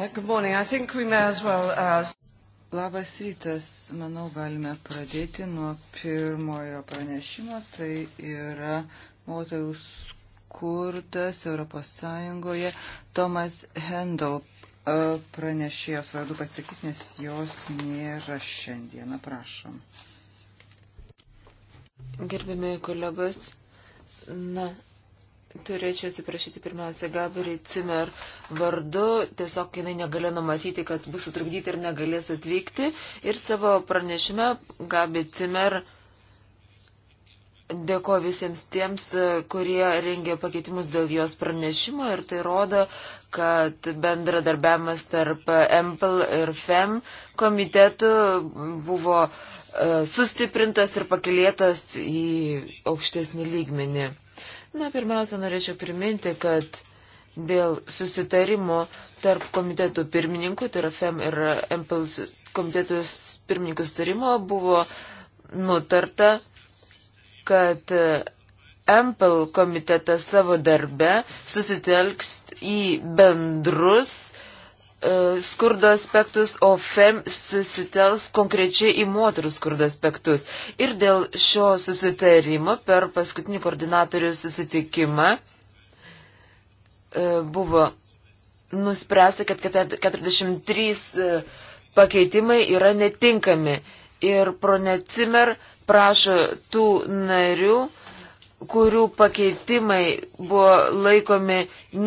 Uh, good morning. I think we may as well. Uh... Labas rytas. Manau, galime pradėti nuo pirmojo pranešimo. Tai yra moterų skurdas Europos Sąjungoje. Tomas Hendel uh, pranešėjos vardu pasakys, nes jos nėra šiandieną. Prašom. Gerbėmiai kolegos, na, Turėčiau atsiprašyti pirmiausia Gabriel Cimer vardu, tiesiog jinai negalėjo numatyti, kad bus sutrukdyti ir negalės atvykti. Ir savo pranešime Gabriel Cimer dėko visiems tiems, kurie rengė pakeitimus dėl jos pranešimo ir tai rodo, kad bendradarbiavimas tarp MPL ir FEM komitetų buvo e, sustiprintas ir pakilėtas į aukštesnį lygmenį. Na, pirmiausia, norėčiau priminti, kad dėl susitarimo tarp komitetų pirmininkų, tai yra FEM ir MPL komitetų pirmininkų sutarimo, buvo nutarta, kad e, MPL komitetas savo darbe susitelks į bendrus E, skurdo aspektus, o FEM susitels konkrečiai į moterų skurdo aspektus. Ir dėl šio susitarimo per paskutinį koordinatorių susitikimą e, buvo nuspręsta, kad 43 e, pakeitimai yra netinkami. Ir pronecimer prašo tų narių kurių pakeitimai buvo laikomi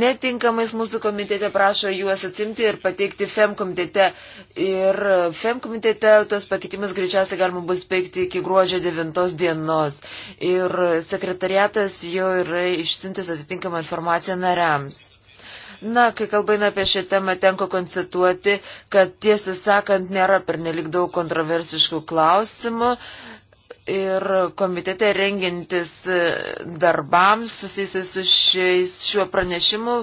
netinkamais mūsų komitete, prašo juos atsimti ir pateikti FEM komitete. Ir FEM komitete tos pakeitimus greičiausiai galima bus peikti iki gruodžio 9 dienos. Ir sekretariatas jau yra išsintis atitinkamą informaciją nariams. Na, kai kalbame apie šią temą, tenko konstatuoti, kad tiesą sakant nėra pernelik daug kontroversiškų klausimų. Uh, ir komitete rengintis e, darbams susijusiais su šiais, šiuo pranešimu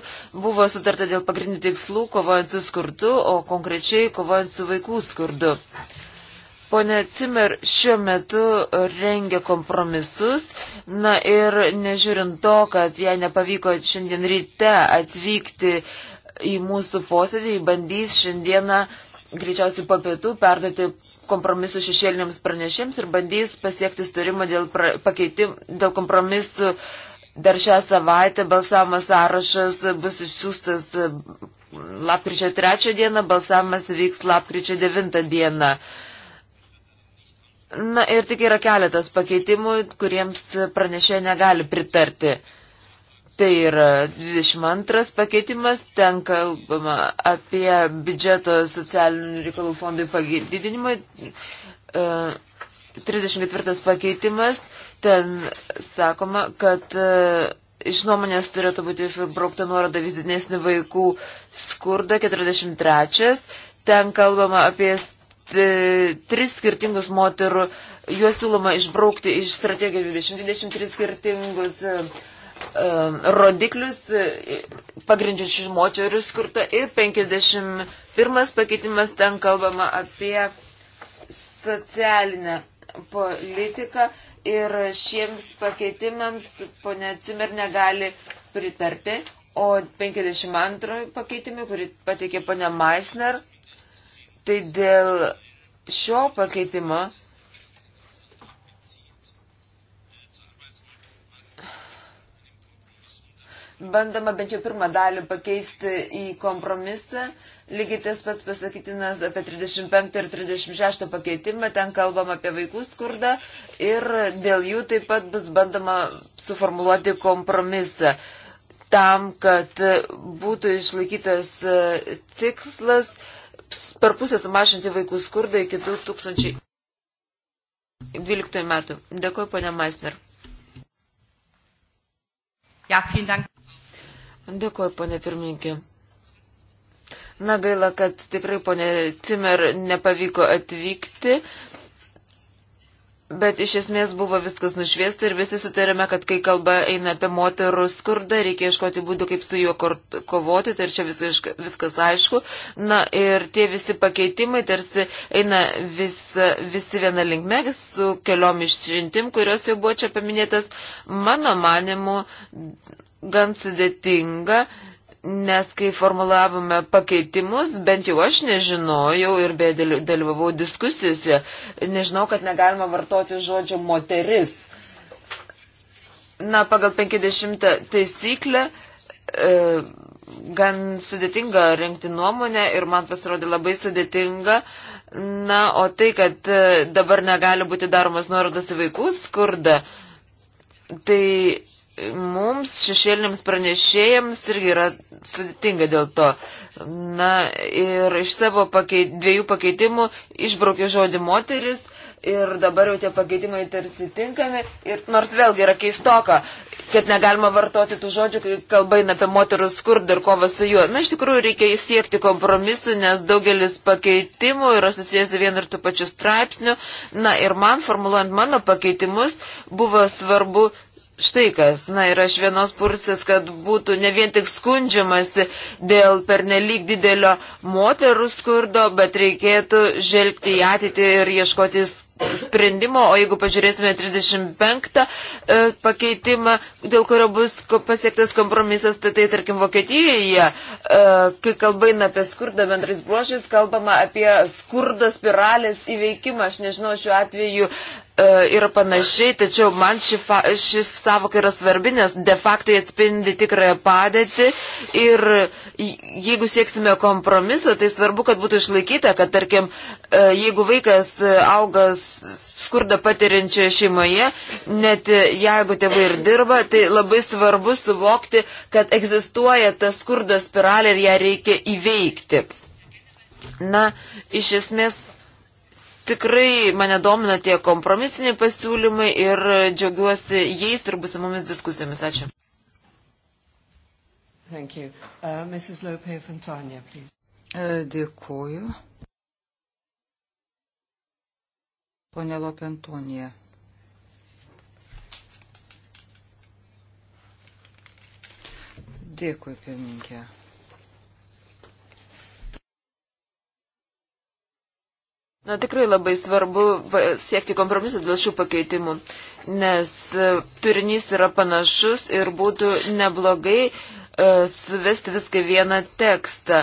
buvo sutarta dėl pagrindinių tikslų kovojant su skurdu, o konkrečiai kovojant su vaikų skurdu. Pone Cimer šiuo metu rengia kompromisus, na ir nežiūrint to, kad jai nepavyko šiandien ryte atvykti į mūsų posėdį, bandys šiandieną greičiausiai po pietų perduoti kompromisų šešėliniams pranešėms ir bandys pasiekti sutarimą dėl, pra, pakeitim, dėl kompromisų. Dar šią savaitę balsavimas sąrašas bus išsiųstas e, lapkričio 3 dieną, balsavimas vyks lapkričio 9 dieną. Na ir tik yra keletas pakeitimų, kuriems pranešė negali pritarti. Tai yra 22 pakeitimas, ten kalbama apie biudžeto socialinių reikalų fondui padidinimą. 34 e, pakeitimas, ten sakoma, kad e, iš nuomonės turėtų būti išbraukta nuoroda vis didesnį vaikų skurdą, 43. Ten kalbama apie e, tris skirtingus moterų, juos siūloma išbraukti iš strategijos 2023 skirtingus Um, rodiklius e, pagrindžius šį moterių skurtą ir 51 pakeitimas ten kalbama apie socialinę politiką ir šiems pakeitimams ponia Cimer negali pritarti, o 52 pakeitimai, kurį pateikė ponia Meisner, tai dėl šio pakeitimo bandoma bent jau pirmą dalį pakeisti į kompromisą. Lygiai tas pats pasakytinas apie 35 ir 36 pakeitimą, ten kalbam apie vaikų skurdą ir dėl jų taip pat bus bandoma suformuoluoti kompromisą tam, kad būtų išlaikytas e, tikslas per pusę sumažinti vaikų skurdą iki 2012 metų. Dėkuoju, ponia Maisner. Ja, vielen Dank. Dėkuoju, ponė pirmininkė. Na gaila, kad tikrai ponė Cimer nepavyko atvykti, bet iš esmės buvo viskas nušviesta ir visi sutarėme, kad kai kalba eina apie moterų skurdą, reikia iškoti būdų, kaip su juo kovoti, tai čia viskas, viskas aišku. Na ir tie visi pakeitimai tarsi eina vis, visi viena linkme su keliom išrintim, kurios jau buvo čia paminėtas. Mano manimu, gan sudėtinga, nes kai formulavome pakeitimus, bent jau aš nežinojau ir beje dalyvavau diskusijose, nežinau, kad negalima vartoti žodžio moteris. Na, pagal 50 taisyklę. E, gan sudėtinga renkti nuomonę ir man pasirodė labai sudėtinga. Na, o tai, kad e, dabar negali būti daromas nuorodas į vaikų skurdą, tai mums, šešėliniams pranešėjams, irgi yra sudėtinga dėl to. Na ir iš savo pakeit, dviejų pakeitimų išbraukė žodį moteris ir dabar jau tie pakeitimai tarsi tinkami. Ir nors vėlgi yra keistoka, kad negalima vartoti tų žodžių, kai kalba eina apie moterų skurdą ir kovą su juo. Na iš tikrųjų reikia įsiekti kompromisu, nes daugelis pakeitimų yra susijęs vienu ir tų pačiu straipsniu. Na ir man, formuluojant mano pakeitimus, buvo svarbu štai kas. Na ir aš vienos pursis, kad būtų ne vien tik skundžiamasi dėl pernelyg didelio moterų skurdo, bet reikėtų žvelgti į ateitį ir ieškoti sprendimo, o jeigu pažiūrėsime 35 e, pakeitimą, dėl kurio bus pasiektas kompromisas, tai tai tarkim Vokietijoje, e, kai kalba eina apie skurdą bendrais bruožais, kalbama apie skurdo spiralės įveikimą. Aš nežinau, šiuo atveju E, ir panašiai, tačiau man ši, fa, ši savoka yra svarbi, nes de facto atspindi tikrąją padėtį ir jeigu sieksime kompromiso, tai svarbu, kad būtų išlaikyta, kad tarkim, e, jeigu vaikas auga skurdą patiriančioje šeimoje, net jeigu tėvai ir dirba, tai labai svarbu suvokti, kad egzistuoja ta skurdo spiralė ir ją reikia įveikti. Na, iš esmės Tikrai mane domina tie kompromisiniai pasiūlymai ir džiaugiuosi jais ir busimomis diskusijomis. Ačiū. Thank you. Uh, Mrs. Lope Fontania, please. Uh, dėkuoju. Pone Lopentonija. Dėkui, pirmininkė. Na tikrai labai svarbu siekti kompromisu dėl šių pakeitimų, nes e, turinys yra panašus ir būtų neblogai e, suvesti viską vieną tekstą.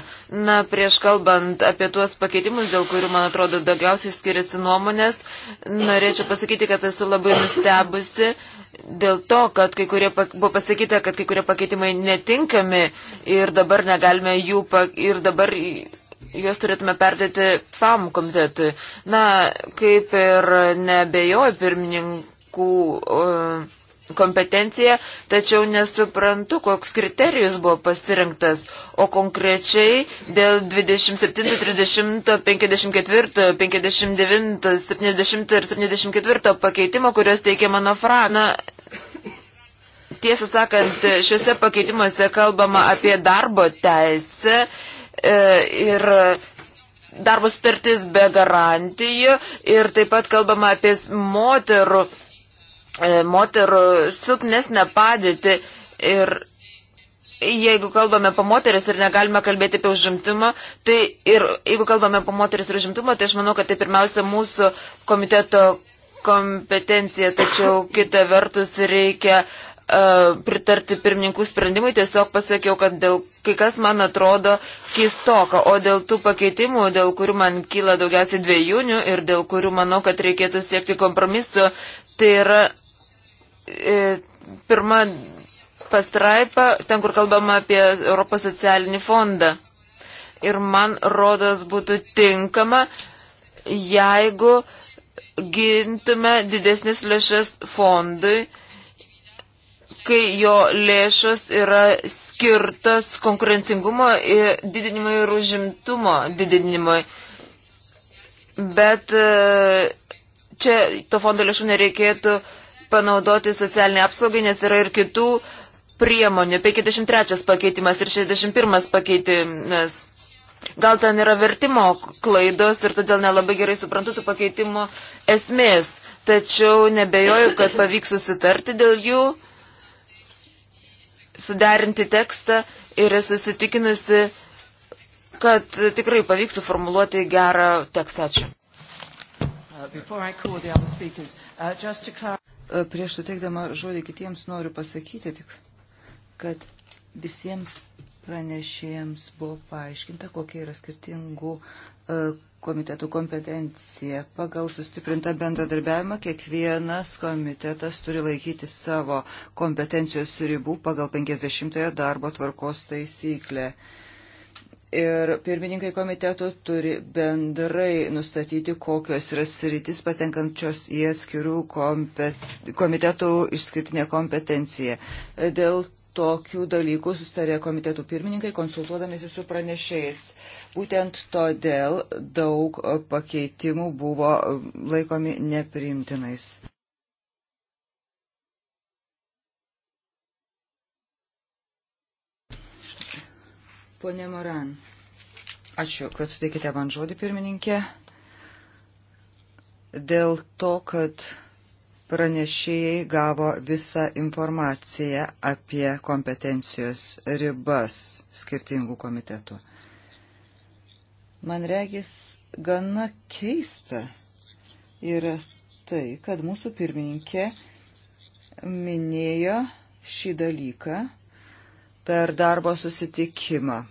Na, prieš kalbant apie tuos pakeitimus, dėl kurių, man atrodo, daugiausiai skiriasi nuomonės, norėčiau pasakyti, kad esu labai nustebusi dėl to, kad kai kurie, buvo pasakyta, kad kai kurie pakeitimai netinkami ir dabar negalime jų, ir dabar juos turėtume perdėti FAM komitetui. Na, kaip ir nebejoju pirmininkų e, kompetencija, tačiau nesuprantu, koks kriterijus buvo pasirinktas, o konkrečiai dėl 27, 30, 54, 59, 70 ir 74 pakeitimo, kurios teikia mano frana. Tiesą sakant, šiuose pakeitimuose kalbama apie darbo teisę E, ir darbo sutartis be garantijų ir taip pat kalbama apie moterų, e, moterų silpnesnę padėtį ir jeigu kalbame apie moteris ir negalime kalbėti apie užimtumą, tai ir jeigu kalbame apie moteris ir užimtumą, tai aš manau, kad tai pirmiausia mūsų komiteto kompetencija, tačiau kita vertus reikia E, pritarti pirmininkų sprendimui, tiesiog pasakiau, kad dėl kai kas man atrodo keistoka, o dėl tų pakeitimų, dėl kurių man kyla daugiausiai dviejūnių ir dėl kurių manau, kad reikėtų siekti kompromisu, tai yra e, pirma pastraipa, ten kur kalbama apie Europos socialinį fondą. Ir man rodos būtų tinkama, jeigu gintume didesnis lėšas fondui, kai jo lėšos yra skirtas konkurencingumo didinimui ir užimtumo didinimui. Bet e, čia to fondo lėšų nereikėtų panaudoti socialiniai apsaugai, nes yra ir kitų priemonių. 53 pakeitimas ir 61 pakeitimas. Gal ten yra vertimo klaidos ir todėl nelabai gerai suprantu tų pakeitimo esmės tačiau nebejoju, kad pavyks susitarti dėl jų suderinti tekstą ir esu įsitikinusi, kad tikrai pavyks suformuluoti gerą tekstą. Ačiū. Uh, uh, uh, prieš suteikdama žodį kitiems noriu pasakyti tik, kad visiems pranešėjams buvo paaiškinta, kokia yra skirtingų komitetų kompetencija. Pagal sustiprintą bendradarbiavimą kiekvienas komitetas turi laikyti savo kompetencijos ribų pagal 50 darbo tvarkos taisyklę. Ir pirmininkai komitetų turi bendrai nustatyti, kokios yra sritis patenkančios į atskirų kompetencijų komitetų išskirtinę kompetenciją. Dėl tokių dalykų sustarė komitetų pirmininkai, konsultuodamėsi su pranešėjais. Būtent todėl daug pakeitimų buvo laikomi nepriimtinais. Pone Moran, ačiū, kad suteikite man žodį pirmininkė. Dėl to, kad pranešėjai gavo visą informaciją apie kompetencijos ribas skirtingų komitetų. Man regis gana keista yra tai, kad mūsų pirmininkė minėjo šį dalyką per darbo susitikimą.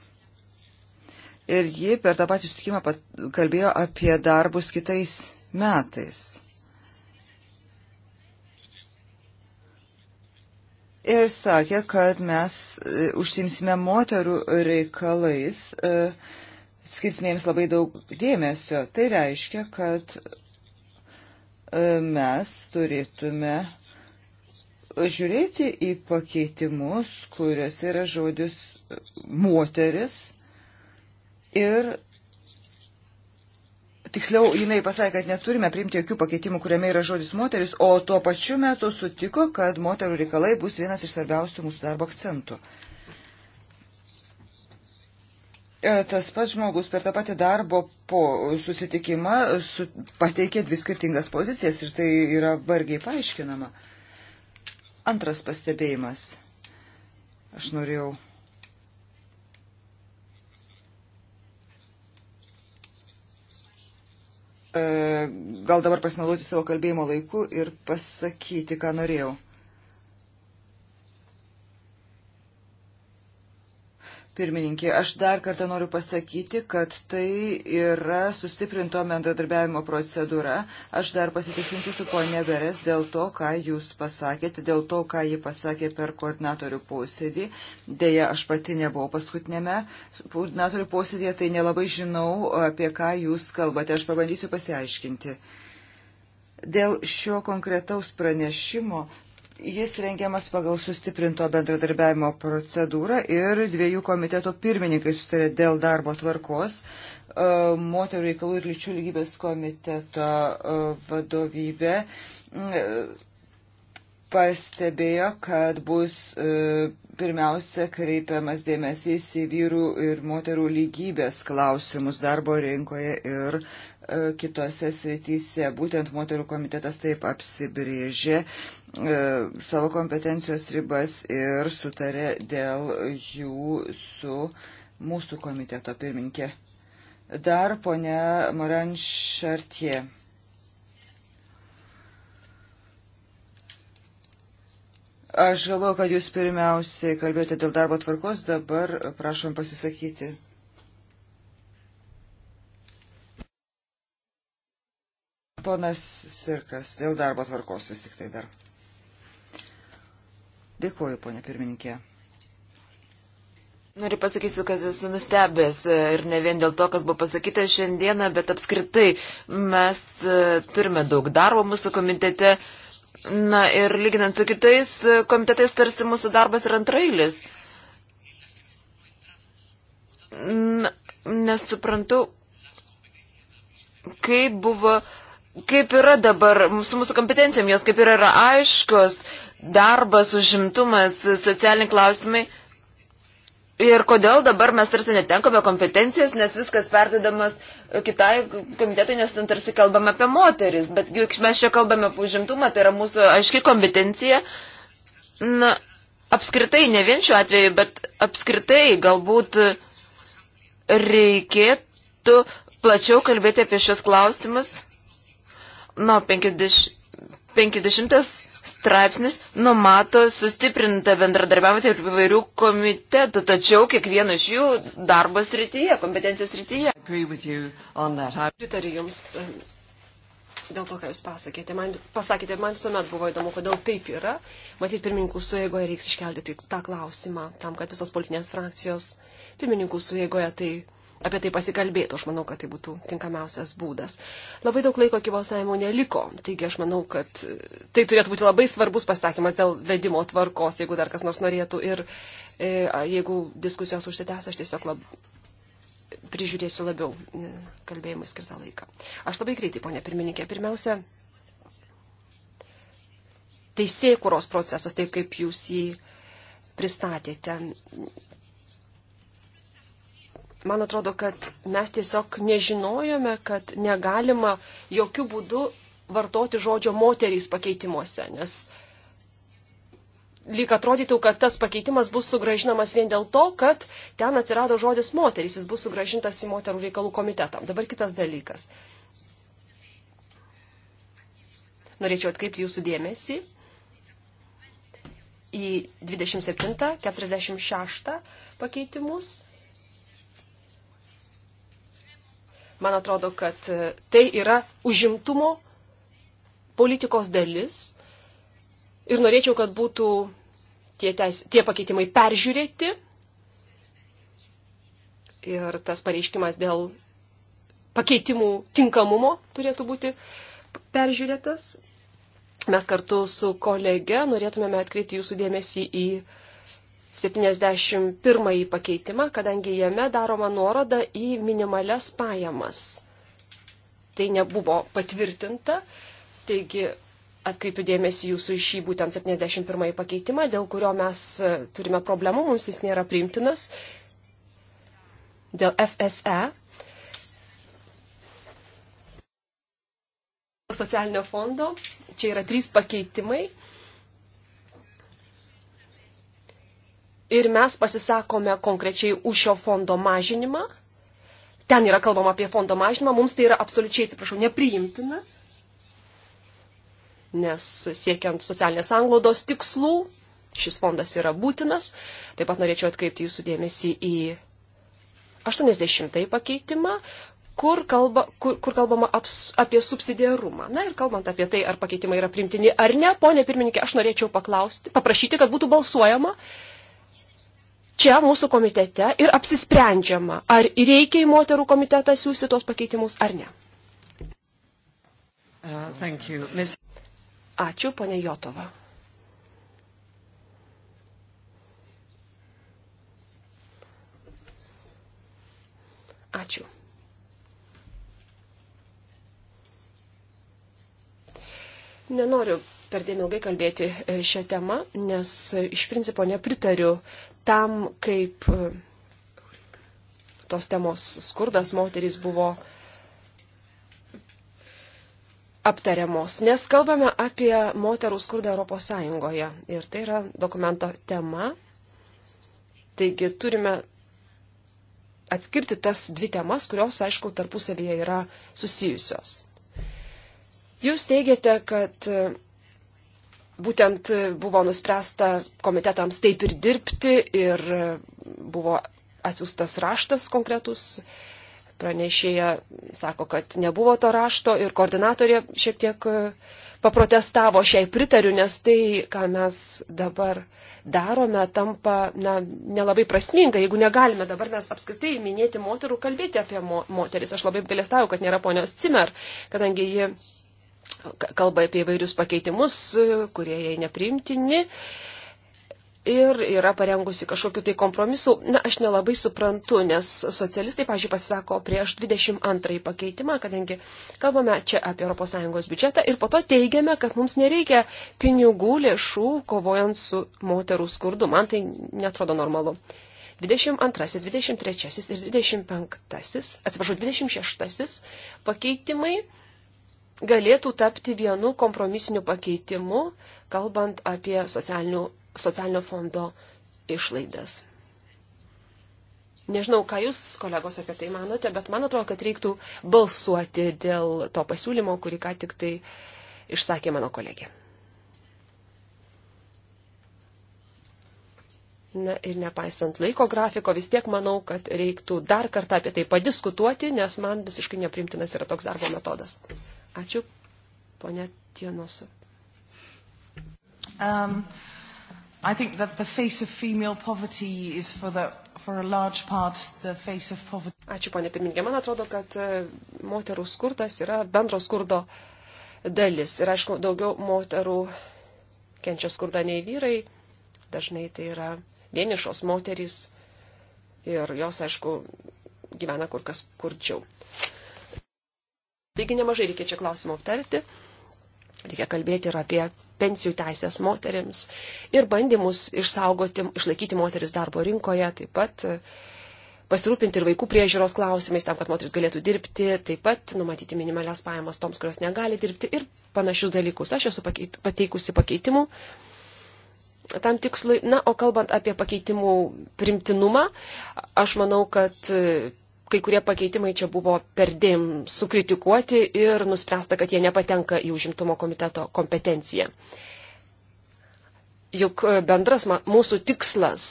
Ir ji per tą patį susitikimą kalbėjo apie darbus kitais metais ir sakė, kad mes e, užsimsime moterų reikalais, e, skirsime jiems labai daug dėmesio. Tai reiškia, kad e, mes turėtume žiūrėti į pakeitimus, kuriuose yra žodis moteris ir Tiksliau, jinai pasakė, kad neturime priimti jokių pakeitimų, kuriame yra žodis moteris, o tuo pačiu metu sutiko, kad moterų reikalai bus vienas iš svarbiausių mūsų darbo akcentų. E, tas pats žmogus per tą patį darbo po susitikimą su, pateikė dvi skirtingas pozicijas ir tai yra vargiai paaiškinama. Antras pastebėjimas. Aš norėjau gal dabar pasinaudoti savo kalbėjimo laiku ir pasakyti, ką norėjau. Pirmininkė, aš dar kartą noriu pasakyti, kad tai yra sustiprinto bendradarbiavimo procedūra. Aš dar pasitikinsiu su ponė Beres dėl to, ką jūs pasakėte, dėl to, ką ji pasakė per koordinatorių posėdį. Deja, aš pati nebuvau paskutinėme koordinatorių posėdėje, tai nelabai žinau, apie ką jūs kalbate. Aš pabandysiu pasiaiškinti. Dėl šio konkretaus pranešimo Jis rengiamas pagal sustiprinto bendradarbiavimo procedūrą ir dviejų komiteto pirmininkai sustarė dėl darbo tvarkos. E, moterų reikalų ir lyčių lygybės komiteto e, vadovybė pastebėjo, kad bus e, pirmiausia kreipiamas dėmesys į vyrų ir moterų lygybės klausimus darbo rinkoje ir e, kitose srityse. Būtent moterų komitetas taip apsibrėžė e, savo kompetencijos ribas ir sutarė dėl jų su mūsų komiteto pirminkė. Dar ponia Moran Šartie. Aš galvoju, kad jūs pirmiausiai kalbėjote dėl darbo tvarkos, dabar prašom pasisakyti. Ponas Sirkas, dėl darbo tvarkos vis tik tai dar. Dėkuoju, ponė pirmininkė. Noriu pasakysiu, kad esu nustebęs e, ir ne vien dėl to, kas buvo pasakyta šiandieną, bet apskritai mes e, turime daug darbo mūsų komitete Na ir lyginant su kitais e, komitetais, tarsi mūsų darbas yra antrailis. Na, nesuprantu, kaip buvo, kaip yra dabar su mūsų kompetencijom, jos kaip yra, yra aiškos, darbas, užimtumas, socialiniai klausimai. Ir kodėl dabar mes tarsi netenkame kompetencijos, nes viskas perdodamas kitai komitetui, nes ten tarsi kalbame apie moteris, bet juk mes čia kalbame apie užimtumą, tai yra mūsų aiški kompetencija. Na, apskritai, ne vien šiuo atveju, bet apskritai galbūt reikėtų plačiau kalbėti apie šios klausimus. Na, 50, 50 straipsnis numato sustiprintą bendradarbiavimą tarp įvairių komitetų, tačiau kiekvieno iš jų darbo srityje, kompetencijos srityje. Pritariu Jums eh, dėl to, ką Jūs pasakėte. Man, pasakėte, man visuomet buvo įdomu, kodėl taip yra. Matyt, pirmininkų suėgoje reiks iškelti tą klausimą, tam, kad visos politinės frakcijos pirmininkų suėgoje tai apie tai pasikalbėtų. Aš manau, kad tai būtų tinkamiausias būdas. Labai daug laiko iki balsavimo neliko, taigi aš manau, kad tai turėtų būti labai svarbus pasakymas dėl vedimo tvarkos, jeigu dar kas nors norėtų. Ir e, jeigu diskusijos užsitęs, aš tiesiog lab... prižiūrėsiu labiau e, kalbėjimui skirtą laiką. Aš labai greitai, ponė pirmininkė, pirmiausia. Teisėkuros procesas, taip kaip jūs jį pristatėte man atrodo, kad mes tiesiog nežinojome, kad negalima jokių būdų vartoti žodžio moterys pakeitimuose, nes lyg atrodytų, kad tas pakeitimas bus sugražinamas vien dėl to, kad ten atsirado žodis moterys, jis bus sugražintas į moterų reikalų komitetą. Dabar kitas dalykas. Norėčiau atkreipti jūsų dėmesį į 27, 46 pakeitimus Man atrodo, kad e, tai yra užimtumo politikos dalis ir norėčiau, kad būtų tie, teis, tie pakeitimai peržiūrėti ir tas pareiškimas dėl pakeitimų tinkamumo turėtų būti peržiūrėtas. Mes kartu su kolege norėtumėme atkreipti jūsų dėmesį į 71 pakeitimą, kadangi jame daroma nuoroda į minimales pajamas. Tai nebuvo patvirtinta, taigi atkreipiu dėmesį jūsų į šį būtent 71 pakeitimą, dėl kurio mes e, turime problemų, mums jis nėra priimtinas. Dėl FSE. Socialinio fondo. Čia yra trys pakeitimai. ir mes pasisakome konkrečiai už šio fondo mažinimą. Ten yra kalbama apie fondo mažinimą, mums tai yra absoliučiai, atsiprašau, nepriimtina, nes siekiant socialinės anglodos tikslų šis fondas yra būtinas. Taip pat norėčiau atkreipti jūsų dėmesį į 80 pakeitimą, kur, kalba, kur, kur kalbama aps, apie subsidiarumą. Na ir kalbant apie tai, ar pakeitimai yra primtini ar ne, ponė pirmininkė, aš norėčiau paklausti, paprašyti, kad būtų balsuojama. Uh, čia mūsų komitete ir apsisprendžiama, ar reikia į moterų komitetą siūsti tos pakeitimus ar ne. Uh, Ačiū, ponė Jotova. Ačiū. Nenoriu perdėm ilgai kalbėti e, šią temą, nes e, iš principo nepritariu tam, kaip e, tos temos skurdas moterys buvo aptariamos, nes kalbame apie moterų skurdą Europos Sąjungoje ir tai yra dokumento tema. Taigi turime atskirti tas dvi temas, kurios, aišku, tarpusavyje yra susijusios. Jūs teigiate, kad būtent buvo nuspręsta komitetams taip ir dirbti ir buvo atsiųstas raštas konkretus. Pranešėja sako, kad nebuvo to rašto ir koordinatorė šiek tiek e, paprotestavo šiai pritariu, nes tai, ką mes dabar darome, tampa na, nelabai prasminga. Jeigu negalime dabar mes apskritai minėti moterų, kalbėti apie mo moteris. Aš labai galėstau, kad nėra ponios Cimer, kadangi ji kalba apie įvairius pakeitimus, e, kurie jai neprimtini. Ir yra parengusi kažkokiu tai kompromisu. Na, aš nelabai suprantu, nes socialistai, pažiūrėjau, pasisako prieš 22 pakeitimą, kadangi kalbame čia apie ES biudžetą ir po to teigiame, kad mums nereikia pinigų lėšų kovojant su moterų skurdu. Man tai netrodo normalu. 22, 23 ir 25, atsiprašau, 26 pakeitimai galėtų tapti vienu kompromisiniu pakeitimu, kalbant apie socialinio fondo išlaidas. Nežinau, ką jūs, kolegos, apie tai manote, bet man atrodo, kad reiktų balsuoti dėl to pasiūlymo, kurį ką tik tai išsakė mano kolegė. Na ir nepaisant laiko grafiko, vis tiek manau, kad reiktų dar kartą apie tai padiskutuoti, nes man visiškai neprimtinas yra toks darbo metodas. Ačiū, ponė Tienosa. Um, I think that the face of female poverty is for the for a large part the face of poverty. Ačiū, ponė Pirmininkė. Man atrodo, kad e, moterų skurdas yra bendro skurdo dalis. Ir aišku, daugiau moterų kenčia skurdą nei vyrai. Dažnai tai yra vienišos moterys ir jos, aišku, gyvena kur kas kurčiau. Taigi nemažai reikia čia klausimų aptarti. Reikia kalbėti ir apie pensijų teisės moteriams ir bandymus išsaugoti, išlaikyti moteris darbo rinkoje, taip pat e, pasirūpinti ir vaikų priežiūros klausimais, tam, kad moteris galėtų dirbti, taip pat numatyti minimalias pajamas toms, kurios negali dirbti ir panašius dalykus. Aš esu pakeit, pateikusi pakeitimų tam tikslui. Na, o kalbant apie pakeitimų primtinumą, aš manau, kad e, kai kurie pakeitimai čia buvo perdėm sukritikuoti ir nuspręsta, kad jie nepatenka į užimtumo komiteto kompetenciją. Juk e, bendras mūsų tikslas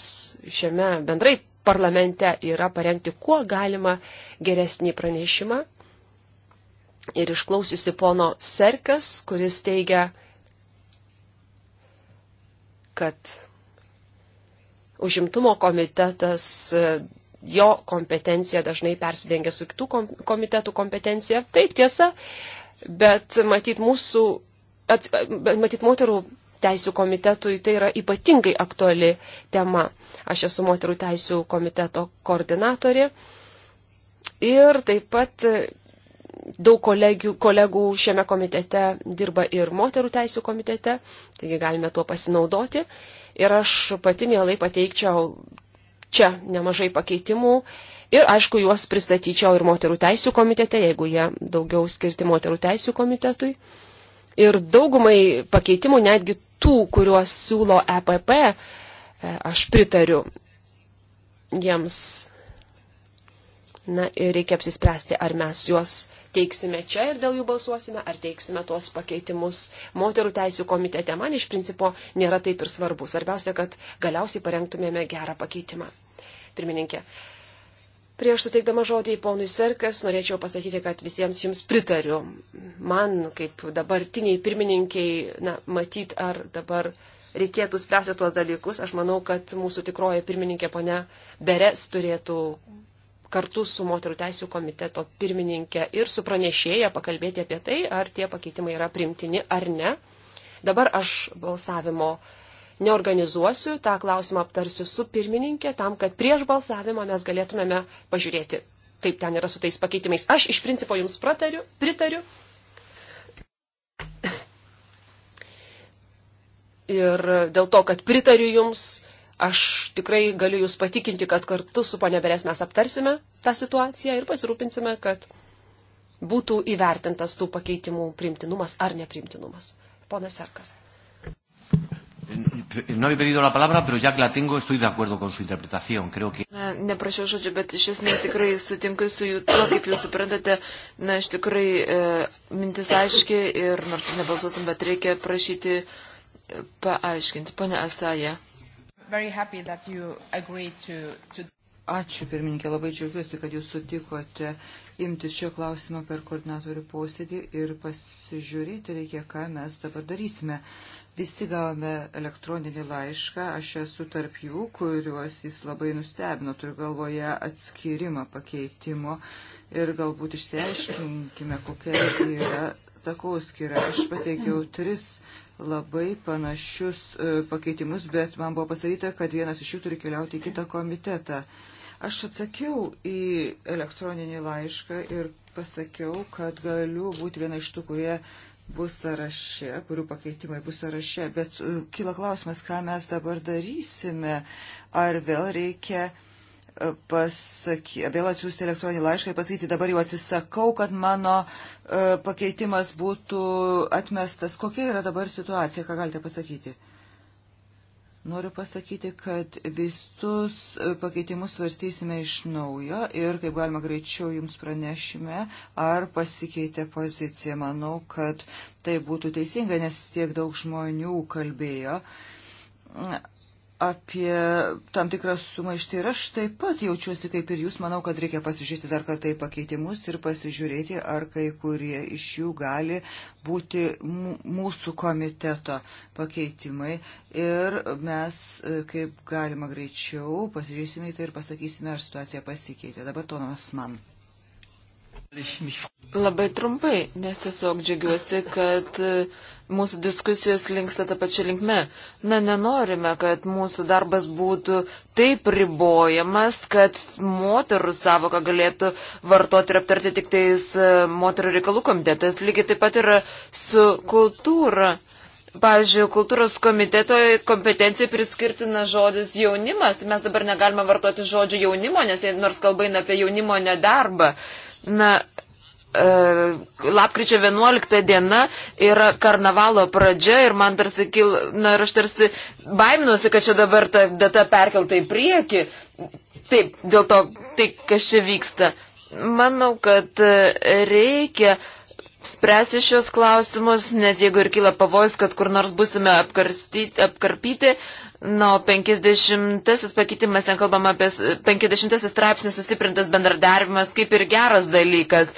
šiame bendrai parlamente yra parengti kuo galima geresnį pranešimą. Ir išklausiusi pono Serkas, kuris teigia, kad užimtumo komitetas e, jo kompetencija dažnai persidengia su kitų komitetų kompetencija. Taip tiesa, bet matyt, mūsų, ats, matyt moterų teisų komitetui tai yra ypatingai aktuali tema. Aš esu moterų teisų komiteto koordinatorė ir taip pat daug kolegių, kolegų šiame komitete dirba ir moterų teisų komitete, taigi galime tuo pasinaudoti. Ir aš pati mielai pateikčiau čia nemažai pakeitimų. Ir aišku, juos pristatyčiau ir moterų teisų komitete, jeigu jie daugiau skirti moterų teisų komitetui. Ir daugumai pakeitimų, netgi tų, kuriuos siūlo EPP, e, aš pritariu jiems. Na ir reikia apsispręsti, ar mes juos teiksime čia ir dėl jų balsuosime, ar teiksime tuos pakeitimus moterų teisų komitete. Man iš principo nėra taip ir svarbu. Svarbiausia, kad galiausiai parengtumėme gerą pakeitimą pirmininkė. Prieš suteikdama žodį į ponui Serkas, norėčiau pasakyti, kad visiems jums pritariu. Man, kaip dabartiniai pirmininkiai, na, matyt, ar dabar reikėtų spręsti tuos dalykus, aš manau, kad mūsų tikroji pirmininkė ponia Beres turėtų kartu su moterų teisų komiteto pirmininkė ir su pranešėja pakalbėti apie tai, ar tie pakeitimai yra primtini ar ne. Dabar aš balsavimo uh, neorganizuosiu, tą klausimą aptarsiu su pirmininkė, tam, kad prieš balsavimą mes galėtumėme pažiūrėti, kaip ten yra su tais pakeitimais. Aš iš principo jums pratariu, pritariu. Ir dėl to, kad pritariu jums, aš tikrai galiu jūs patikinti, kad kartu su ponia Berės mes aptarsime tą situaciją ir pasirūpinsime, kad būtų įvertintas tų pakeitimų primtinumas ar neprimtinumas. Ponas Serkas. No he pedido la palabra, pero ya que la tengo, estoy de acuerdo con su interpretación. Creo que... Na, neprašiau žodžiu, bet iš esmės tikrai sutinku su jų tuo, kaip jūs suprantate. Na, aš tikrai e, mintis aiški ir nors nebalsuosim, bet reikia prašyti e, paaiškinti. Pane Asaja. To... Ačiū, pirmininkė, labai džiaugiuosi, kad jūs sutikote imtis šio klausimo per koordinatorių posėdį ir pasižiūrėti reikia, ką mes dabar darysime. Visi gavome elektroninį laišką, aš esu tarp jų, kuriuos jis labai nustebino, turiu galvoje atskirimą pakeitimo ir galbūt išsiaiškinkime, kokia yra takoskira. Aš pateikiau tris labai panašius e, pakeitimus, bet man buvo pasakyta, kad vienas iš jų turi keliauti į kitą komitetą. Aš atsakiau į elektroninį laišką ir pasakiau, kad galiu būti viena iš tų, kurie bus sąraše, kurių pakeitimai bus sąraše, bet e, kyla klausimas, ką mes dabar darysime, ar vėl reikia e, pasaky, vėl atsiųsti elektroninį laišką ir pasakyti, dabar jau atsisakau, kad mano e, pakeitimas būtų atmestas. Kokia yra dabar situacija, ką galite pasakyti? Uh, Noriu pasakyti, kad visus e, pakeitimus svarstysime iš naujo ir kaip galima greičiau jums pranešime, ar pasikeitė pozicija. Manau, kad tai būtų teisinga, nes tiek daug žmonių kalbėjo apie tam tikrą sumaištį ir aš taip pat jaučiuosi kaip ir jūs, manau, kad reikia pasižiūrėti dar kartą į pakeitimus ir pasižiūrėti, ar kai kurie iš jų gali būti mūsų komiteto pakeitimai ir mes kaip galima greičiau pasižiūrėsime į tai ir pasakysime, ar situacija pasikeitė. Dabar tonas man. Labai trumpai, nes tiesiog džiugiuosi, kad uh, mūsų diskusijos linksta tą pačią linkmę. Na, nenorime, kad mūsų darbas būtų taip ribojamas, kad moterų savoką galėtų vartoti ir aptarti tik tais e, moterų reikalų komitetas. Lygiai taip pat yra su kultūra. Pavyzdžiui, kultūros komiteto kompetencijai priskirtina žodis jaunimas. Mes dabar negalime vartoti žodžio jaunimo, nes nors kalba eina apie jaunimo nedarbą. Na, E, lapkričio 11 diena yra karnavalo pradžia ir man tarsi kil, na ir aš tarsi baiminuosi, kad čia dabar ta data perkelta į priekį. Taip, dėl to, tai kas čia vyksta. Manau, kad e, reikia spręsti šios klausimus, net jeigu ir kyla pavojus, kad kur nors busime apkarpyti, Na, o 50-asis pakeitimas, ten kalbama apie 50-asis straipsnis sustiprintas bendradarbiavimas kaip ir geras dalykas,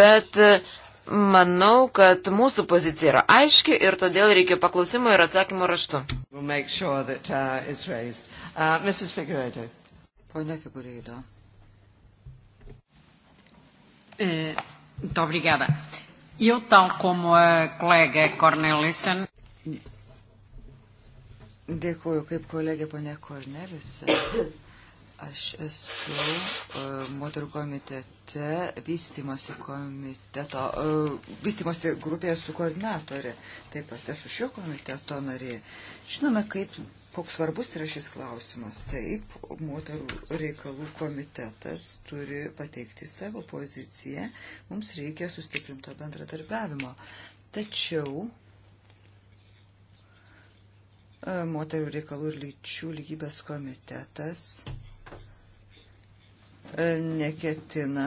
bet manau, kad mūsų pozicija yra aiški ir todėl reikia paklausimo ir atsakymo raštu. We'll sure that, uh, uh, Pone Figureido. Uh, muito obrigada. Eu, tal como a colega Cornelissen, Dėkuoju, kaip kolegė ponė Kornelis. Aš esu uh, moterų komitete, vystimosi komiteto, uh, vystimosi grupėje su koordinatorė. Taip pat esu šio komiteto narė. Žinome, kaip, koks svarbus yra šis klausimas. Taip, moterų reikalų komitetas turi pateikti savo poziciją. Mums reikia sustiprinto bendradarbiavimo. Tačiau E, moterų reikalų ir lyčių lygybės komitetas e, neketina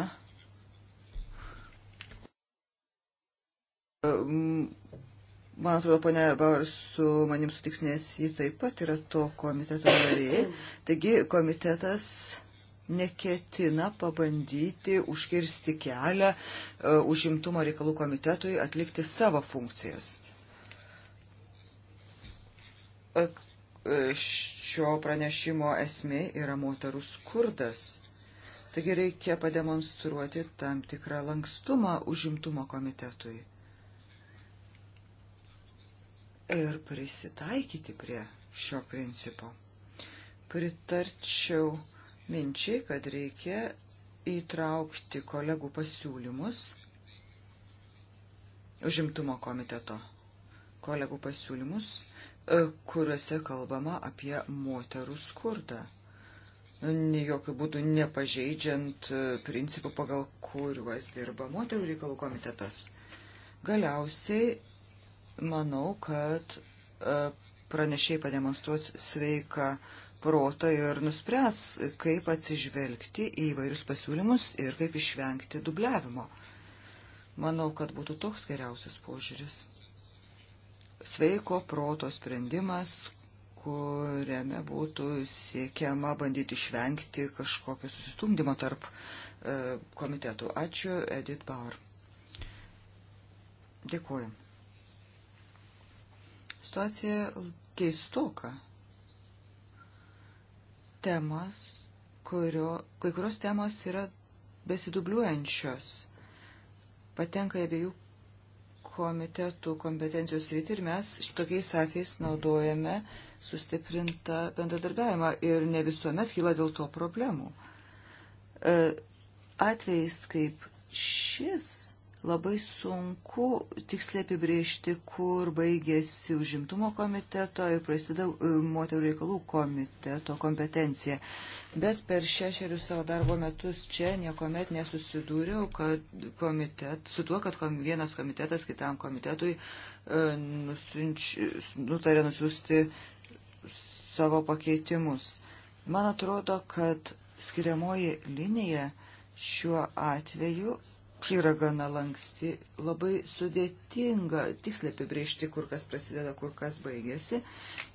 e, Man atrodo, ponia Bauer su manim sutiks, nes ji taip pat yra to komiteto narė. Taigi komitetas neketina pabandyti užkirsti kelią užimtumo reikalų komitetui atlikti savo funkcijas šio pranešimo esmė yra moterų skurdas. Taigi reikia pademonstruoti tam tikrą lankstumą užimtumo komitetui ir prisitaikyti prie šio principo. Pritarčiau minčiai, kad reikia įtraukti kolegų pasiūlymus užimtumo komiteto kolegų pasiūlymus E, kuriuose kalbama apie moterų skurdą. Jokių būdų nepažeidžiant e, principų, pagal kuriuos dirba moterų reikalų komitetas. Galiausiai manau, kad e, pranešiai pademonstruos sveiką protą ir nuspręs, kaip atsižvelgti į vairius pasiūlymus ir kaip išvengti dubliavimo. Manau, kad būtų toks geriausias požiūris sveiko proto sprendimas, kuriame būtų siekiama bandyti išvengti kažkokio susistumdymo tarp e, komitetų. Ačiū, Edith Bauer. Dėkuoju. Situacija keistoka. Temas, kurio, kai kurios temos yra besidubliuojančios, patenka į abiejų komitetų kompetencijos rytį ir mes tokiais atvejais naudojame sustiprintą bendradarbiavimą ir ne visuomet kyla dėl to problemų. E, atvejais kaip šis Labai sunku tiksliai apibriežti, kur baigėsi užimtumo komiteto ir prasideda e, moterų reikalų komiteto kompetencija. Bet per šešerius savo darbo metus čia niekuomet nesusidūriau kad komitet, su tuo, kad kom, vienas komitetas kitam komitetui e, nusinč, nutarė nusiųsti savo pakeitimus. Man atrodo, kad skiriamoji linija šiuo atveju yra gana lanksti, labai sudėtinga tiksliai apibriežti, kur kas prasideda, kur kas baigėsi.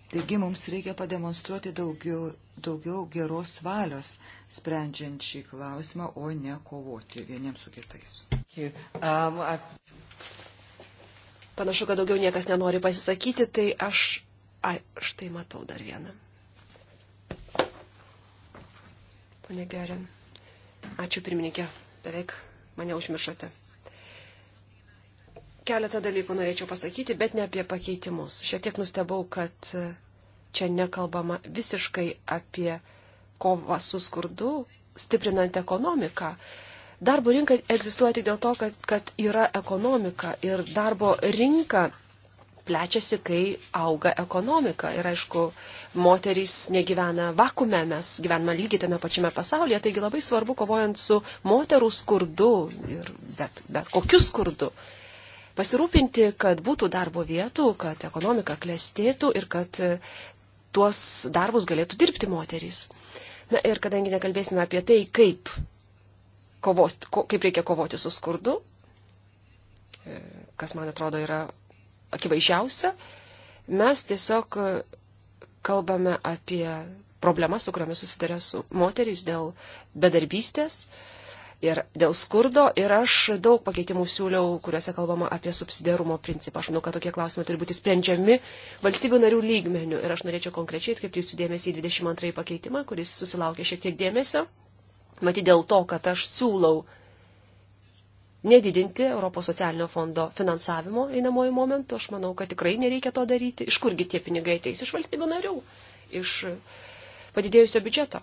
Taigi mums reikia pademonstruoti daugiau, daugiau geros valios, sprendžiant šį klausimą, o ne kovoti vieniems su kitais. Panašu, kad daugiau niekas nenori pasisakyti, tai aš. Ai, štai matau dar vieną. Pane Gerin. Ačiū pirmininkė. Beveik mane užmiršote. Keletą dalykų norėčiau pasakyti, bet ne apie pakeitimus. Šiek tiek nustebau, kad e, čia nekalbama visiškai apie kovą su skurdu, stiprinant ekonomiką. Darbo rinka egzistuoja tik dėl to, kad, kad yra ekonomika ir darbo rinka plečiasi, kai auga ekonomika. Ir aišku, moterys negyvena vakume, mes gyvename lygiai tame pačiame pasaulyje, taigi labai svarbu kovojant su moterų skurdu ir bet, bet kokiu skurdu. Pasirūpinti, kad būtų darbo vietų, kad ekonomika klestėtų ir kad e, tuos darbus galėtų dirbti moterys. Na ir kadangi nekalbėsime apie tai, kaip, kovos, ko, kaip reikia kovoti su skurdu, e, kas man atrodo yra akivaizdžiausia, mes tiesiog e, kalbame apie problemas, su kuriamis susidarė su moterys dėl bedarbystės ir dėl skurdo. Ir aš daug pakeitimų siūliau, kuriuose kalbama apie subsidiarumo principą. Aš manau, kad tokie klausimai turi būti sprendžiami valstybių narių lygmenių. Ir aš norėčiau konkrečiai atkreipti jūsų dėmesį į 22 pakeitimą, kuris susilaukė šiek tiek dėmesio. Matyti dėl to, kad aš siūlau nedidinti Europos socialinio fondo finansavimo einamojų momentų. Aš manau, kad tikrai nereikia to daryti. Iš kurgi tie pinigai ateis? Iš valstybių narių, iš padidėjusio biudžeto.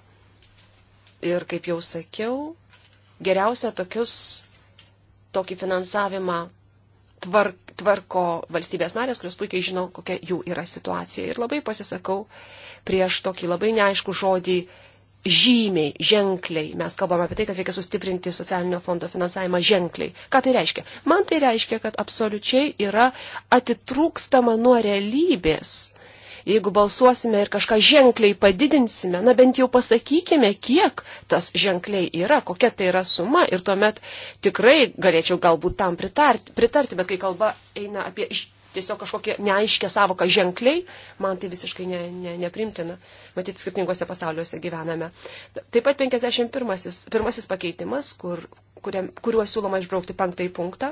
Ir kaip jau sakiau, geriausia tokius, tokį finansavimą tvark, tvarko valstybės narės, kurios puikiai žino, kokia jų yra situacija. Ir labai pasisakau prieš tokį labai neaišku žodį žymiai, ženkliai. Mes kalbame apie tai, kad reikia sustiprinti socialinio fondo finansavimą ženkliai. Ką tai reiškia? Man tai reiškia, kad absoliučiai yra atitrūkstama nuo realybės. Jeigu balsuosime ir kažką ženkliai padidinsime, na bent jau pasakykime, kiek tas ženkliai yra, kokia tai yra suma ir tuomet tikrai galėčiau galbūt tam pritarti, pritarti bet kai kalba eina apie tiesiog kažkokią neaiškę savoką ženkliai, man tai visiškai ne, ne, neprimtina. Matyt, skirtingose pasauliuose gyvename. Taip pat 51 pakeitimas, kur, kuriam, kuriuo siūloma išbraukti penktąjį punktą.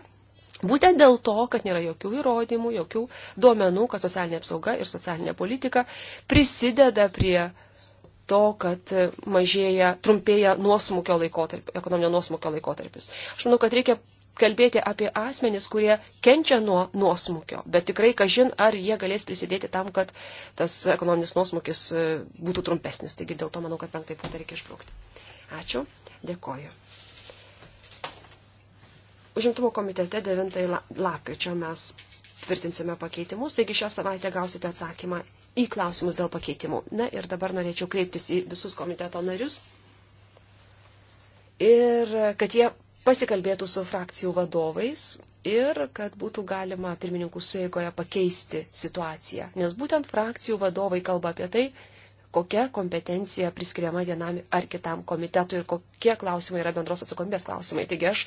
Būtent dėl to, kad nėra jokių įrodymų, jokių duomenų, kad socialinė apsauga ir socialinė politika prisideda prie to, kad mažėja, trumpėja nuosmukio laikotarpis, ekonominio nuosmukio laikotarpis. Aš manau, kad reikia kalbėti apie asmenis, kurie kenčia nuo nuosmukio, bet tikrai, kažin, ar jie galės prisidėti tam, kad tas ekonominis nuosmukis e, būtų trumpesnis. Taigi dėl to manau, kad penktąjį punktą reikia išbraukti. Ačiū, dėkoju. Užimtumo komitete 9 lapkričio mes tvirtinsime pakeitimus, taigi šią savaitę gausite atsakymą į klausimus dėl pakeitimų. Na ir dabar norėčiau kreiptis į visus komiteto narius ir kad jie pasikalbėtų su frakcijų vadovais ir kad būtų galima pirmininkų sueigoje pakeisti situaciją. Nes būtent frakcijų vadovai kalba apie tai, kokia kompetencija priskiriama vienam ar kitam komitetui ir kokie klausimai yra bendros atsakomybės klausimai. Taigi aš,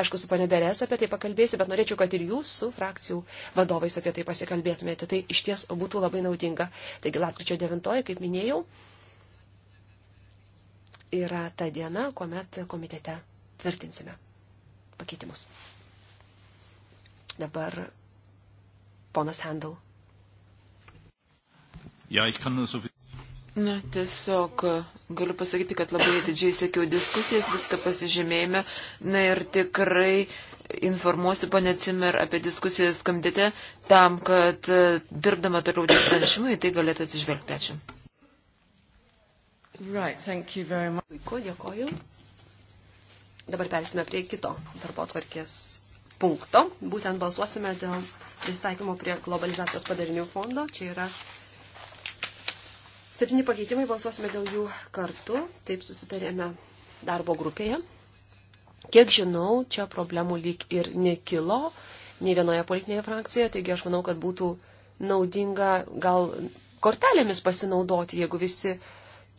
aišku, su pane Beres apie tai pakalbėsiu, bet norėčiau, kad ir jūs su frakcijų vadovais apie tai pasikalbėtumėte. Tai iš ties būtų labai naudinga. Taigi lapkričio 9, kaip minėjau, yra ta diena, kuomet komitete tvirtinsime pakeitimus. Dabar ponas Handel. Ja, ich kann nur so viel. Na, tiesiog e, galiu pasakyti, kad labai atidžiai sekiau diskusijas, viską pasižymėjome. Na ir tikrai informuosiu ponę Cimer apie diskusijas skambdite, tam, kad e, dirbdama toliau dėl pranešimų į tai galėtų atsižvelgti. Ačiū. Right, Puiku, dėkoju. Dabar persime prie kito darbo tvarkės punkto. Būtent balsuosime dėl pristaikymo prie globalizacijos padarinių fondo. Čia yra septyni pakeitimai, balsuosime dėl jų kartu. Taip susitarėme darbo grupėje. Kiek žinau, čia problemų lyg ir nekilo, nei vienoje politinėje frakcijoje, taigi aš manau, kad būtų naudinga gal kortelėmis pasinaudoti, jeigu visi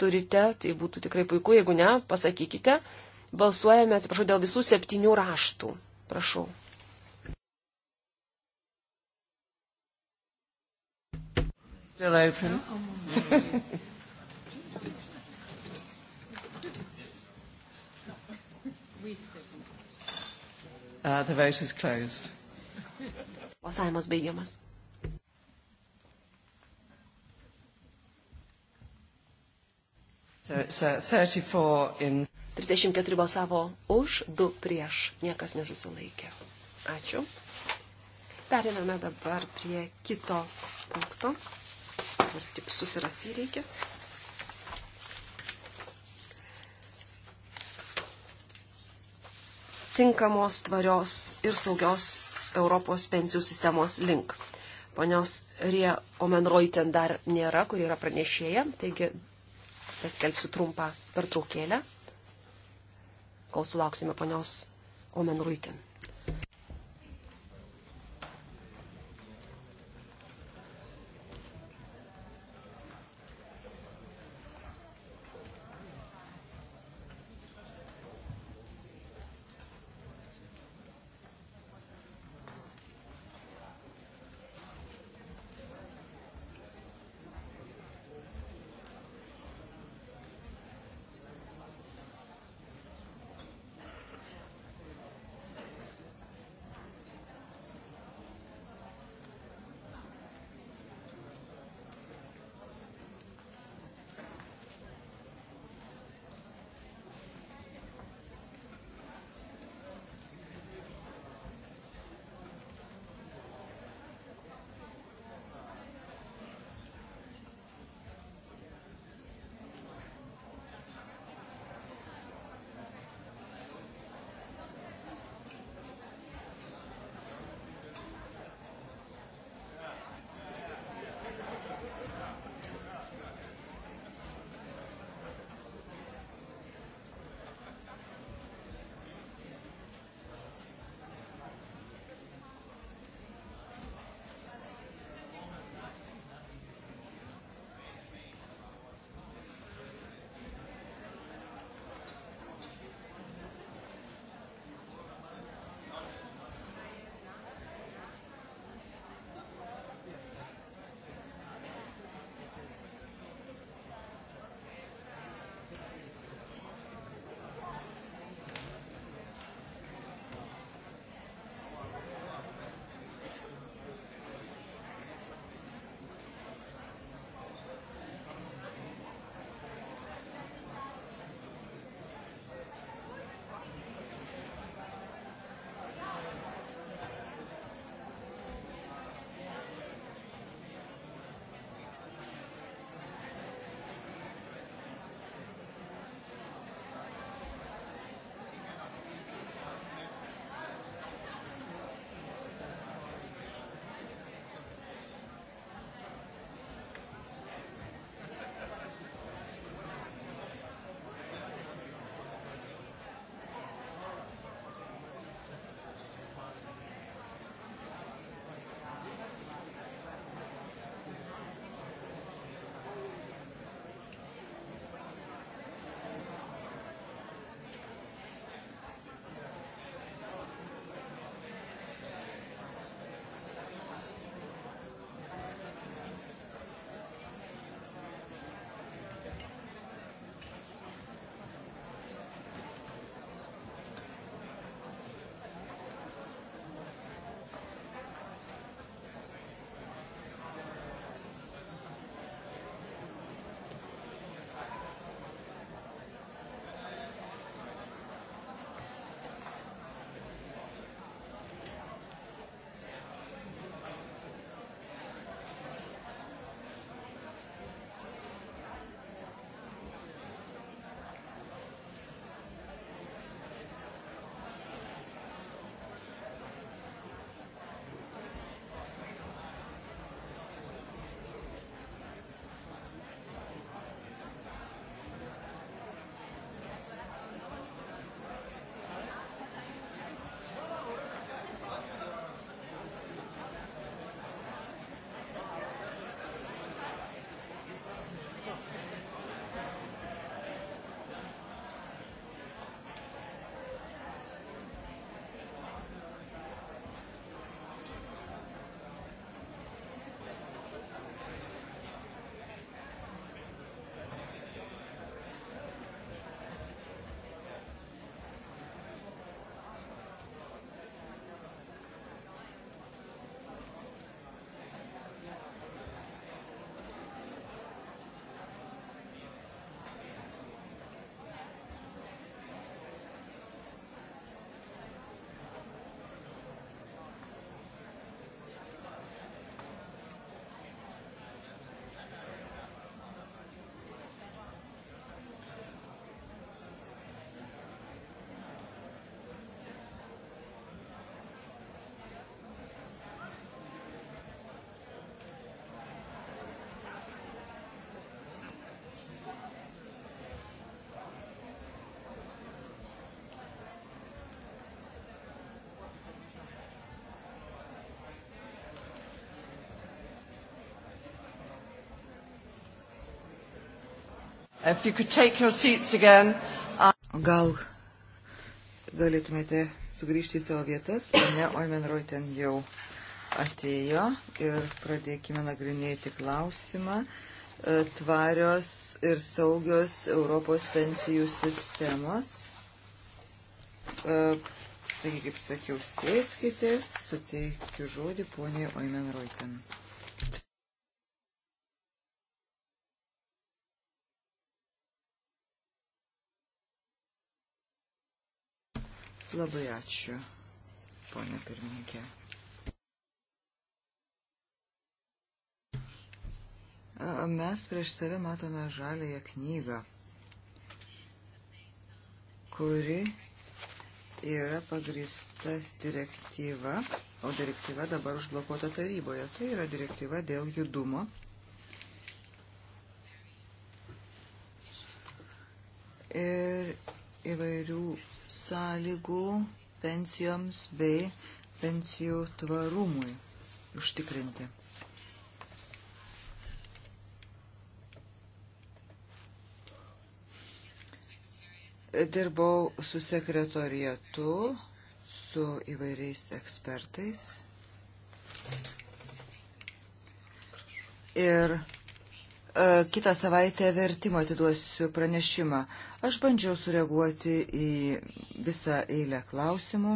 turite, tai būtų tikrai puiku, jeigu ne, pasakykite. Balsuojame, atsiprašau, dėl visų septynių raštų. Prašau. Still open. uh, the vote is closed. Balsavimas baigiamas. So it's uh, 34 in 34 balsavo už, 2 prieš, niekas nesusilaikė. Ačiū. Periname dabar prie kito punkto. Ir tik susirasti reikia. Tinkamos, tvarios ir saugios Europos pensijų sistemos link. Ponios Rie Omenroj ten dar nėra, kur yra pranešėja, taigi paskelbsiu trumpą pertraukėlę kol sulauksime ponios Omen Ruitin. Again, I... Uh, Gal galėtumėte sugrįžti į savo vietas, ne, Oimen Reuten jau atėjo ir pradėkime nagrinėti klausimą e, tvarios ir saugios Europos pensijų sistemos. E, taigi, kaip sakiau, sėskite, suteikiu žodį poniai Oimen Reuten. Labai ačiū, ponė pirmininkė. Mes prieš save matome žalėją knygą, kuri yra pagrįsta direktyva, o direktyva dabar užblokuota taryboje. Tai yra direktyva dėl judumo. Ir įvairių sąlygų pensijoms bei pensijų tvarumui užtikrinti. Dirbau su sekretorietu, su įvairiais ekspertais. Ir E, kitą savaitę vertimo atiduosiu pranešimą. Aš bandžiau sureaguoti į visą eilę klausimų.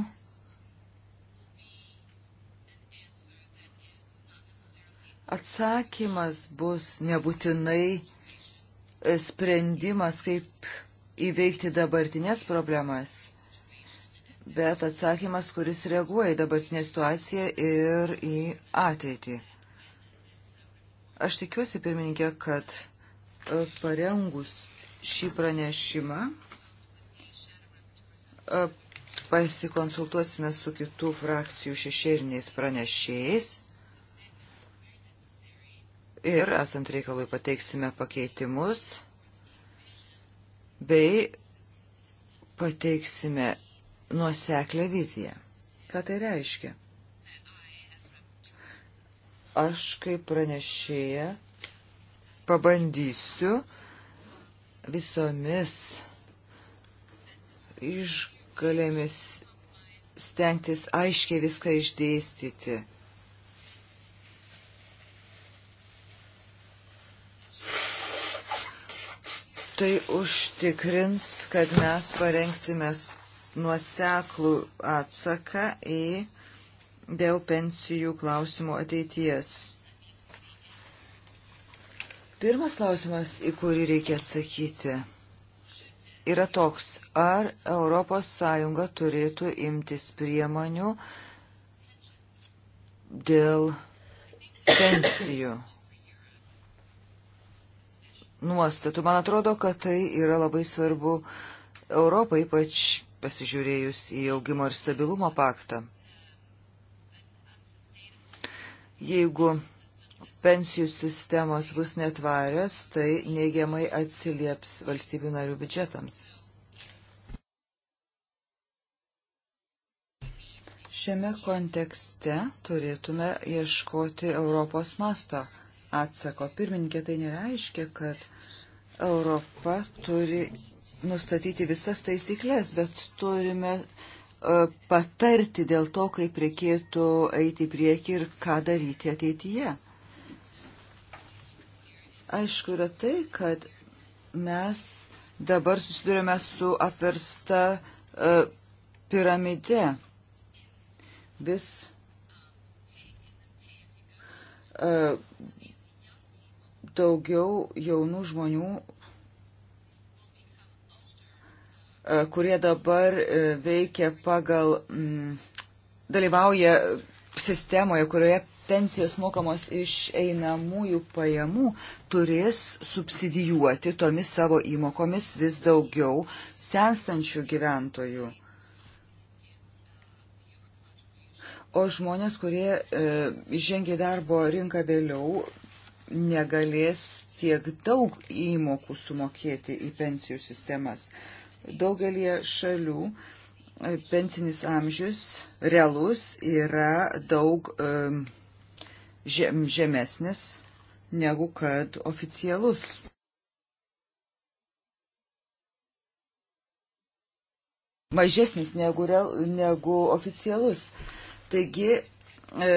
Atsakymas bus nebūtinai e, sprendimas, kaip įveikti dabartinės problemas, bet atsakymas, kuris reaguoja į dabartinę situaciją ir į ateitį. Aš tikiuosi, pirmininkė, kad e, parengus šį pranešimą e, pasikonsultuosime su kitų frakcijų šešėliniais pranešėjais ir esant reikalui pateiksime pakeitimus bei pateiksime nuoseklę viziją. Ką tai reiškia? Aš kaip pranešėja pabandysiu visomis išgalėmis stengtis aiškiai viską išdėstyti. Tai užtikrins, kad mes parengsime nuoseklų atsaką į dėl pensijų klausimų ateities. Pirmas klausimas, į kurį reikia atsakyti, yra toks, ar ES turėtų imtis priemonių dėl pensijų nuostatų. Man atrodo, kad tai yra labai svarbu Europai, ypač pasižiūrėjus į augimo ir stabilumo paktą. Jeigu pensijų sistemos bus netvarios, tai neigiamai atsilieps valstybių narių biudžetams. Šiame kontekste turėtume ieškoti Europos masto atsako. Pirmininkė tai nereiškia, kad Europa turi nustatyti visas taisyklės, bet turime uh, E, patarti dėl to, kaip reikėtų eiti į priekį ir ką daryti ateityje. Aišku yra tai, kad mes dabar susidurėme su apersta uh, e, piramide. Vis uh, daugiau jaunų žmonių E, kurie dabar e, veikia pagal, m, mm, dalyvauja sistemoje, kurioje pensijos mokamos iš einamųjų pajamų, turės subsidijuoti tomis savo įmokomis vis daugiau senstančių gyventojų. O žmonės, kurie e, žengia darbo rinką vėliau, negalės tiek daug įmokų sumokėti į pensijų sistemas. E, Daugelie šalių e, pensinis amžius realus yra daug e, žem, žemesnis negu kad oficialus. Mažesnis negu, real, negu oficialus. Taigi, e,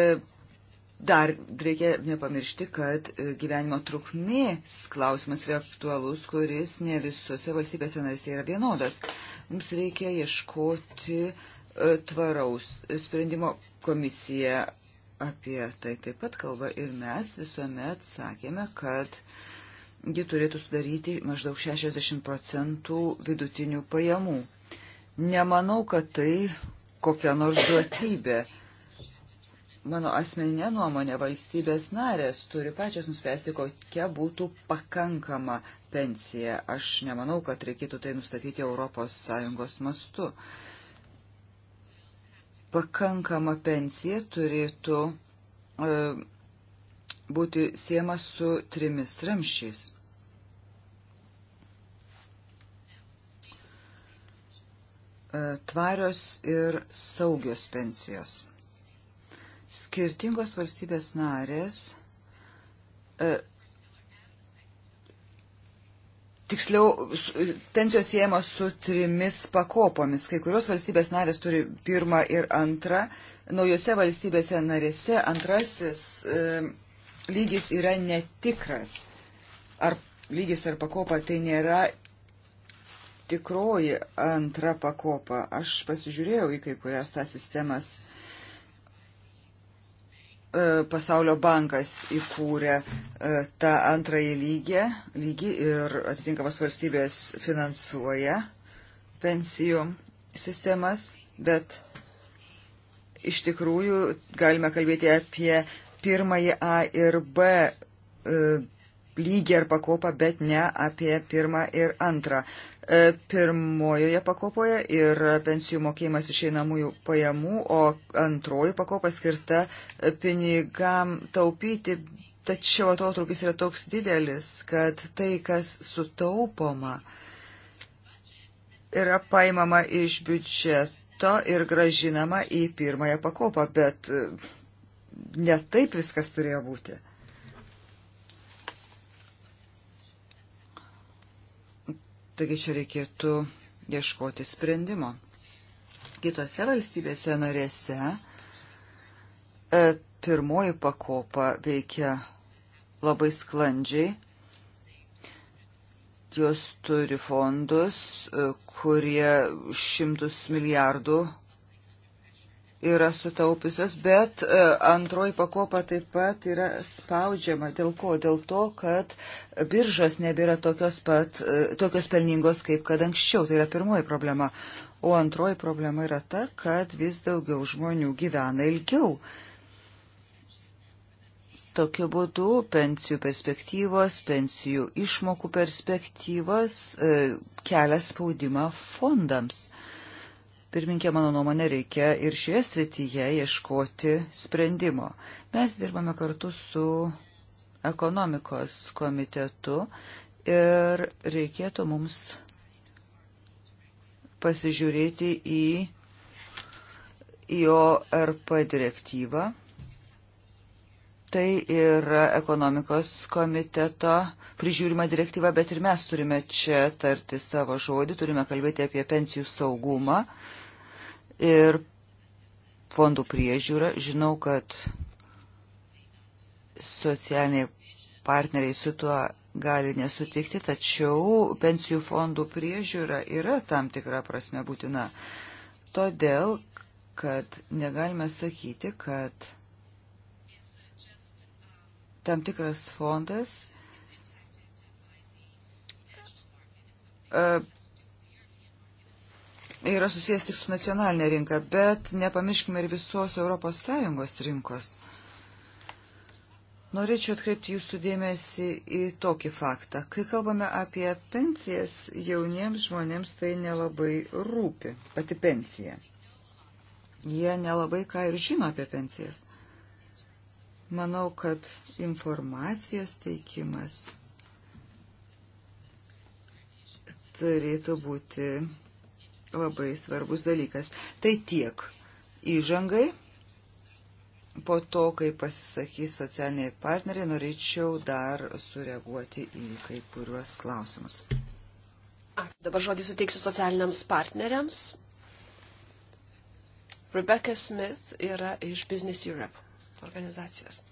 Dar reikia nepamiršti, kad e, gyvenimo trukmės klausimas yra aktualus, kuris ne visose valstybėse narėse yra vienodas. Mums reikia ieškoti e, tvaraus sprendimo komisija apie tai taip pat kalba ir mes visuomet sakėme, kad ji turėtų sudaryti maždaug 60 procentų vidutinių pajamų. Nemanau, kad tai kokia nors duotybė. Mano asmeninė nuomonė valstybės narės turi pačios nuspręsti, kokia būtų pakankama pensija. Aš nemanau, kad reikėtų tai nustatyti ES mastu. Pakankama pensija turėtų e, būti siema su trimis ramšiais. E, tvarios ir saugios pensijos. Skirtingos valstybės narės, e, tiksliau, pensijos siejamos su trimis pakopomis. Kai kurios valstybės narės turi pirmą ir antrą, naujose valstybėse narėse antrasis e, lygis yra netikras. Ar lygis ar pakopa tai nėra tikroji antra pakopa. Aš pasižiūrėjau į kai kurias tas sistemas. E, pasaulio bankas įkūrė e, tą antrąjį lygį, lygį ir atitinkamas valstybės finansuoja pensijų sistemas, bet iš tikrųjų galime kalbėti apie pirmąjį A ir B e, lygį ar pakopą, bet ne apie pirmą ir antrą. E, pirmojoje pakopoje ir pensijų mokėjimas išeinamųjų pajamų, o antroji pakopa skirta e, pinigam taupyti, tačiau atotrukis yra toks didelis, kad tai, kas sutaupoma, yra paimama iš biudžeto ir gražinama į pirmąją pakopą, bet e, ne taip viskas turėjo būti. Taigi čia reikėtų ieškoti sprendimo. Kitose valstybėse narėse e, pirmoji pakopa veikia labai sklandžiai. Jos turi fondus, e, kurie šimtus milijardų yra sutaupiusios, bet e, antroji pakopa taip pat yra spaudžiama. Dėl ko? Dėl to, kad biržos nebėra tokios, pat, e, tokios pelningos kaip kad anksčiau. Tai yra pirmoji problema. O antroji problema yra ta, kad vis daugiau žmonių gyvena ilgiau. Tokiu būdu pensijų perspektyvos, pensijų išmokų perspektyvos e, kelia spaudimą fondams. E, Pirminkė, mano nuomonė, reikia ir šioje srityje ieškoti sprendimo. Mes dirbame kartu su ekonomikos komitetu ir reikėtų mums pasižiūrėti į IORP direktyvą tai yra ekonomikos komiteto prižiūrima direktyva, bet ir mes turime čia tarti savo žodį, turime kalbėti apie pensijų saugumą ir fondų priežiūrą. Žinau, kad socialiniai partneriai su tuo gali nesutikti, tačiau pensijų fondų priežiūra yra tam tikrą prasme būtina. Todėl, kad negalime sakyti, kad tam tikras fondas e, yra susijęs tik su nacionalinė rinka, bet nepamirškime ir visos ES rinkos. Norėčiau atkreipti jūsų dėmesį į tokį faktą. Kai kalbame apie pensijas, jauniems žmonėms tai nelabai rūpi, pati pensija. Jie nelabai ką ir žino apie pensijas. Manau, kad informacijos teikimas turėtų būti labai svarbus dalykas. Tai tiek įžangai. Po to, kai pasisakys socialiniai partneriai, norėčiau dar sureaguoti į kai kuriuos klausimus. Ačiū. Dabar žodį suteiksiu socialiniams partneriams. Rebecca Smith yra iš Business Europe organizacijas.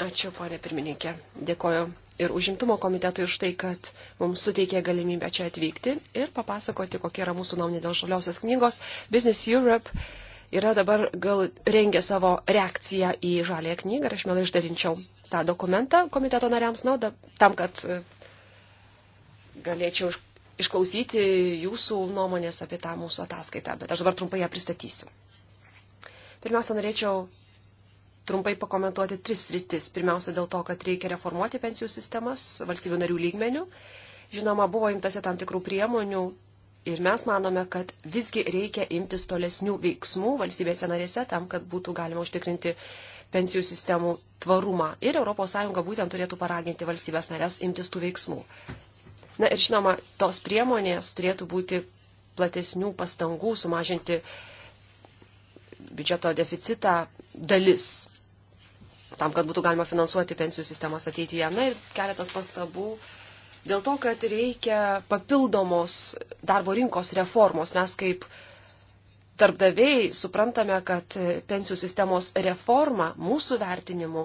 Ačiū, ponė pirmininkė. Dėkoju ir užimtumo komitetui už tai, kad mums suteikė galimybę čia atvykti ir papasakoti, kokia yra mūsų nuomonė dėl žaliosios knygos. Business Europe yra dabar gal rengia savo reakciją į žalę knygą ir aš mielai išdalinčiau tą dokumentą komiteto nariams, na, da, tam, kad e, galėčiau išklausyti jūsų nuomonės apie tą mūsų ataskaitą, bet aš dabar trumpai ją pristatysiu. Pirmiausia, norėčiau trumpai pakomentuoti tris rytis. Pirmiausia, dėl to, kad reikia reformuoti pensijų sistemas valstybių narių lygmenių. Žinoma, buvo imtasi tam tikrų priemonių ir mes manome, kad visgi reikia imtis tolesnių veiksmų valstybėse narėse tam, kad būtų galima užtikrinti pensijų sistemų tvarumą. Ir ES būtent turėtų paraginti valstybės narės imtis tų veiksmų. Na ir žinoma, tos priemonės turėtų būti platesnių pastangų sumažinti biudžeto deficitą dalis tam, kad būtų galima finansuoti pensijų sistemas ateityje. Na ir keletas pastabų. Dėl to, kad reikia papildomos darbo rinkos reformos, mes kaip darbdaviai suprantame, kad pensijų sistemos reforma mūsų vertinimu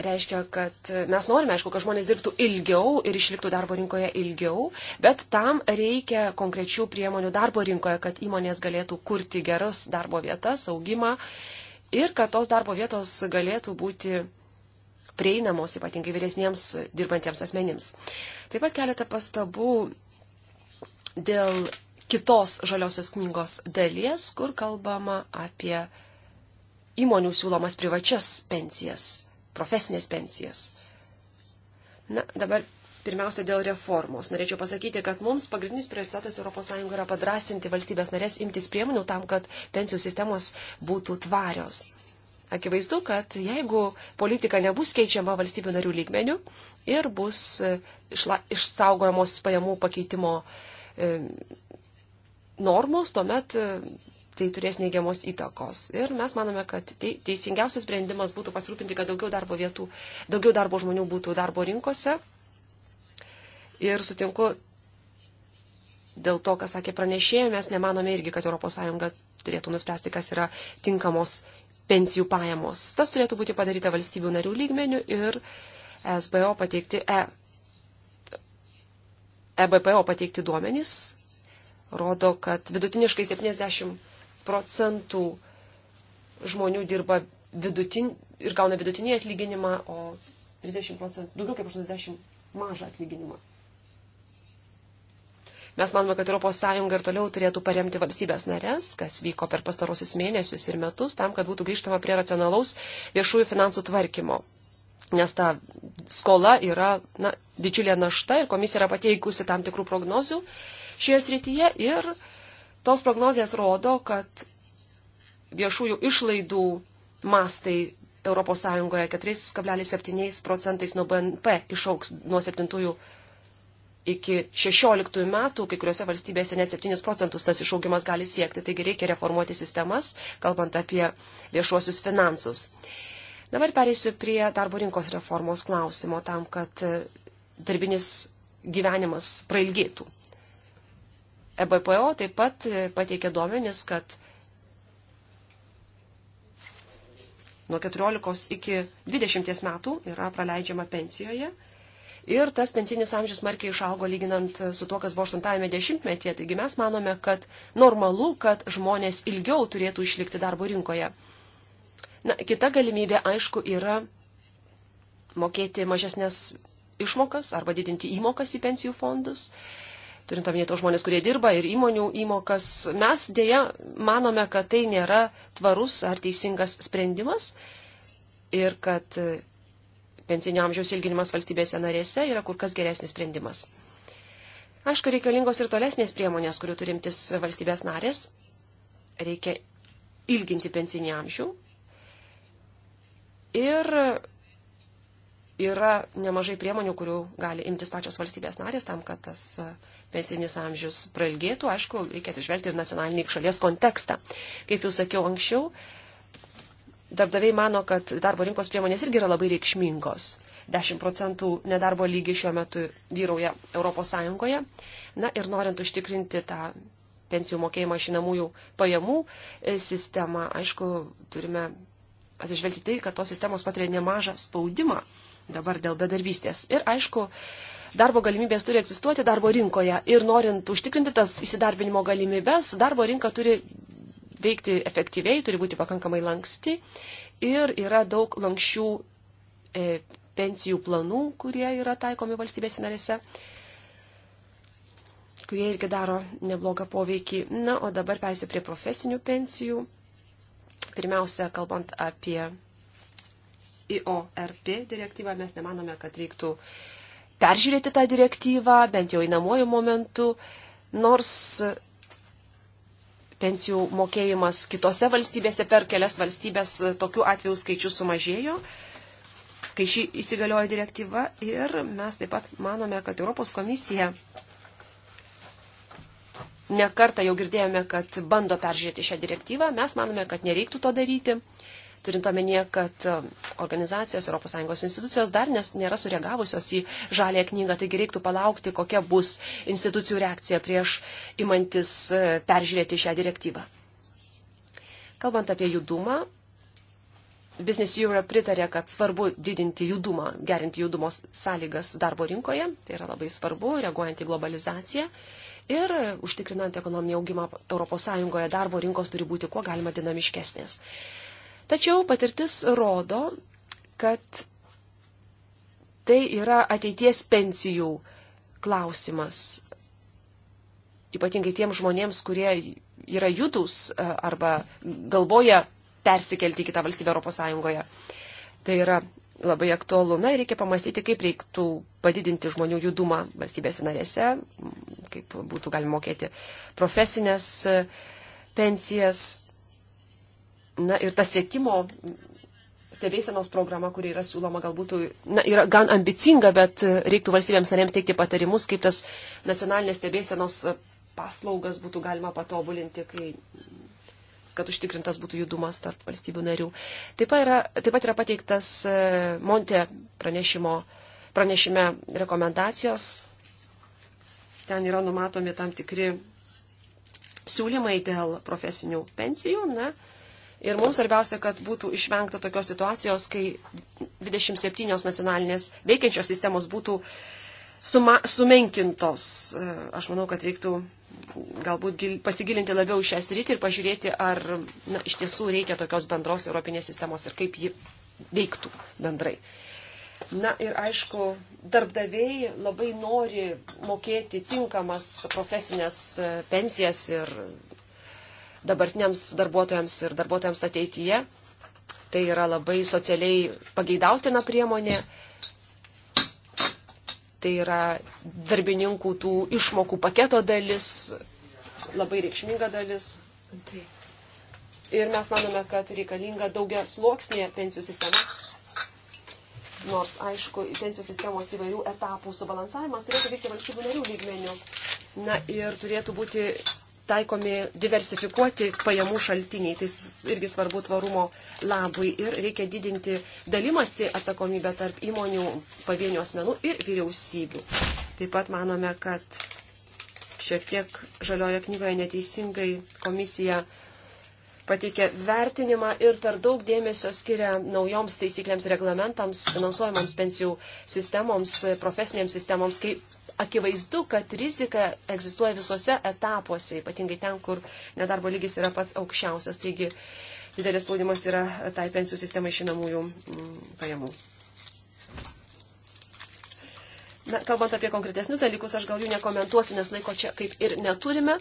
reiškia, kad mes norime, aišku, kad žmonės dirbtų ilgiau ir išliktų darbo rinkoje ilgiau, bet tam reikia konkrečių priemonių darbo rinkoje, kad įmonės galėtų kurti geras darbo vietas, augimą ir kad tos darbo vietos galėtų būti prieinamos ypatingai vyresniems dirbantiems asmenims. Taip pat keletą pastabų dėl kitos žaliosios knygos dalies, kur kalbama apie įmonių siūlomas privačias pensijas, profesinės pensijas. Na, dabar Pirmiausia, dėl reformos. Norėčiau pasakyti, kad mums pagrindinis prioritetas ES yra padrasinti valstybės narės imtis priemonių tam, kad pensijų sistemos būtų tvarios. Akivaizdu, kad jeigu politika nebus keičiama valstybių narių lygmenių ir bus e, išla, išsaugojamos pajamų pakeitimo e, normos, tuomet e, tai turės neigiamos įtakos. Ir mes manome, kad teisingiausias sprendimas būtų pasirūpinti, kad daugiau darbo vietų, daugiau darbo žmonių būtų darbo rinkose Ir sutinku dėl to, ką sakė pranešėjai, mes nemanome irgi, kad ES turėtų nuspręsti, kas yra tinkamos pensijų pajamos. Tas turėtų būti padaryta valstybių narių lygmenių ir SBO pateikti, e, EBPO pateikti duomenys rodo, kad vidutiniškai 70 procentų žmonių dirba vidutin, ir gauna vidutinį atlyginimą, o 30 procentų, daugiau kaip 80 mažą atlyginimą. Mes manome, kad ES ir toliau turėtų paremti valstybės narės, kas vyko per pastarosius mėnesius ir metus, tam, kad būtų grįžtama prie racionalaus viešųjų finansų tvarkymo. Nes ta skola yra na, didžiulė našta ir komisija yra pateikusi tam tikrų prognozių šioje srityje ir tos prognozijas rodo, kad viešųjų išlaidų mastai ES 4,7 procentais nuo BNP išauks nuo 7 iki 16 metų kai kuriuose valstybėse net 7 procentus tas išaugimas gali siekti, taigi reikia reformuoti sistemas, kalbant apie viešuosius finansus. Dabar pereisiu prie darbo rinkos reformos klausimo tam, kad e, darbinis gyvenimas prailgėtų. EBPO taip pat e, pateikė duomenis, kad nuo 14 iki 20 metų yra praleidžiama pensijoje ir tas pensinis amžius smarkiai išaugo lyginant su tuo, kas buvo 80-ame dešimtmetyje. Taigi mes manome, kad normalu, kad žmonės ilgiau turėtų išlikti darbo rinkoje. Na, kita galimybė, aišku, yra mokėti mažesnės išmokas arba didinti įmokas į pensijų fondus. Turint omenyje tos žmonės, kurie dirba ir įmonių įmokas, mes dėja manome, kad tai nėra tvarus ar teisingas sprendimas ir kad pensinio amžiaus ilginimas valstybėse narėse yra kur kas geresnis sprendimas. Aišku, reikalingos ir tolesnės priemonės, kurių turimtis valstybės narės. Reikia ilginti pensinį amžių. Ir yra nemažai priemonių, kurių gali imtis pačios valstybės narės tam, kad tas e, pensinis amžius prailgėtų. Aišku, reikia atsižvelgti ir nacionalinį šalies kontekstą. Kaip jau sakiau anksčiau, darbdaviai mano, kad darbo rinkos priemonės irgi yra labai reikšmingos. 10 procentų nedarbo lygiai šiuo metu vyrauja ES. Na ir norint užtikrinti tą pensijų mokėjimą iš namųjų pajamų e, sistemą, aišku, turime atsižvelgti tai, kad tos sistemos patiria nemažą spaudimą dabar dėl bedarbystės. Ir aišku, darbo galimybės turi egzistuoti darbo rinkoje ir norint užtikrinti tas įsidarbinimo galimybes, darbo rinka turi veikti efektyviai, turi būti pakankamai lanksti ir yra daug lankščių e, pensijų planų, kurie yra taikomi valstybės narėse, kurie irgi daro neblogą poveikį. Na, o dabar persiu prie profesinių pensijų. Pirmiausia, kalbant apie IORP direktyvą, mes nemanome, kad reiktų peržiūrėti tą direktyvą, bent jau įnamuoju momentu, nors pensijų mokėjimas kitose valstybėse per kelias valstybės e, tokių atvejų skaičius sumažėjo, kai šį įsigaliojo direktyva ir mes taip pat manome, kad Europos komisija nekartą jau girdėjome, kad bando peržiūrėti šią direktyvą, mes manome, kad nereiktų to daryti turint omenyje, kad e, organizacijos, ES institucijos dar nes, nėra sureagavusios į žalę knygą, taigi reiktų palaukti, kokia bus institucijų reakcija prieš imantis e, peržiūrėti šią direktyvą. Kalbant apie judumą, Business Europe pritarė, kad svarbu didinti judumą, gerinti judumo sąlygas darbo rinkoje, tai yra labai svarbu, reaguojant į globalizaciją ir užtikrinant ekonominį augimą ES darbo rinkos turi būti kuo galima dinamiškesnės. Tačiau patirtis rodo, kad tai yra ateities pensijų klausimas. Ypatingai tiems žmonėms, kurie yra judus e, arba galvoja persikelti į kitą valstybę Europos Sąjungoje. Tai yra labai aktualu. Na, reikia pamastyti, kaip reiktų padidinti žmonių judumą valstybėse narėse, kaip būtų galima mokėti profesinės e, pensijas. Na ir ta sėkimo stebėsenos programa, kuri yra siūloma, galbūt na, yra gan ambicinga, bet reiktų valstybėms narėms teikti patarimus, kaip tas nacionalinės stebėsenos paslaugas būtų galima patobulinti, kai, kad užtikrintas būtų judumas tarp valstybių narių. Taip pat yra, taip pat yra pateiktas e, Monte pranešimo, pranešime rekomendacijos. Ten yra numatomi tam tikri siūlymai dėl profesinių pensijų. Na, Ir mums svarbiausia, kad būtų išvengta tokios situacijos, kai 27 nacionalinės veikiančios sistemos būtų suma, sumenkintos. E, aš manau, kad reiktų galbūt gil, pasigilinti labiau šią sritį ir pažiūrėti, ar na, iš tiesų reikia tokios bendros europinės sistemos ir kaip ji veiktų bendrai. Na ir aišku, darbdaviai labai nori mokėti tinkamas profesinės e, pensijas ir dabartiniams darbuotojams ir darbuotojams ateityje. Tai yra labai socialiai pageidautina priemonė. Tai yra darbininkų tų išmokų paketo dalis, labai reikšminga dalis. Ir mes manome, kad reikalinga daugia sluoksnė pensijų sistema. Nors, aišku, pensijų sistemos įvairių etapų subalansavimas turėtų vykti valstybių narių lygmenių. Na ir turėtų būti taikomi diversifikuoti pajamų šaltiniai, tai irgi svarbu tvarumo labui ir reikia didinti dalimasi atsakomybę tarp įmonių, pavienių asmenų ir vyriausybių. Taip pat manome, kad šiek tiek žalioje knygoje neteisingai komisija pateikia vertinimą ir per daug dėmesio skiria naujoms taisyklėms reglamentams, finansuojamoms pensijų sistemoms, profesinėms sistemoms, kaip akivaizdu, kad rizika egzistuoja visose etapuose, ypatingai ten, kur nedarbo lygis yra pats aukščiausias. Taigi didelis spaudimas yra tai pensijų sistemai išinamųjų mm, pajamų. Na, kalbant apie konkretesnius dalykus, aš gal jų nekomentuosiu, nes laiko čia kaip ir neturime,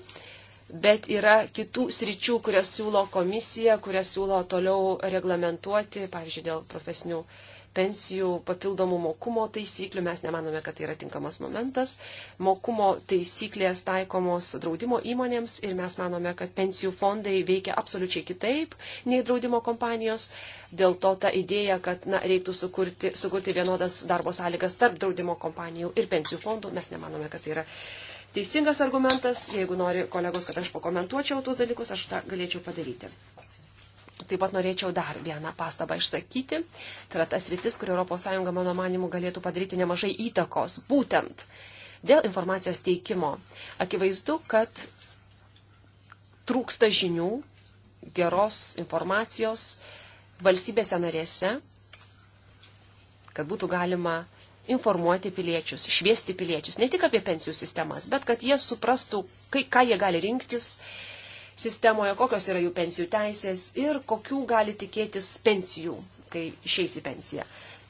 bet yra kitų sričių, kurias siūlo komisija, kurias siūlo toliau reglamentuoti, pavyzdžiui, dėl profesinių uh, pensijų papildomų mokumo taisyklių. Mes nemanome, kad tai yra tinkamas momentas. Mokumo taisyklės taikomos draudimo įmonėms ir mes manome, kad pensijų fondai veikia absoliučiai kitaip nei draudimo kompanijos. Dėl to ta idėja, kad na, reiktų sukurti, sukurti vienodas darbo sąlygas tarp draudimo kompanijų ir pensijų fondų, mes nemanome, kad tai yra teisingas argumentas. Jeigu nori kolegos, kad aš pakomentuočiau tuos dalykus, aš tą galėčiau padaryti. Taip pat norėčiau dar vieną pastabą išsakyti. Tai yra tas rytis, kur ES, mano manimu, galėtų padaryti nemažai įtakos. Būtent dėl informacijos teikimo. Akivaizdu, kad trūksta žinių, geros informacijos valstybėse narėse, kad būtų galima informuoti piliečius, šviesti piliečius, ne tik apie pensijų sistemas, bet kad jie suprastų, kai, ką jie gali rinktis, sistemoje, kokios yra jų pensijų teisės ir kokių gali tikėtis pensijų, kai išeis į pensiją.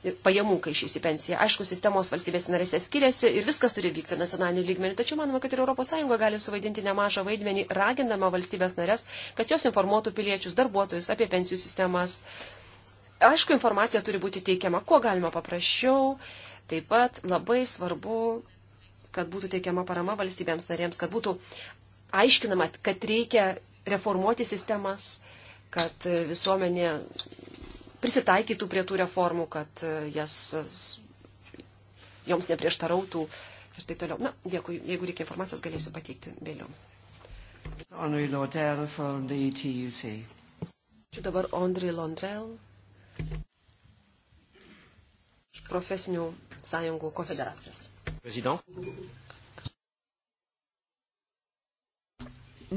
Ir pajamų, kai išeis į pensiją. Aišku, sistemos valstybės narėse skiriasi ir viskas turi vykti nacionaliniu lygmeniu, tačiau manoma, kad ir ES gali suvaidinti nemažą vaidmenį, ragindama valstybės narės, kad jos informuotų piliečius, darbuotojus apie pensijų sistemas. Aišku, informacija turi būti teikiama kuo galima paprasčiau. Taip pat labai svarbu kad būtų teikiama parama valstybėms narėms, kad būtų aiškinama, kad reikia reformuoti sistemas, kad visuomenė prisitaikytų prie tų reformų, kad jas, joms neprieštarautų ir taip toliau. Na, dėkui, jeigu reikia informacijos, galėsiu pateikti vėliau. Čia dabar Andri Londrel iš profesinių sąjungų konfederacijos. President.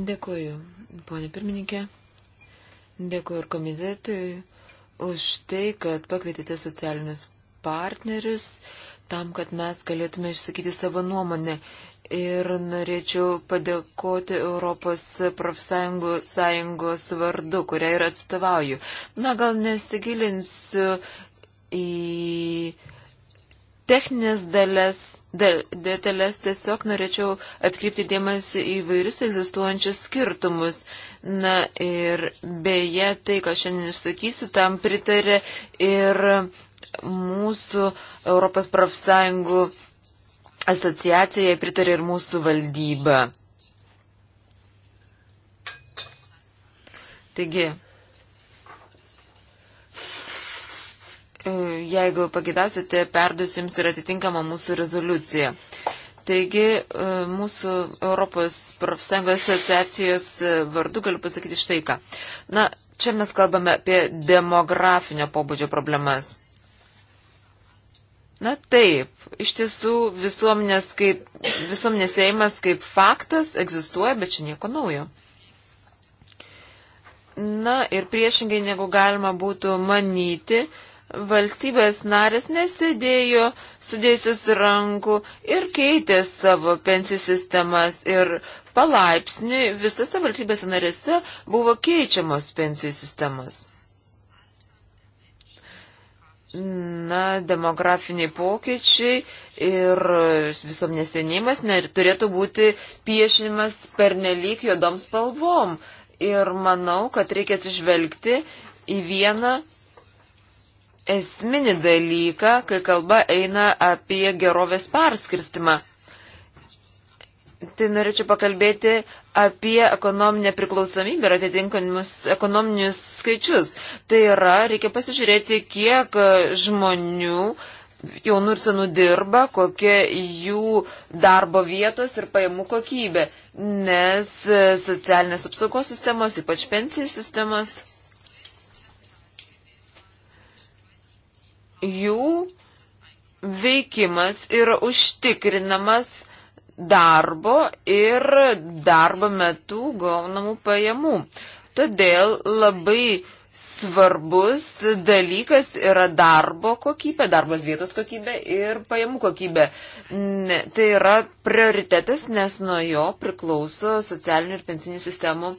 Dėkuoju, ponė pirmininkė. Dėkuoju ir komitetui už tai, kad pakvietėte socialinius partnerius tam, kad mes galėtume išsakyti savo nuomonę. Ir norėčiau padėkoti Europos profsąjungų sąjungos vardu, kurią ir atstovauju. Na, gal nesigilinsiu į techninės dalės, dal, detalės tiesiog norėčiau atkreipti dėmesį į vairius egzistuojančius skirtumus. Na ir beje, tai, ką šiandien išsakysiu, tam pritarė ir mūsų Europos profsąjungų asociacijai pritarė ir mūsų valdyba. Taigi, Jeigu pagidasite, perduosiu jums ir atitinkamą mūsų rezoliuciją. Taigi, e, mūsų Europos profsąjungos asociacijos e, vardu galiu pasakyti štai ką. Na, čia mes kalbame apie demografinio pobūdžio problemas. Na taip, iš tiesų visuomenės, kaip, visuomenės eimas kaip faktas egzistuoja, bet čia nieko naujo. Na ir priešingai, negu galima būtų manyti, valstybės narės nesėdėjo sudėjusius rankų ir keitė savo pensijų sistemas ir palaipsniui visose valstybėse narėse buvo keičiamos pensijų sistemas. Na, demografiniai pokyčiai ir visuomenės senėjimas turėtų būti piešinimas pernelyg juodom spalvom. Ir manau, kad reikia atsižvelgti į vieną esminį dalyką, kai kalba eina apie gerovės perskirstimą. Tai norėčiau pakalbėti apie ekonominę priklausomybę ir atitinkamus ekonominius skaičius. Tai yra, reikia pasižiūrėti, kiek žmonių jaunų ir senų dirba, kokia jų darbo vietos ir pajamų kokybė, nes socialinės apsaugos sistemos, ypač pensijų sistemos jų veikimas yra užtikrinamas darbo ir darbo metu gaunamų pajamų. Todėl labai svarbus dalykas yra darbo kokybė, darbos vietos kokybė ir pajamų kokybė. Ne, tai yra prioritetas, nes nuo jo priklauso socialinių ir pensinių sistemų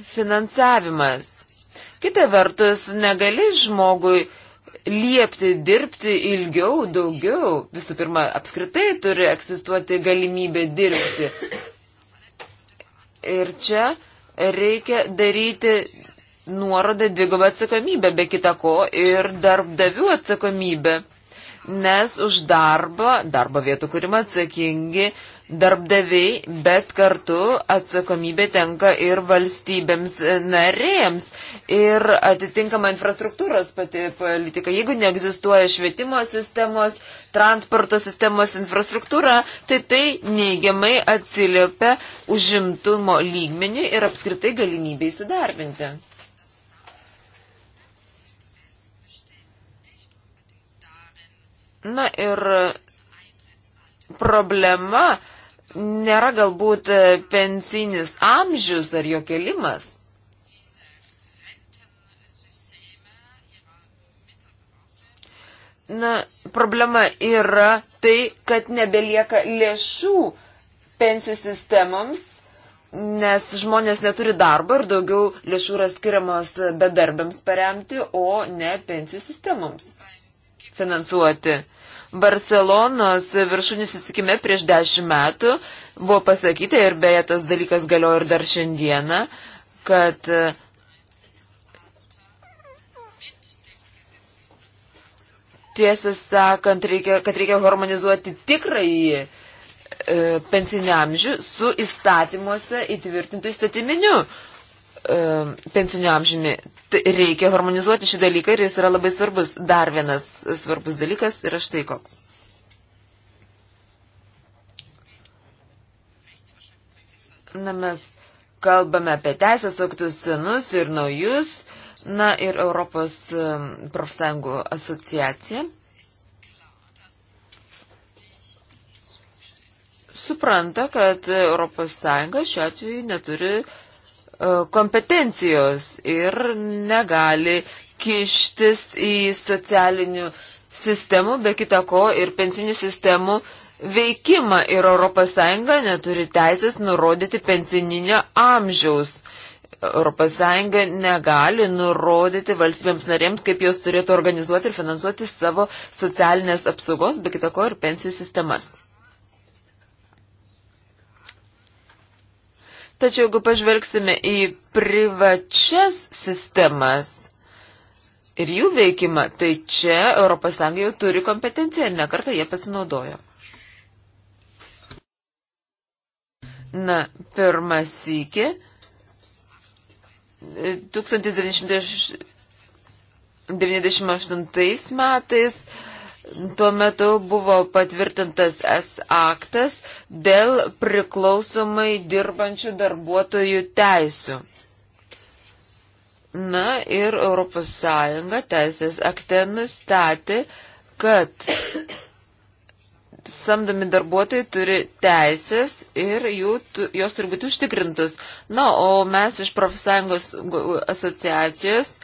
finansavimas. Kita vertus, negali žmogui liepti dirbti ilgiau, daugiau. Visų pirma, apskritai turi egzistuoti galimybė dirbti. Ir čia reikia daryti nuorodą dvigubą atsakomybę, be kita ko ir darbdavių atsakomybę. Nes už darbą, darbo vietų kūrimą atsakingi uh, darbdaviai, bet kartu atsakomybė tenka ir valstybėms narėjams ir atitinkama infrastruktūros pati politika. Jeigu neegzistuoja švietimo sistemos, transporto sistemos infrastruktūra, tai tai neigiamai atsiliepia užimtumo lygmenį ir apskritai galimybę įsidarbinti. Na ir problema nėra galbūt e, pensinis amžius ar jo kelimas. Na, problema yra tai, kad nebelieka lėšų pensijų sistemoms, nes žmonės neturi darbo ir daugiau lėšų yra skiriamas bedarbiams paremti, o ne pensijų sistemoms finansuoti. Barcelonos viršūnių susitikime prieš dešimt metų buvo pasakyta ir beje tas dalykas galioja ir dar šiandieną, kad tiesą sakant, reikia, kad reikia harmonizuoti tikrąjį e, pensinį amžių su įstatymuose įtvirtintų įstatyminiu E, pensinio amžymi. Tai reikia harmonizuoti šį dalyką ir jis yra labai svarbus. Dar vienas svarbus dalykas yra štai koks. Na, mes kalbame apie teisės aktus senus ir naujus, na ir Europos e, profsąjungų asociacija. Supranta, kad ES šiuo atveju neturi uh, E, kompetencijos ir negali kištis į socialinių sistemų, be kita ko ir pensinių sistemų veikimą ir ES neturi teisės nurodyti pensininio amžiaus. ES negali nurodyti valstybėms narėms, kaip jos turėtų organizuoti ir finansuoti savo socialinės apsaugos, be kitako ir pensijų sistemas. Tačiau jeigu pažvelgsime į privačias sistemas ir jų veikimą, tai čia ES jau turi kompetenciją ir nekartą jie pasinaudojo. Na, pirmas sykį. 1998 metais Tuo metu buvo patvirtintas S aktas dėl priklausomai dirbančių darbuotojų teisų. Na ir ES teisės akte nustatė, kad samdomi darbuotojai turi teisės ir jų, jos turi būti užtikrintus. Na, o mes iš profsąjungos asociacijos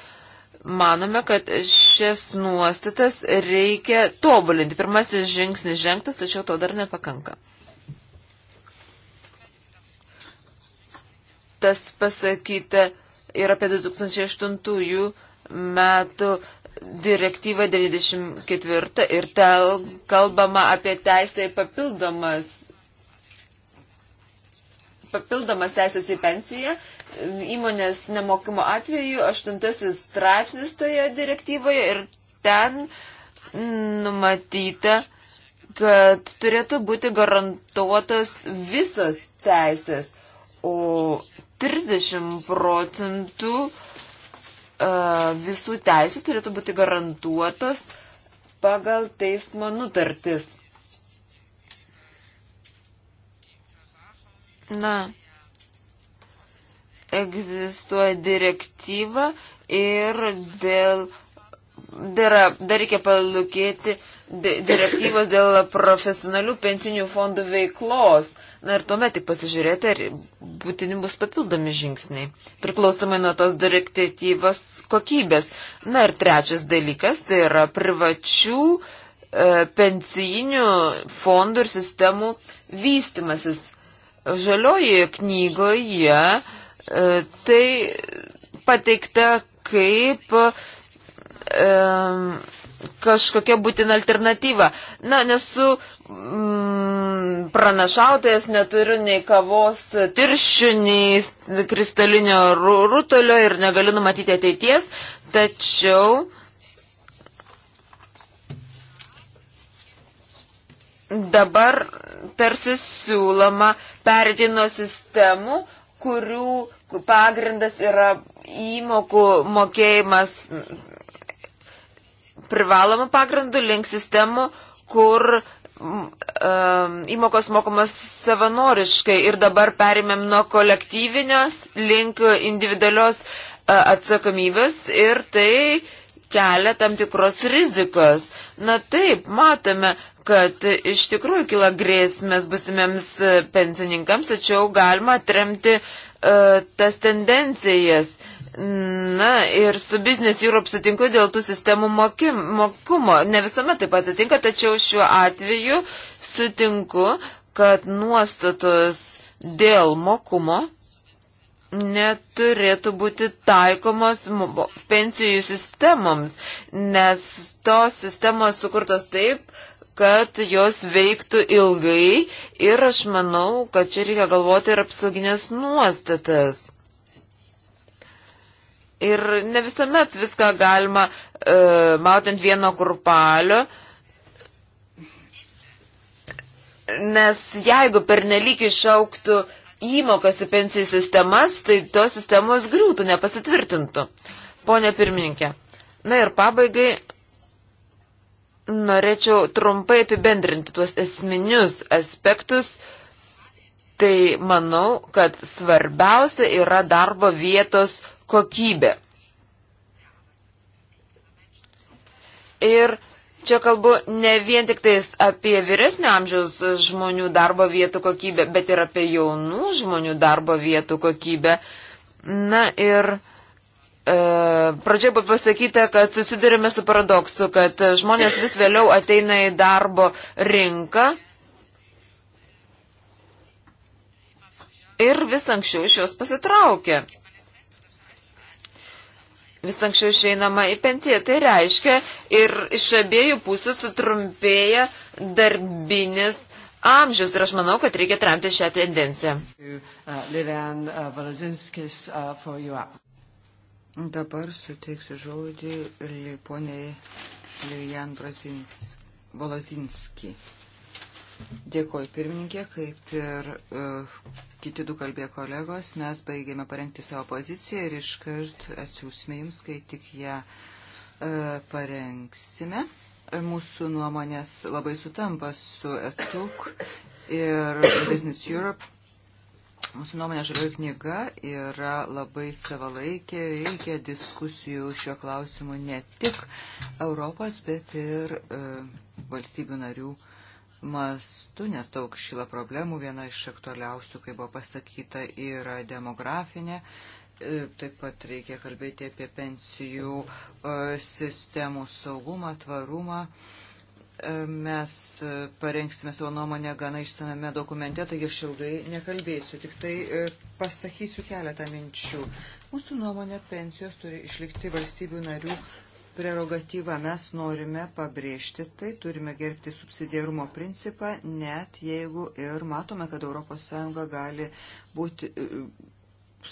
Manome, kad šias nuostatas reikia tobulinti. Pirmasis žingsnis žengtas, tačiau to dar nepakanka. Tas pasakyta ir apie 2008 metų direktyvą 94 ir ten kalbama apie teisę į papildomas, papildomas teisės į pensiją įmonės nemokumo atveju, aštuntasis straipsnis toje direktyvoje ir ten numatyta, kad turėtų būti garantuotos visos teisės, o 30 procentų e, visų teisų turėtų būti garantuotos pagal teismo nutartis. Na, egzistuoja direktyva ir dėl dar, dar reikia palūkėti direktyvos dėl profesionalių pensinių fondų veiklos. Na ir tuomet tik pasižiūrėti, ar būtini bus papildomi žingsniai, priklausomai nuo tos direktyvos kokybės. Na ir trečias dalykas tai yra privačių e, pensijinių fondų ir sistemų vystimasis. Žaliojoje knygoje e, E, tai pateikta kaip e, kažkokia būtina alternatyva. Na, nesu mm, pranašautojas, neturiu nei kavos tirščių, nei kristalinio rutulio ir negaliu numatyti ateities, tačiau dabar tarsi siūloma perėti nuo sistemų, kurių pagrindas yra įmokų mokėjimas privalomų pagrindų link sistemų, kur um, įmokos mokomas savanoriškai ir dabar perėmėm nuo kolektyvinės link individualios uh, atsakomybės ir tai uh, kelia tam tikros rizikos. Na taip, matome, kad iš tikrųjų kila grėsmės busimiems e, pensininkams, tačiau galima atremti uh, tas tendencijas. Na ir su Business Europe sutinku dėl tų sistemų mokim, mokumo. Ne visuomet taip atsitinka, tačiau šiuo atveju sutinku, kad nuostatos dėl mokumo neturėtų būti taikomos pensijų sistemoms, nes tos sistemos sukurtos taip, kad jos veiktų ilgai ir aš manau, kad čia reikia galvoti ir apsauginės nuostatas. Ir ne visuomet viską galima e, mautant vieno kurpalio, nes jeigu pernelyg išauktų e, įmokas į pensijų sistemas, tai tos sistemos griūtų, nepasitvirtintų. Pone pirmininkė. Na ir pabaigai norėčiau trumpai apibendrinti tuos esminius aspektus. Tai manau, kad svarbiausia yra darbo vietos kokybė. Ir Čia kalbu ne vien tik tais apie vyresnio amžiaus žmonių darbo vietų kokybę, bet ir apie jaunų žmonių darbo vietų kokybę. Na ir e, pradžioje buvo pasakyta, kad susidurime su paradoksu, kad žmonės vis vėliau ateina į darbo rinką ir vis anksčiau iš jos pasitraukia vis anksčiau išeinama į pensiją. Tai reiškia ir iš abiejų pusių sutrumpėja darbinis amžius ir aš manau, kad reikia tramti šią tendenciją. Dabar suteiksiu žodį poniai Lilian Volazinski. Dėkoju pirmininkė, kaip ir uh, kiti du kalbė kolegos, mes baigėme parengti savo poziciją ir iškart atsiūsime jums, kai tik ją uh, parengsime. Mūsų nuomonės labai sutampa su ETUK ir Business Europe. Mūsų nuomonė žalioji knyga yra labai savalaikė, reikia diskusijų šiuo klausimu ne tik Europos, bet ir e, valstybių narių mastu, nes daug šila problemų. Viena iš aktualiausių, kaip buvo pasakyta, yra demografinė. E, taip pat reikia kalbėti apie pensijų e, sistemų saugumą, tvarumą e, mes parengsime savo nuomonę gana išsamiame dokumente, taigi aš ilgai nekalbėsiu, tik tai pasakysiu keletą minčių. Mūsų nuomonė pensijos turi išlikti valstybių narių prerogatyva. Mes norime pabrėžti tai, turime gerbti subsidiarumo principą, net jeigu ir matome, kad ES gali būti e,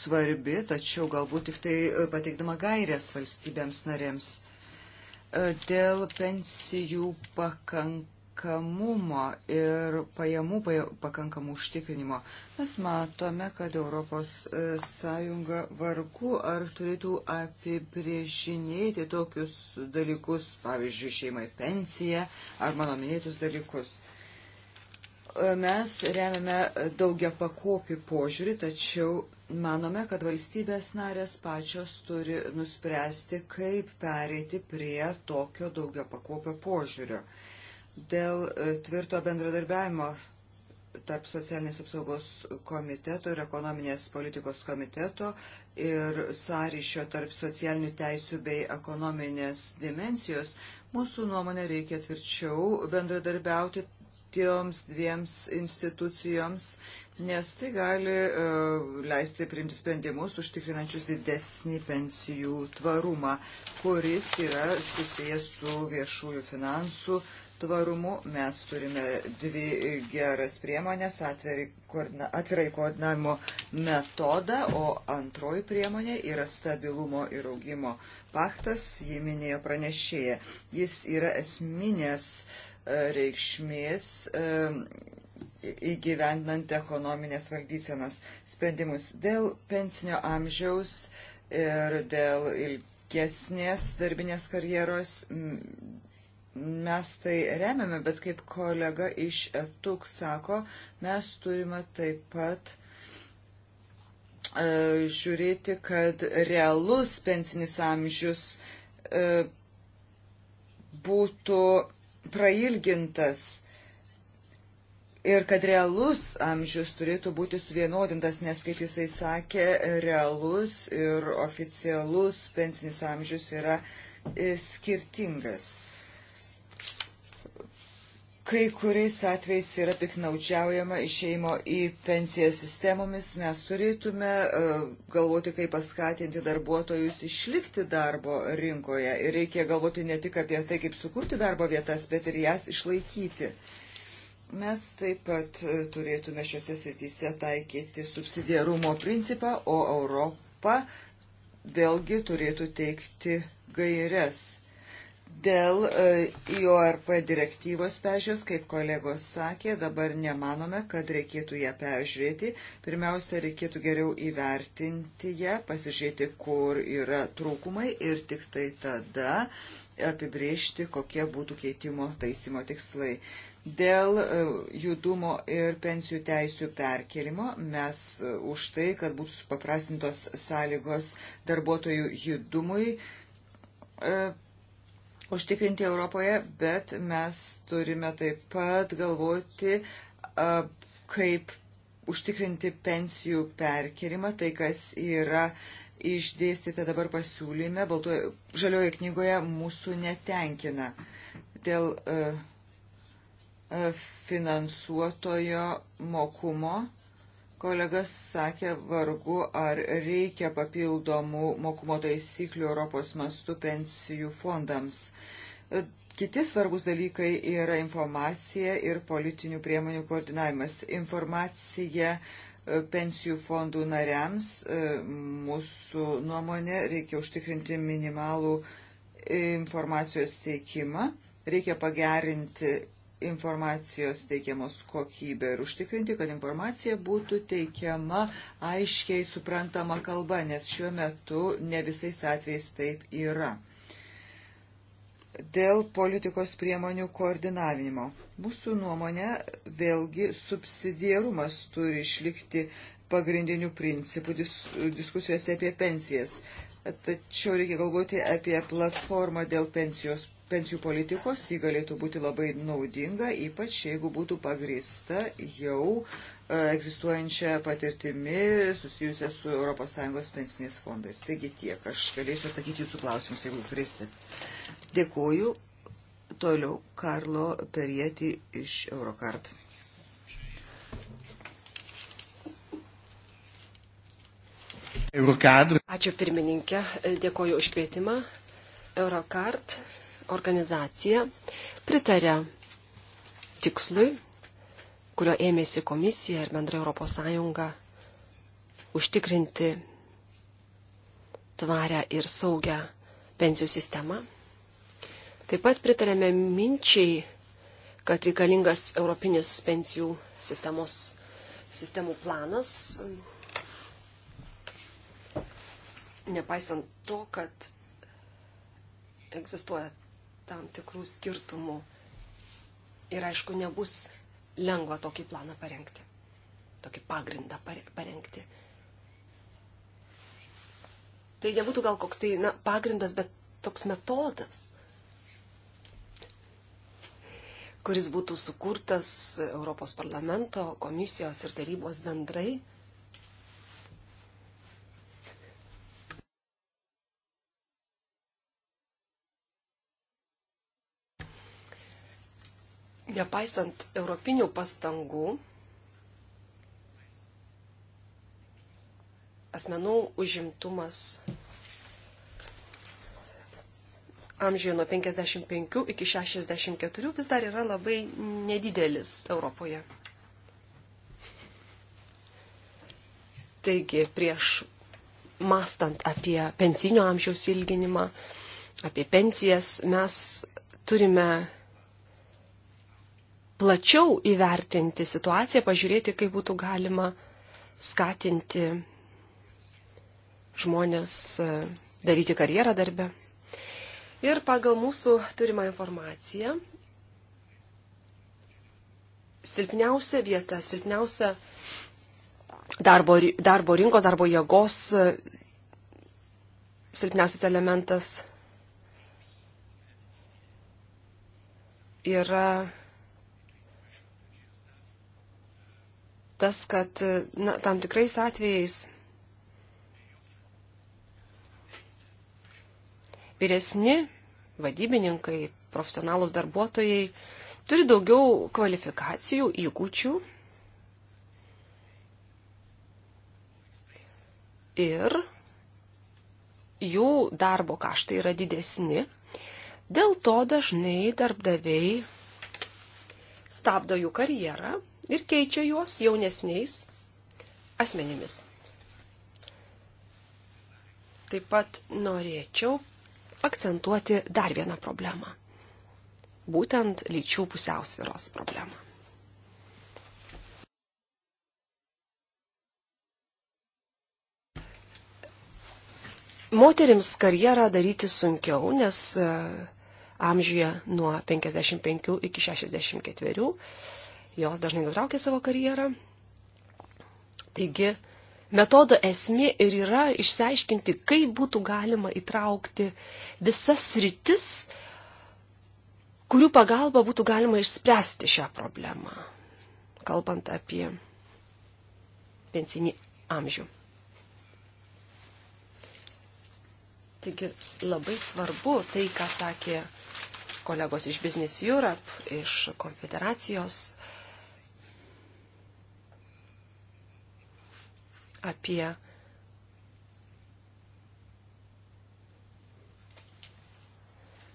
svarbi, tačiau galbūt tik tai e, pateikdama gairias valstybėms narėms. E, dėl pensijų pakankamai pakankamumo ir pajamų pakankamų užtikrinimo. Mes matome, kad ES e, vargu ar turėtų apibrėžinėti tokius dalykus, pavyzdžiui, šeimai pensiją ar mano minėtus dalykus. E, mes remiame daugia pakopį požiūrį, tačiau manome, kad valstybės narės pačios turi nuspręsti, kaip pereiti prie tokio daugia pakopio požiūrio dėl e, tvirto bendradarbiavimo tarp socialinės apsaugos komiteto ir ekonominės politikos komiteto ir sąryšio tarp socialinių teisių bei ekonominės dimensijos, mūsų nuomonė reikia tvirčiau bendradarbiauti tiems dviems institucijoms, nes tai gali uh, leisti priimti sprendimus užtikrinančius didesnį pensijų tvarumą, kuris yra susijęs su viešųjų finansų uh, tvarumu. Mes turime dvi geras priemonės - atvirai koordinavimo metodą, o antroji priemonė yra stabilumo ir augimo paktas, jį minėjo pranešėja. Jis yra esminės e, reikšmės e, įgyvendinant ekonominės valdysenos sprendimus dėl pensinio amžiaus ir dėl ilgesnės darbinės karjeros mes tai remiame, bet kaip kolega iš ETUK sako, mes turime taip pat e, žiūrėti, kad realus pensinis amžius e, būtų prailgintas ir kad realus amžius turėtų būti suvienodintas, nes, kaip jisai sakė, realus ir oficialus pensinis amžius yra e, skirtingas. Kai kuriais atvejais yra piknaudžiaujama išeimo į pensiją sistemomis, mes turėtume e, galvoti, kaip paskatinti darbuotojus išlikti darbo rinkoje. Ir reikia galvoti ne tik apie tai, kaip sukurti darbo vietas, bet ir jas išlaikyti. Mes taip pat e, turėtume šiuose srityse taikyti subsidiarumo principą, o Europa vėlgi turėtų teikti gairias Dėl e, IORP direktyvos pežios, kaip kolegos sakė, dabar nemanome, kad reikėtų ją peržiūrėti. Pirmiausia, reikėtų geriau įvertinti ją, pasižiūrėti, kur yra trūkumai ir tik tai tada apibriežti, kokie būtų keitimo taisymo tikslai. Dėl e, judumo ir pensijų teisių perkelimo mes e, už tai, kad būtų supaprastintos sąlygos darbuotojų judumui, užtikrinti Europoje, bet mes turime taip pat galvoti, kaip užtikrinti pensijų perkelimą, tai kas yra išdėstyta dabar pasiūlyme, baltoje, žalioje knygoje mūsų netenkina. Dėl uh, finansuotojo mokumo Kolegas sakė, vargu ar reikia papildomų mokumo taisyklių Europos mastų pensijų fondams. Kiti svarbus dalykai yra informacija ir politinių priemonių koordinavimas. Informacija e, pensijų fondų nariams e, mūsų nuomonė reikia užtikrinti minimalų e, informacijos teikimą, reikia pagerinti informacijos teikiamos kokybę ir užtikrinti, kad informacija būtų teikiama aiškiai suprantama kalba, nes šiuo metu ne visais atvejais taip yra. Dėl politikos priemonių koordinavimo. Mūsų nuomonė vėlgi subsidiarumas turi išlikti pagrindinių principų dis, diskusijose apie pensijas. Tačiau reikia galvoti apie platformą dėl pensijos pensijų politikos, ji galėtų būti labai naudinga, ypač jeigu būtų pagrįsta jau e, egzistuojančią patirtimi susijusią su ES pensiniais fondais. Taigi tiek, aš galėsiu atsakyti jūsų klausimus, jeigu turėsite. Dėkuoju. Toliau Karlo Perieti iš Eurokart. Eurokadr. Ačiū pirmininkė, dėkoju už kvietimą. Eurokart organizacija pritarė tikslui, kurio ėmėsi komisija ir bendra Europos Sąjunga užtikrinti tvarę ir saugę pensijų sistemą. Taip pat pritarėme minčiai, kad reikalingas Europinis pensijų sistemos, sistemų planas, nepaisant to, kad egzistuoja tam tikrų skirtumų. Ir aišku, nebus lengva tokį planą parengti, tokį pagrindą parengti. Tai nebūtų gal koks tai na, pagrindas, bet toks metodas, kuris būtų sukurtas Europos parlamento, komisijos ir tarybos bendrai nepaisant europinių pastangų, asmenų užimtumas amžiuje nuo 55 iki 64 vis dar yra labai nedidelis Europoje. Taigi prieš mastant apie pensinio amžiaus ilginimą, apie pensijas, mes turime plačiau įvertinti situaciją, pažiūrėti, kaip būtų galima skatinti žmonės e, daryti karjerą darbę. Ir pagal mūsų turimą informaciją, silpniausia vieta, silpniausia darbo, darbo rinkos, darbo jėgos e, silpniausias elementas yra tas, kad na, tam tikrais atvejais vyresni vadybininkai, profesionalus darbuotojai turi daugiau kvalifikacijų, įgūdžių ir jų darbo kaštai yra didesni. Dėl to dažnai darbdaviai stabdo jų karjerą ir keičia juos jaunesniais asmenimis. Taip pat norėčiau akcentuoti dar vieną problemą. Būtent lyčių pusiausviros problemą. Moterims karjerą daryti sunkiau, nes e, amžiuje nuo 55 iki 64 jos dažnai nutraukia savo karjerą. Taigi, metodo esmė ir yra išsiaiškinti, kaip būtų galima įtraukti visas rytis, kurių pagalba būtų galima išspręsti šią problemą, kalbant apie pensinį amžių. Taigi labai svarbu tai, ką sakė kolegos iš Business Europe, iš konfederacijos, uh, apie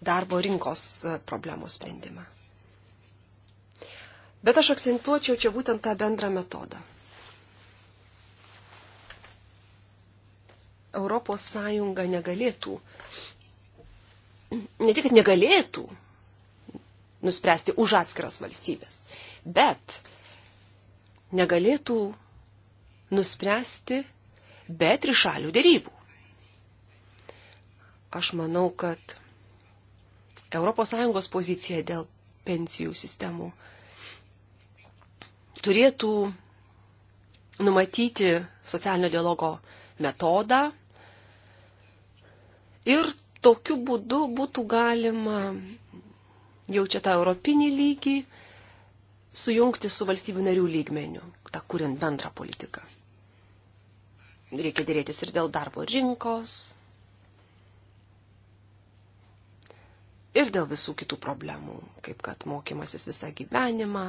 darbo rinkos e, problemos sprendimą. Bet aš akcentuočiau čia būtent tą bendrą metodą. Europos Sąjunga negalėtų, ne tik negalėtų nuspręsti už atskiras valstybės, bet negalėtų nuspręsti be trišalių dėrybų. Aš manau, kad ES pozicija dėl pensijų sistemų turėtų numatyti socialinio dialogo metodą ir tokiu būdu būtų galima jau čia tą europinį lygį sujungti su valstybių narių lygmeniu, tą kuriant bendrą politiką. Reikia dėrėtis ir dėl darbo rinkos, ir dėl visų kitų problemų, kaip kad mokymasis visą gyvenimą,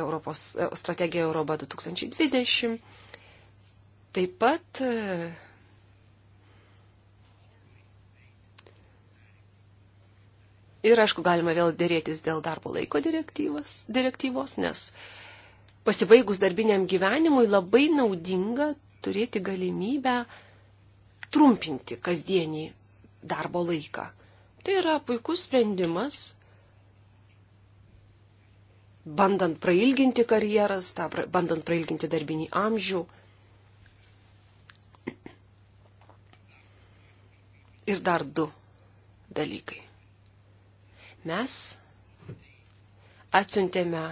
Europos e, strategija Europa 2020. Taip pat e, ir, aišku, galima vėl dėrėtis dėl darbo laiko direktyvos, direktyvos nes pasibaigus darbiniam gyvenimui labai naudinga turėti galimybę trumpinti kasdienį darbo laiką. Tai yra puikus sprendimas, bandant prailginti karjeras, bandant prailginti darbinį amžių. Ir dar du dalykai. Mes atsiuntėme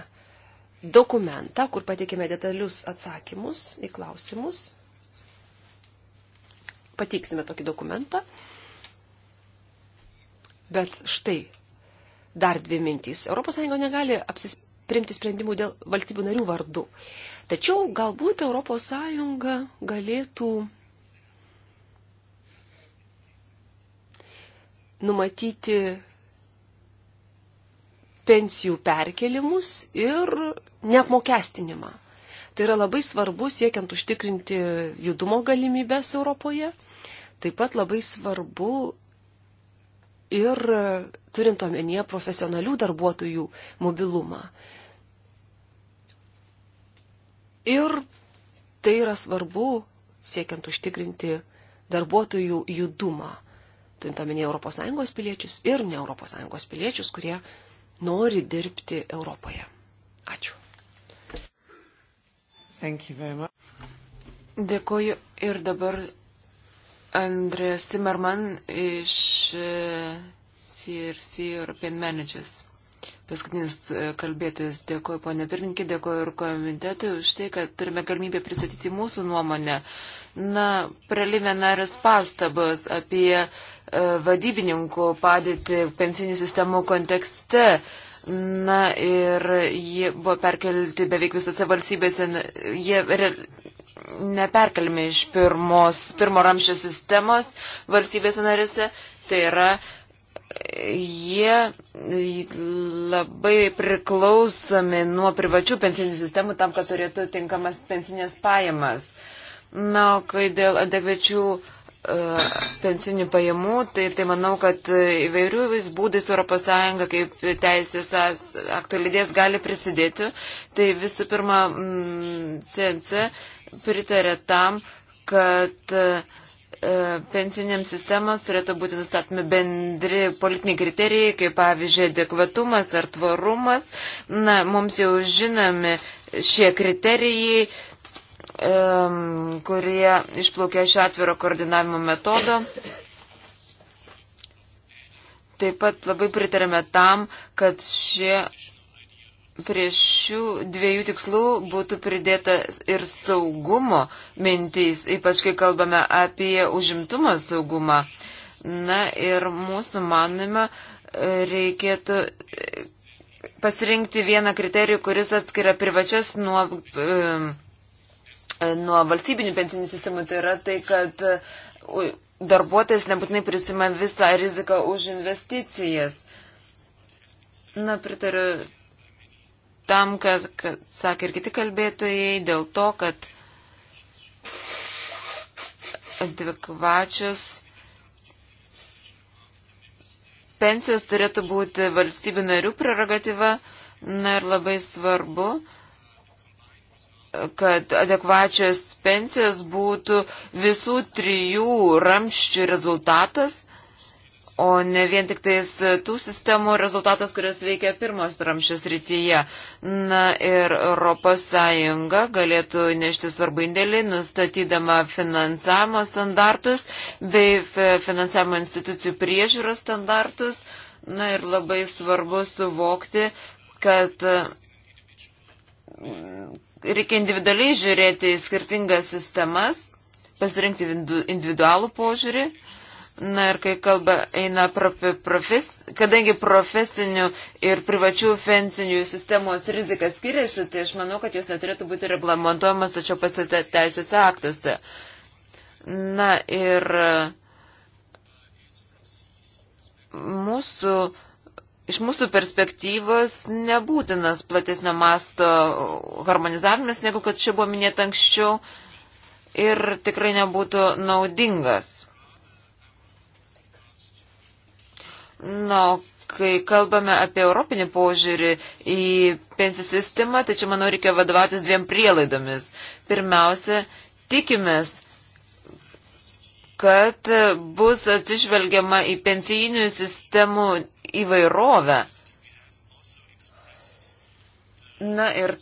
dokumentą, kur pateikėme detalius atsakymus į klausimus. Pateiksime tokį dokumentą. Bet štai dar dvi mintys. ES negali apsis, priimti sprendimų dėl valstybių narių vardų. Tačiau galbūt ES galėtų numatyti pensijų perkelimus ir neapmokestinimą. Tai yra labai svarbu siekiant užtikrinti judumo galimybės Europoje. Taip pat labai svarbu ir turint omenyje profesionalių darbuotojų mobilumą. Ir tai yra svarbu siekiant užtikrinti darbuotojų judumą. Turint omenyje ES piliečius ir ne ES piliečius, kurie nori dirbti Europoje. Ačiū. Dėkuoju ir dabar Andrė Simerman iš CRC e, European Managers. Paskutinis e, kalbėtojas dėkoju ponė pirmininkė, dėkoju ir komitetui už tai, kad turime galimybę pristatyti mūsų nuomonę. Na, preliminaris pastabas apie uh, vadybininkų padėtį pensinių sistemų kontekste. Uh, Na ir jie buvo perkelti beveik visose valstybėse, jie re, neperkelmi iš pirmos, pirmo ramščio sistemos valstybėse narėse, tai yra jie labai priklausomi nuo privačių pensinių sistemų tam, kad turėtų tinkamas pensinės pajamas. Na, kai dėl adekvačių E, pensinių pajamų, tai, tai manau, kad įvairių vis būdais ES kaip teisės aktualidės gali prisidėti. Tai visų pirma, CNC mm, pritarė tam, kad e, pensinėms sistemos turėtų būti nustatomi bendri politiniai kriterijai, kaip pavyzdžiui, adekvatumas ar tvarumas. Na, mums jau žinomi šie kriterijai, kurie išplaukė šio atviro koordinavimo metodo. Taip pat labai pritarėme tam, kad šie prie šių dviejų tikslų būtų pridėta ir saugumo mintys, ypač kai kalbame apie užimtumo saugumą. Na ir mūsų manime reikėtų e, pasirinkti vieną kriterijų, kuris atskiria privačias nuo. E, nuo valstybinių pensinių sistemų, tai yra tai, kad e, darbuotojas nebūtinai prisima visą riziką už investicijas. Na, pritariu tam, kad, kad sakė ir kiti kalbėtojai, dėl to, kad adekvačios pensijos turėtų būti valstybių narių prerogatyva. Na ir labai svarbu, kad adekvačios pensijos būtų visų trijų ramščių rezultatas, o ne vien tik tais tų sistemų rezultatas, kurios veikia pirmos ramščios rytyje. Na ir Europos Sąjunga galėtų nešti svarbu indėlį, nustatydama finansavimo standartus bei finansavimo institucijų priežiūros standartus. Na ir labai svarbu suvokti, kad reikia individualiai žiūrėti į skirtingas sistemas, pasirinkti individualų požiūrį. Na ir kai kalba eina profes, kadangi profesinių ir privačių pensinių sistemos rizika skiriasi, tai aš manau, kad jos neturėtų būti reglamentuojamas, tačiau pasite teisėse aktuose. Na ir mūsų uh, iš mūsų perspektyvos nebūtinas platesnio masto harmonizavimas, negu kad čia buvo minėta anksčiau ir tikrai nebūtų naudingas. Na, kai kalbame apie europinį požiūrį į pensijų sistemą, tai čia, manau, reikia vadovautis dviem prielaidomis. Pirmiausia, tikimės, kad bus atsižvelgiama į pensijinių sistemų įvairovę. Na ir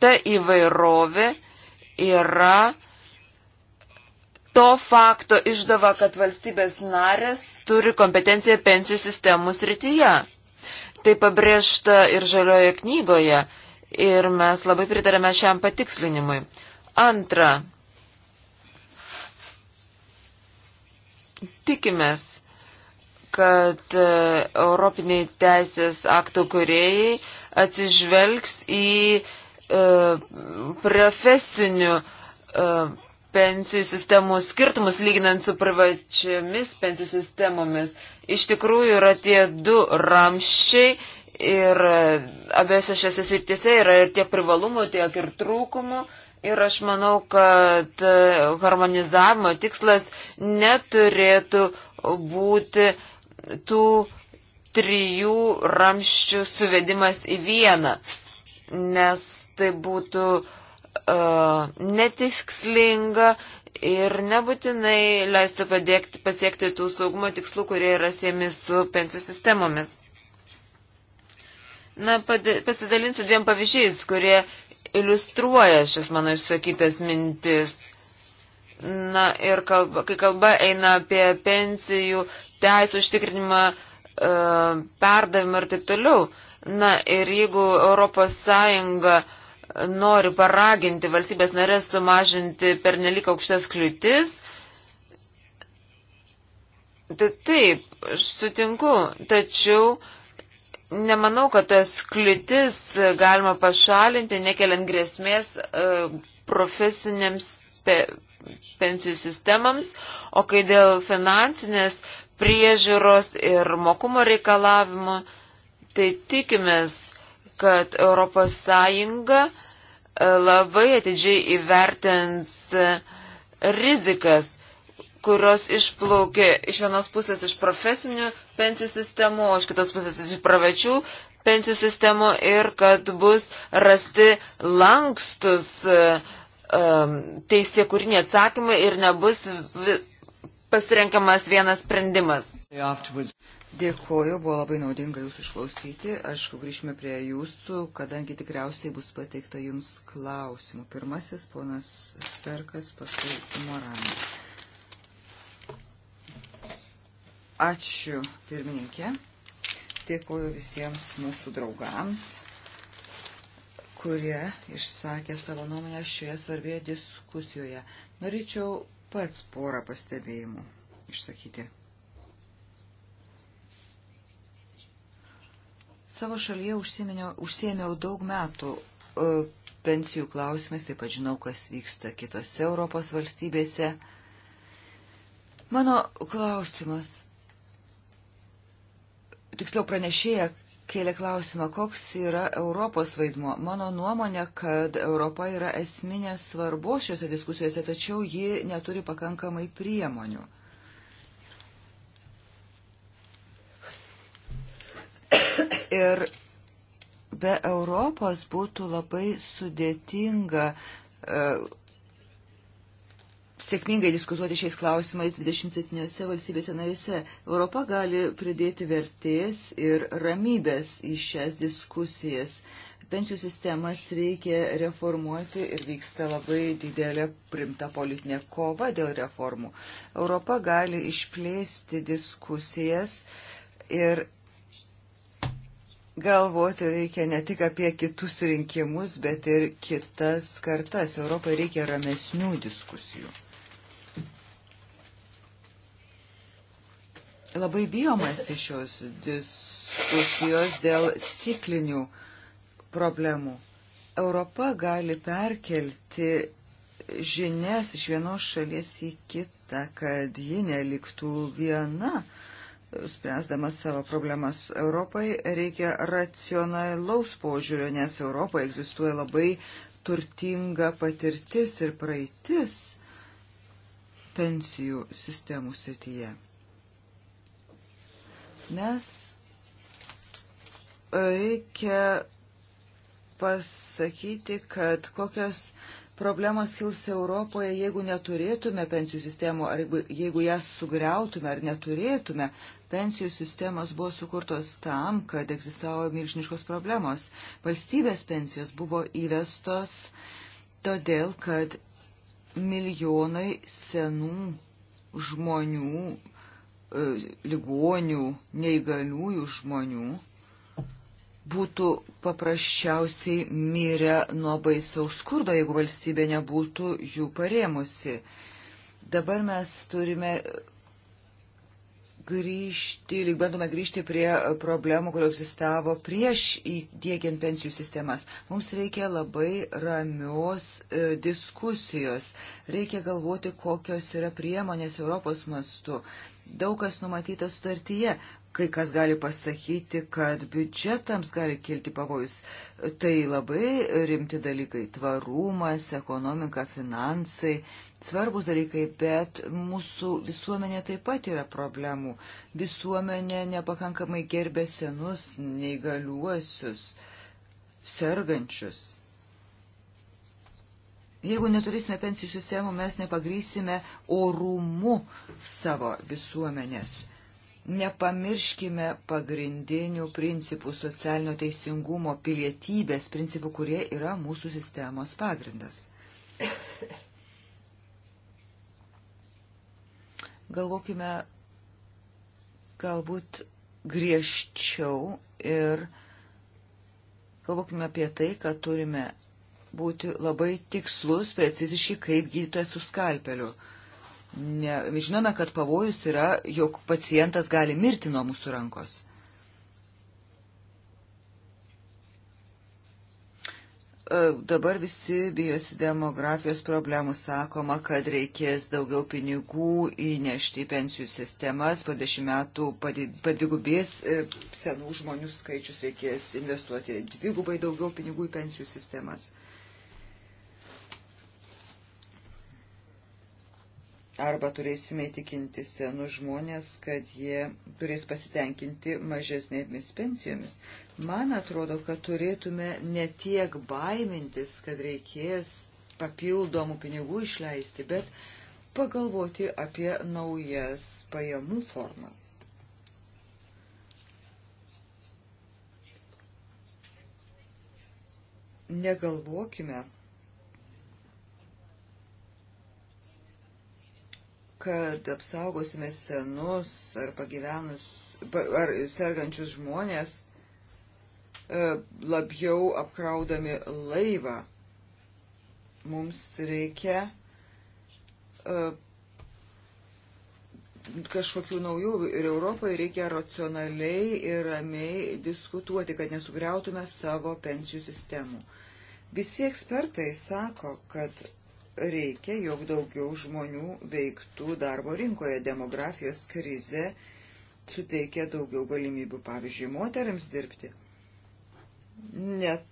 ta įvairovė yra to fakto išdava, kad valstybės narės turi kompetenciją pensijų sistemų srityje. Tai pabrėžta ir žalioje knygoje ir mes labai pritarėme šiam patikslinimui. Antra. Tikimės, kad e, Europiniai teisės aktų kuriejai atsižvelgs į e, profesinių e, pensijų sistemų skirtumus lyginant su privačiomis pensijų sistemomis. Iš tikrųjų yra tie du ramščiai ir e, abiejose šiose srityse yra ir tiek privalumų, tiek ir trūkumų. Ir aš manau, kad e, harmonizavimo tikslas neturėtų būti uh, tų trijų ramščių suvedimas į vieną, nes tai būtų uh, netikslinga ir nebūtinai leistų padėkti, pasiekti tų saugumo tikslų, kurie yra siemi su pensijų sistemomis. Na, pasidalinsiu dviem pavyzdžiais, kurie iliustruoja šias mano išsakytas mintis. Na ir kalba, kai kalba eina apie pensijų teisų užtikrinimą, e, perdavimą ir taip toliau. Na ir jeigu ES nori paraginti valstybės narės sumažinti per nelik aukštas kliūtis, tai taip, aš sutinku, tačiau nemanau, kad tas kliūtis galima pašalinti, nekeliant grėsmės e, profesiniams pe pensijų sistemams, o kai dėl finansinės priežiūros ir mokumo reikalavimo, tai tikimės, kad ES e, labai atidžiai įvertins e, rizikas, kurios išplaukė iš vienos pusės iš profesinių pensijų sistemų, o iš kitos pusės iš pravačių pensijų sistemų ir kad bus rasti lankstus um, teisėkūriniai atsakymai ir nebus pasirenkamas vienas sprendimas. Dėkuoju, buvo labai naudinga jūsų išklausyti. Aišku, grįžime prie jūsų, kadangi tikriausiai bus pateikta jums klausimų. Pirmasis ponas Serkas, paskui Moranas. Ačiū pirmininkė. Dėkuoju visiems mūsų draugams, kurie išsakė savo nuomonę šioje svarbioje diskusijoje. Norėčiau pats porą pastebėjimų išsakyti. Savo šalyje užsiemiau daug metų e, pensijų klausimais, taip pat žinau, kas vyksta kitose Europos valstybėse. Mano klausimas, tiksliau pranešėja kėlė klausimą, koks yra Europos vaidmuo. Mano nuomonė, kad Europa yra esminės svarbos šiuose diskusijose, tačiau ji neturi pakankamai priemonių. Ir be Europos būtų labai sudėtinga uh, sėkmingai diskutuoti šiais klausimais 27 valstybėse narėse. Europa gali pridėti vertės ir ramybės į šias diskusijas. Pensijų sistemas reikia reformuoti ir vyksta labai didelė primta politinė kova dėl reformų. Europa gali išplėsti diskusijas ir galvoti reikia ne tik apie kitus rinkimus, bet ir kitas kartas. Europai reikia ramesnių diskusijų. Labai bijomasi šios diskusijos dėl ciklinių problemų. Europa gali perkelti žinias iš vienos šalies į kitą, kad ji neliktų viena spręsdamas savo problemas Europai, reikia racionalaus požiūrio, nes Europoje egzistuoja labai turtinga patirtis ir praeitis pensijų sistemų srityje. Mes reikia pasakyti, kad kokios problemos kils Europoje, jeigu neturėtume pensijų sistemų, ar jeigu jas sugriautume, ar neturėtume. Pensijų sistemos buvo sukurtos tam, kad egzistavo milžiniškos problemos. Valstybės pensijos buvo įvestos todėl, kad milijonai senų žmonių E, ligonių, neįgaliųjų žmonių būtų paprasčiausiai mirę nuo baisaus skurdo, jeigu valstybė nebūtų jų parėmusi. Dabar mes turime grįžti, lyg bandome grįžti prie problemų, kurio egzistavo prieš įdėgiant pensijų sistemas. Mums reikia labai ramios e, diskusijos. Reikia galvoti, kokios yra priemonės Europos mastu daug kas numatyta sutartyje. Kai kas gali pasakyti, kad biudžetams gali kilti pavojus. Tai labai rimti dalykai - tvarumas, ekonomika, finansai svarbus dalykai, bet mūsų visuomenė taip pat yra problemų. Visuomenė nepakankamai gerbė senus, neįgaliuosius, sergančius. Jeigu neturėsime pensijų sistemų, mes nepagrysime orumu savo visuomenės. Nepamirškime pagrindinių principų socialinio teisingumo, pilietybės principų, kurie yra mūsų sistemos pagrindas. Galvokime galbūt griežčiau ir galvokime apie tai, kad turime būti labai tikslus, preciziškai, kaip gydytojas su skalpeliu. Ne, žinome, kad pavojus yra, jog pacientas gali mirti nuo mūsų rankos. E, dabar visi bijosi demografijos problemų, sakoma, kad reikės daugiau pinigų įnešti į pensijų sistemas, po dešimt metų padvigubės e, senų žmonių skaičius, reikės investuoti dvigubai daugiau pinigų į pensijų sistemas. arba turėsime įtikinti senus žmonės, kad jie turės pasitenkinti mažesnėmis pensijomis. Man atrodo, kad turėtume ne tiek baimintis, kad reikės papildomų pinigų išleisti, bet pagalvoti apie naujas pajamų formas. Negalvokime kad apsaugosime senus ar pagyvenus, ar sergančius žmonės e, labiau apkraudami laivą. Mums reikia e, kažkokių naujovių ir Europai reikia racionaliai ir ramiai diskutuoti, kad nesugriautume savo pensijų sistemų. Visi ekspertai sako, kad reikia, jog daugiau žmonių veiktų darbo rinkoje. Demografijos krize suteikia daugiau galimybių, pavyzdžiui, moteriams dirbti. Net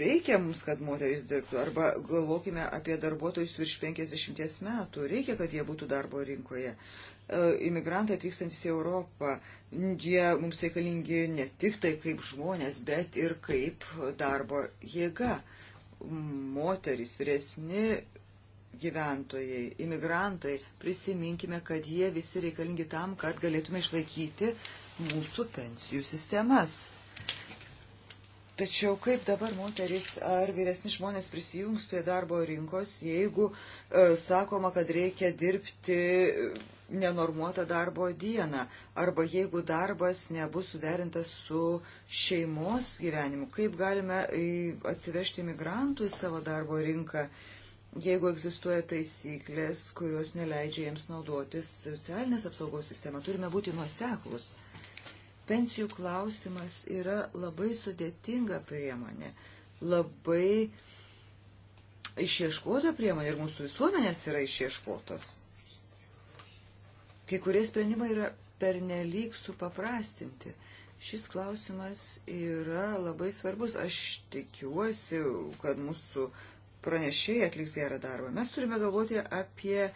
reikia mums, kad moteris dirbtų. Arba galvokime apie darbuotojus virš 50 metų. Reikia, kad jie būtų darbo rinkoje. E, imigrantai atvykstantis į Europą, jie mums reikalingi ne tik tai kaip žmonės, bet ir kaip darbo jėga. Mhm moterys, vyresni gyventojai, imigrantai, prisiminkime, kad jie visi reikalingi tam, kad galėtume išlaikyti mūsų pensijų sistemas. Tačiau kaip dabar moteris ar vyresni žmonės prisijungs prie darbo rinkos, jeigu e, sakoma, kad reikia dirbti nenormuotą darbo dieną, arba jeigu darbas nebus suderintas su šeimos gyvenimu, kaip galime atsivežti imigrantų į savo darbo rinką, jeigu egzistuoja taisyklės, kurios neleidžia jiems naudotis socialinės apsaugos sistema. Turime būti nuoseklus. Pensijų klausimas yra labai sudėtinga priemonė, labai išieškota priemonė ir mūsų visuomenės yra išieškotos. Kai kurie sprendimai yra pernelyg supaprastinti. Šis klausimas yra labai svarbus. Aš tikiuosi, kad mūsų pranešėjai atliks gerą darbą. Mes turime galvoti apie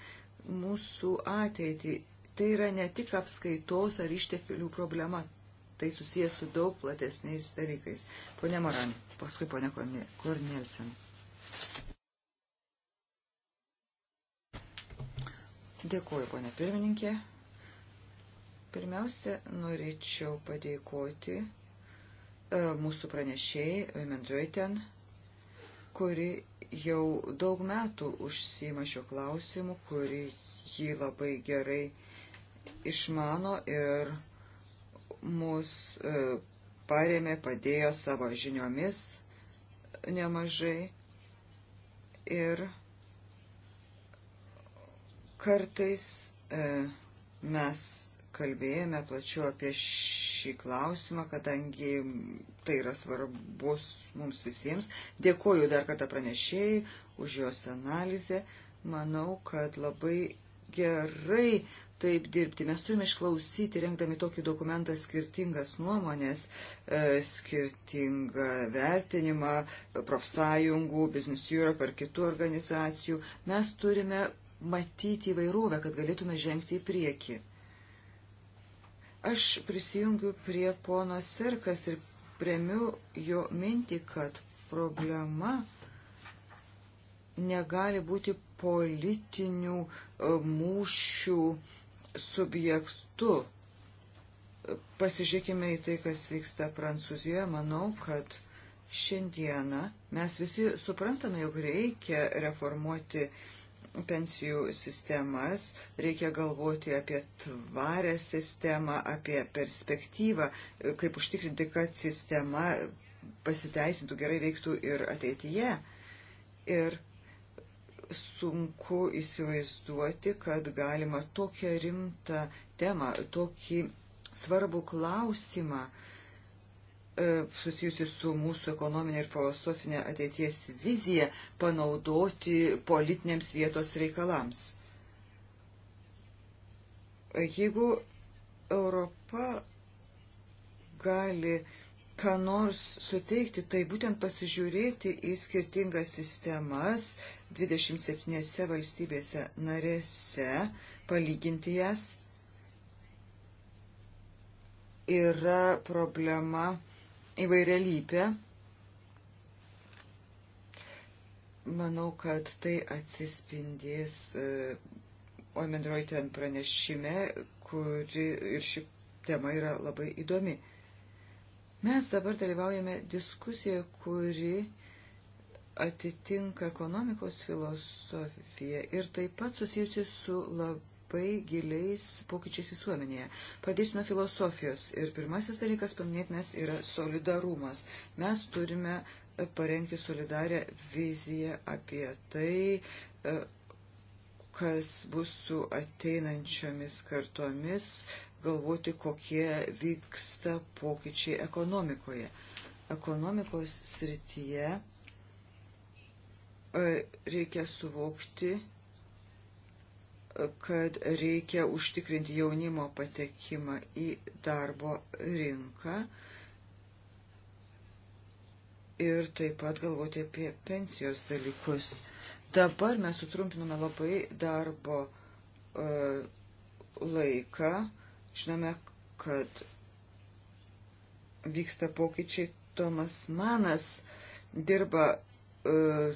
mūsų ateitį. Tai yra ne tik apskaitos ar išteklių problema, tai susijęs su daug platesniais dalykais. Pone Moran, paskui pone Kornelsen. Dėkuoju, ponė pirmininkė. Pirmiausia, norėčiau padėkoti e, mūsų pranešėjai Mendruiten, kuri jau daug metų užsima šio klausimu, kuri jį labai gerai išmano ir mus e, paremė, padėjo savo žiniomis nemažai ir kartais e, mes kalbėjome plačiau apie šį klausimą, kadangi tai yra svarbus mums visiems. Dėkuoju dar kartą pranešėjai už jos analizę. Manau, kad labai gerai taip dirbti. Mes turime išklausyti, rengdami tokį dokumentą, skirtingas nuomonės, e, skirtingą vertinimą profsąjungų, Business Europe ar kitų organizacijų. Mes turime matyti įvairovę, kad galėtume žengti į priekį. Aš prisijungiu prie pono Serkas ir premiu jo mintį, kad problema negali būti politinių e, mūšių uh, subjektu. Pasižiūrėkime į tai, kas vyksta Prancūzijoje. Manau, kad šiandieną mes visi suprantame, jog reikia reformuoti pensijų sistemas, reikia galvoti apie tvarę sistemą, apie perspektyvą, kaip užtikrinti, kad sistema pasiteisintų gerai veiktų ir ateityje. Ir sunku įsivaizduoti, kad galima tokią rimtą temą, tokį svarbų klausimą e, susijusi su mūsų ekonominė ir filosofinė ateities vizija panaudoti politiniams vietos reikalams. Jeigu Europa gali ką nors suteikti, tai būtent pasižiūrėti į skirtingas sistemas, 27 valstybėse narėse, palyginti jas, yra problema įvairialypė. Manau, kad tai atsispindės e, Oimendroj ten pranešime, kuri ir ši tema yra labai įdomi. Mes dabar dalyvaujame diskusijoje, kuri atitinka ekonomikos filosofija ir taip pat susijusi su labai giliais pokyčiais visuomenėje. Pradėsiu nuo filosofijos ir pirmasis dalykas paminėtinas yra solidarumas. Mes turime e, parengti solidarę viziją apie tai, e, kas bus su ateinančiomis kartomis, galvoti, kokie vyksta pokyčiai ekonomikoje. Ekonomikos srityje E, reikia suvokti, e, kad reikia užtikrinti jaunimo patekimą į darbo rinką ir taip pat galvoti apie pensijos dalykus. Dabar mes sutrumpiname labai darbo uh, laiką. Žinome, kad vyksta pokyčiai. Tomas Manas dirba uh,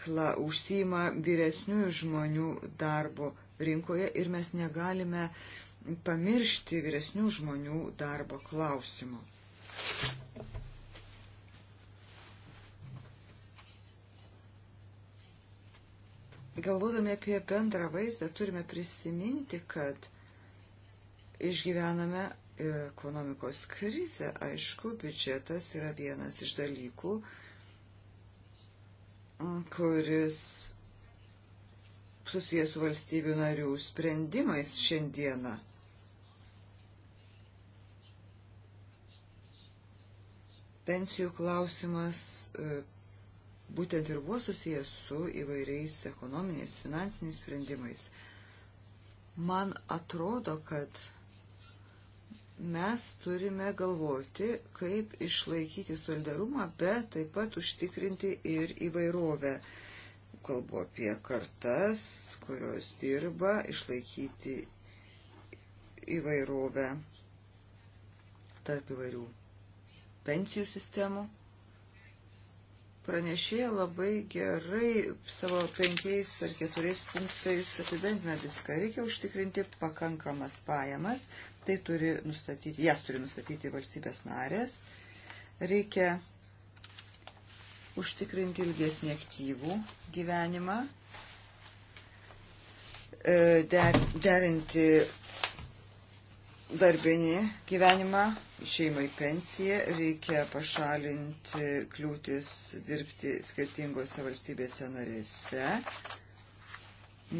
veiklą, užsima vyresnių žmonių darbo rinkoje ir mes negalime pamiršti vyresnių žmonių darbo klausimų. Galvodami apie bendrą vaizdą, turime prisiminti, kad išgyvename ekonomikos krizę. Aišku, biudžetas yra vienas iš dalykų, kuris susijęs su valstybių narių sprendimais šiandieną. Pensijų klausimas e, būtent ir buvo susijęs su įvairiais ekonominiais, finansiniais sprendimais. Man atrodo, kad Mes turime galvoti, kaip išlaikyti solidarumą, bet taip pat užtikrinti ir įvairovę. Kalbu apie kartas, kurios dirba, išlaikyti įvairovę tarp įvairių pensijų sistemų. Pranešėja labai gerai savo penkiais ar keturiais punktais apibendina viską. Reikia užtikrinti pakankamas pajamas, tai turi nustatyti, jas turi nustatyti valstybės narės. Reikia užtikrinti ilgesnį aktyvų gyvenimą, e, der, derinti darbinį gyvenimą, šeimai pensiją, reikia pašalinti kliūtis dirbti skirtingose valstybėse narėse,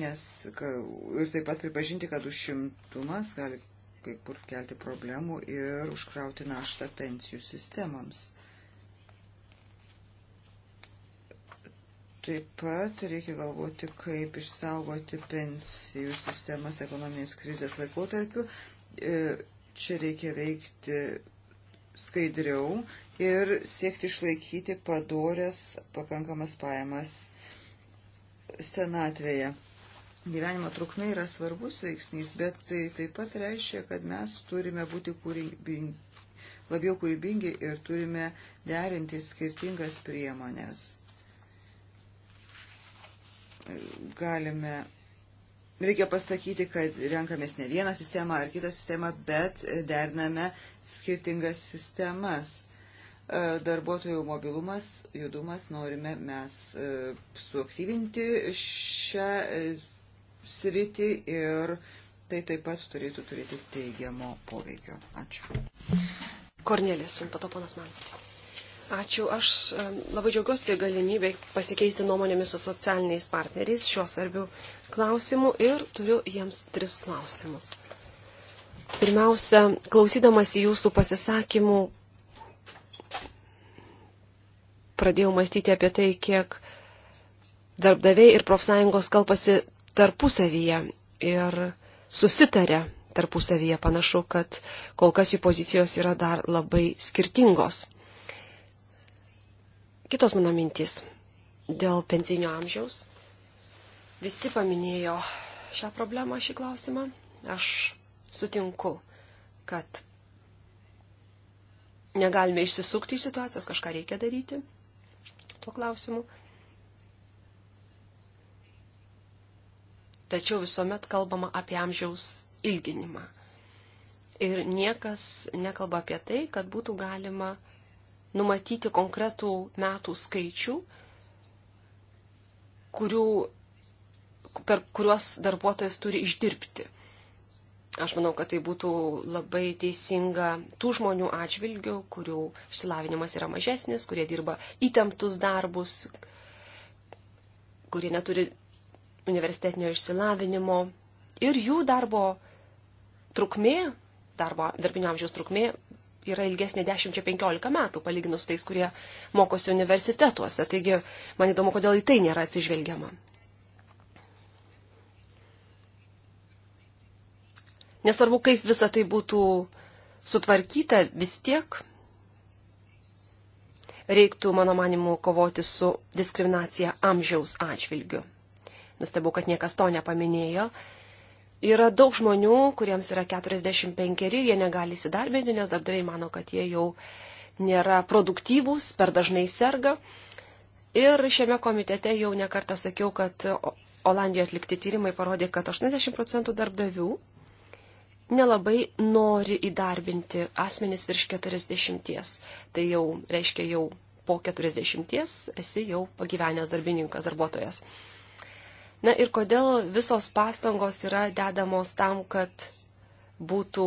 nes ir taip pat pripažinti, kad užimtumas gali kai kur kelti problemų ir užkrauti naštą pensijų sistemams. Taip pat reikia galvoti, kaip išsaugoti pensijų sistemas ekonominės krizės laikotarpiu. E, čia reikia veikti skaidriau ir siekti išlaikyti padorės pakankamas pajamas senatvėje gyvenimo trukmė yra svarbus veiksnys, bet tai taip pat reiškia, kad mes turime būti kūrybingi, labiau kūrybingi ir turime derinti skirtingas priemonės. Galime, reikia pasakyti, kad renkamės ne vieną sistemą ar kitą sistemą, bet deriname skirtingas sistemas e, darbuotojų mobilumas, judumas norime mes e, suaktyvinti šią e, sritį ir tai taip pat turėtų turėti teigiamo poveikio. Ačiū. Kornelijas, po to panas man. Ačiū. Aš labai džiaugiuosi galimybę pasikeisti nuomonėmis su socialiniais partneriais šiuo svarbiu klausimu ir turiu jiems tris klausimus. Pirmiausia, klausydamas jūsų pasisakymų, pradėjau mąstyti apie tai, kiek darbdaviai ir profsąjungos kalbasi tarpusavyje ir susitarė tarpusavyje. Panašu, kad kol kas jų pozicijos yra dar labai skirtingos. Kitos mano mintys dėl pensinio amžiaus. Visi paminėjo šią problemą, šį klausimą. Aš sutinku, kad negalime išsisukti iš situacijos, kažką reikia daryti tuo klausimu. tačiau visuomet kalbama apie amžiaus ilginimą. Ir niekas nekalba apie tai, kad būtų galima numatyti konkretų metų skaičių, kurių, per kuriuos darbuotojas turi išdirbti. Aš manau, kad tai būtų labai teisinga tų žmonių atžvilgių, kurių išsilavinimas yra mažesnis, kurie dirba įtemptus darbus, kurie neturi universitetinio išsilavinimo ir jų darbo trukmė, darbo, darbinio amžiaus trukmė yra ilgesnė 10-15 metų, palyginus tais, kurie mokosi universitetuose. Taigi, man įdomu, kodėl į tai nėra atsižvelgiama. Nesvarbu, kaip visa tai būtų sutvarkyta, vis tiek reiktų, mano manimu, kovoti su diskriminacija amžiaus atžvilgiu nustebau, kad niekas to nepaminėjo. Yra daug žmonių, kuriems yra 45, jie negali įsidarbinti, nes darbdaviai mano, kad jie jau nėra produktyvūs, per dažnai serga. Ir šiame komitete jau nekartą sakiau, kad Olandijoje atlikti tyrimai parodė, kad 80 procentų darbdavių nelabai nori įdarbinti asmenys virš 40. Tai jau reiškia jau po 40 esi jau pagyvenęs darbininkas, darbuotojas. Na ir kodėl visos pastangos yra dedamos tam, kad būtų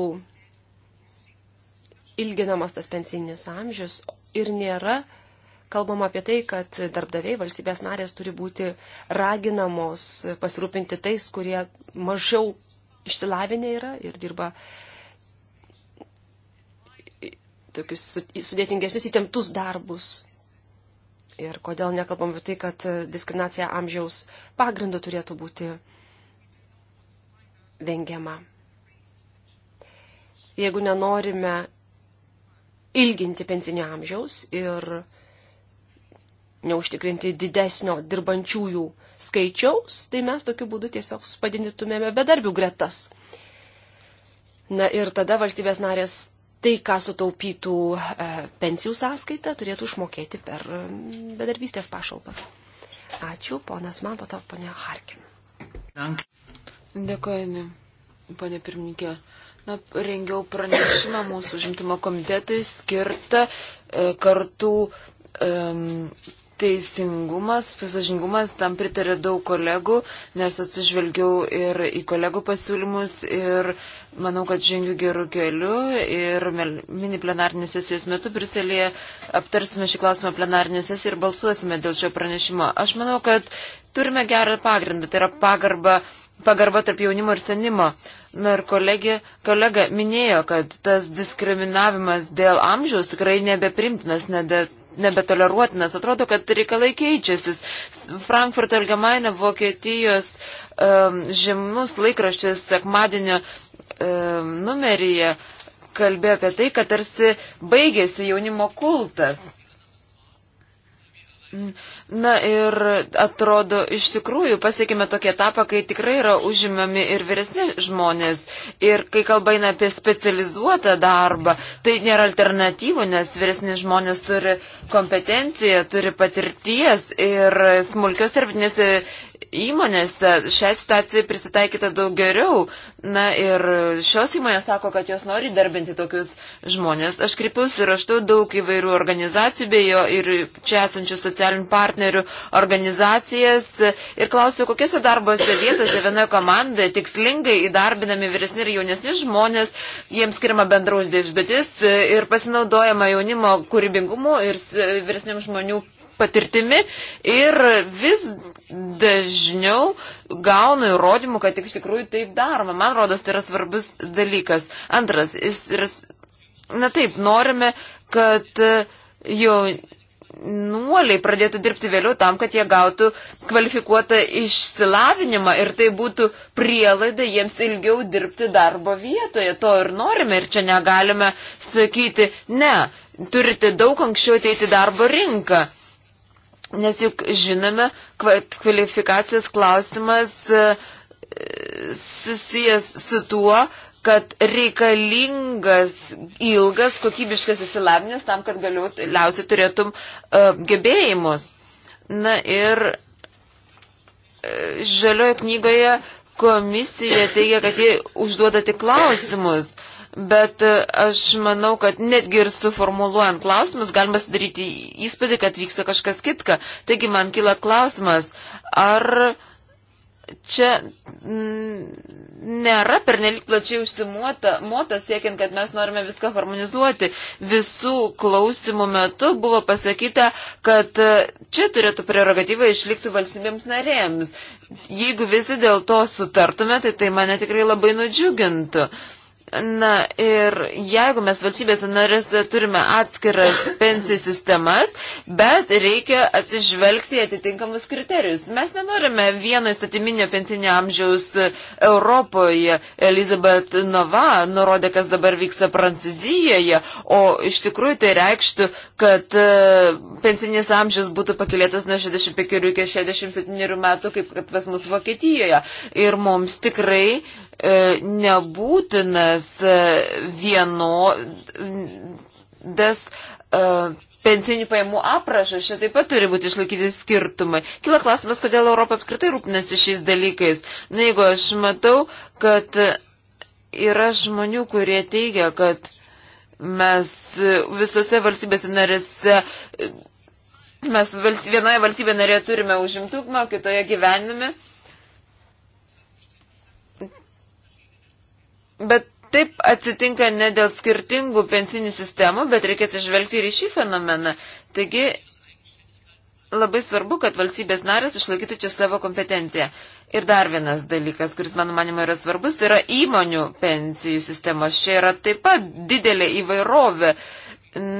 ilginamas tas pensinis amžius ir nėra kalbama apie tai, kad darbdaviai valstybės narės turi būti raginamos pasirūpinti tais, kurie mažiau išsilavinę yra ir dirba tokius sudėtingesnius įtemptus darbus ir kodėl nekalbam apie tai, kad diskriminacija amžiaus pagrindu turėtų būti vengiama. Jeigu nenorime ilginti pensinio amžiaus ir neužtikrinti didesnio dirbančiųjų skaičiaus, tai mes tokiu būdu tiesiog padidintumėme bedarbių gretas. Na ir tada valstybės narės tai, ką sutaupytų e, pensijų sąskaita, turėtų išmokėti per e, bedarbystės pašalpas. Ačiū, ponas man, po to ponė Harkin. Dėkojame, ponė pirmininkė. Na, rengiau pranešimą mūsų žimtumo komitetui skirtą e, kartų e, teisingumas, visažingumas, tam pritarė daug kolegų, nes atsižvelgiau ir į kolegų pasiūlymus, ir Manau, kad žengiu gerų kelių ir mini plenarnės sesijos metu Briuselėje aptarsime šį klausimą plenarnės sesiją ir balsuosime dėl šio pranešimo. Aš manau, kad turime gerą pagrindą, tai yra pagarba, pagarba tarp jaunimo ir senimo. Na ir kolegė, kolega minėjo, kad tas diskriminavimas dėl amžiaus tikrai nebeprimtinas, nebe, nebetoleruotinas. Atrodo, kad reikalai keičiasi. Frankfurto Algemainė Vokietijos um, žymus laikraštis sekmadienio E, numeryje kalbėjo apie tai, kad tarsi baigėsi jaunimo kultas. Na ir atrodo, iš tikrųjų pasiekime tokį etapą, kai tikrai yra užimami ir vyresni žmonės. Ir kai kalba eina apie specializuotą darbą, tai nėra alternatyvų, nes vyresni žmonės turi kompetenciją, turi patirties ir smulkios ir vidinėse įmonėse šią situaciją prisitaikyta daug geriau. Na ir šios įmonės sako, kad jos nori darbinti tokius žmonės. Aš kreipiausi raštu daug įvairių organizacijų bei jo ir čia esančių socialinių partnerių organizacijas ir klausiu, kokiose darbose vietose vienoje komandoje tikslingai įdarbinami vyresni ir jaunesni žmonės, jiems skirima bendra uždėždutis ir pasinaudojama jaunimo kūrybingumu ir vyresnių žmonių patirtimi ir vis dažniau gaunu įrodymų, kad iš tikrųjų taip daroma. Man rodos, tai yra svarbus dalykas. Antras, jis yra, na taip, norime, kad e, jau nuoliai pradėtų dirbti vėliau tam, kad jie gautų kvalifikuotą išsilavinimą ir tai būtų prielaida jiems ilgiau dirbti darbo vietoje. To ir norime ir čia negalime sakyti, ne, turite daug anksčiau ateiti darbo rinką. Nes juk žinome, kvalifikacijos klausimas e, susijęs su tuo, kad reikalingas ilgas, kokybiškas įsilavinęs tam, kad galiausiai turėtum uh, gebėjimus. Na ir e, žalioje knygoje komisija teigia, kad jie užduoda tik klausimus. Uh, Bet e, aš manau, kad netgi ir suformuluojant klausimus galima sudaryti įspūdį, kad vyksta kažkas kitka. Taigi man kyla klausimas, ar čia mm, nėra pernelik plačiai užsimuota, mota siekiant, kad mes norime viską harmonizuoti. Visų klausimų metu buvo pasakyta, kad e, čia turėtų prerogatyvą išlikti valstybėms narėms. Jeigu visi dėl to sutartume, tai tai mane tikrai labai nudžiugintų. Uh, Na ir jeigu mes valstybėse narėse turime atskiras pensijų sistemas, bet reikia atsižvelgti atitinkamus kriterijus. Mes nenorime vieno įstatyminio pensinio amžiaus Europoje. Elizabeth Nova nurodė, kas dabar vyksta Prancūzijoje, o iš tikrųjų tai reikštų, kad e, pensinis amžius būtų pakilėtas nuo 65 iki 67 metų, kaip pas mus Vokietijoje. Ir mums tikrai E, nebūtinas e, vienodas e, pensinių pajamų aprašas, čia taip pat turi būti išlaikyti skirtumai. Kila klausimas, kodėl Europą apskritai rūpinasi šiais dalykais. Na, jeigu aš matau, kad yra žmonių, kurie teigia, kad mes visose valstybėse narėse. Mes vienoje valstybėje narėje turime užimtumą, kitoje gyvenime. Bet taip atsitinka ne dėl skirtingų pensinių sistemų, bet reikia atsižvelgti ir į šį fenomeną. Taigi labai svarbu, kad valstybės narės išlaikytų čia savo kompetenciją. Ir dar vienas dalykas, kuris mano manimo yra svarbus, tai yra įmonių pensijų sistemos. Čia yra taip pat didelė įvairovė.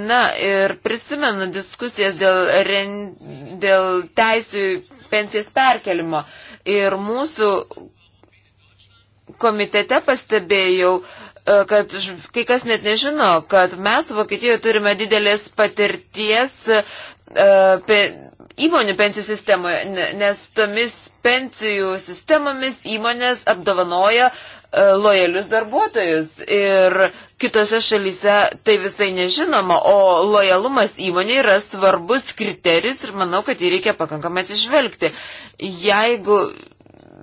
Na ir prisimenu diskusijas dėl, dėl teisų pensijas perkelimo. Ir mūsų komitete pastebėjau, e, kad kai kas net nežino, kad mes Vokietijoje turime didelės patirties e, pe, įmonių pensijų sistemoje, nes tomis pensijų sistemomis įmonės apdovanoja e, lojalius darbuotojus ir kitose šalyse tai visai nežinoma, o lojalumas įmonė yra svarbus kriterijus ir manau, kad jį reikia pakankamai atsižvelgti. Jeigu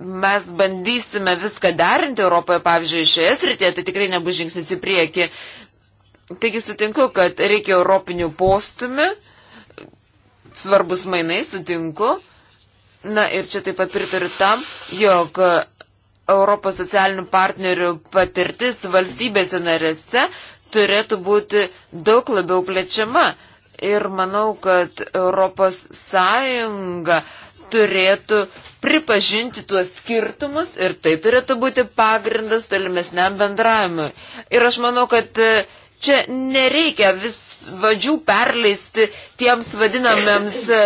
mes bandysime viską derinti Europoje, pavyzdžiui, šioje srityje, tai tikrai nebus žingsnis į priekį. Taigi sutinku, kad reikia europinių postumių, svarbus mainai, sutinku. Na ir čia taip pat pritariu tam, jog Europos socialinių partnerių patirtis valstybėse narėse turėtų būti daug labiau plečiama. Ir manau, kad Europos Sąjunga uh, turėtų pripažinti tuos skirtumus ir tai turėtų būti pagrindas tolimesniam bendravimui. Ir aš manau, kad e, čia nereikia vis vadžių perleisti tiems vadinamiems e,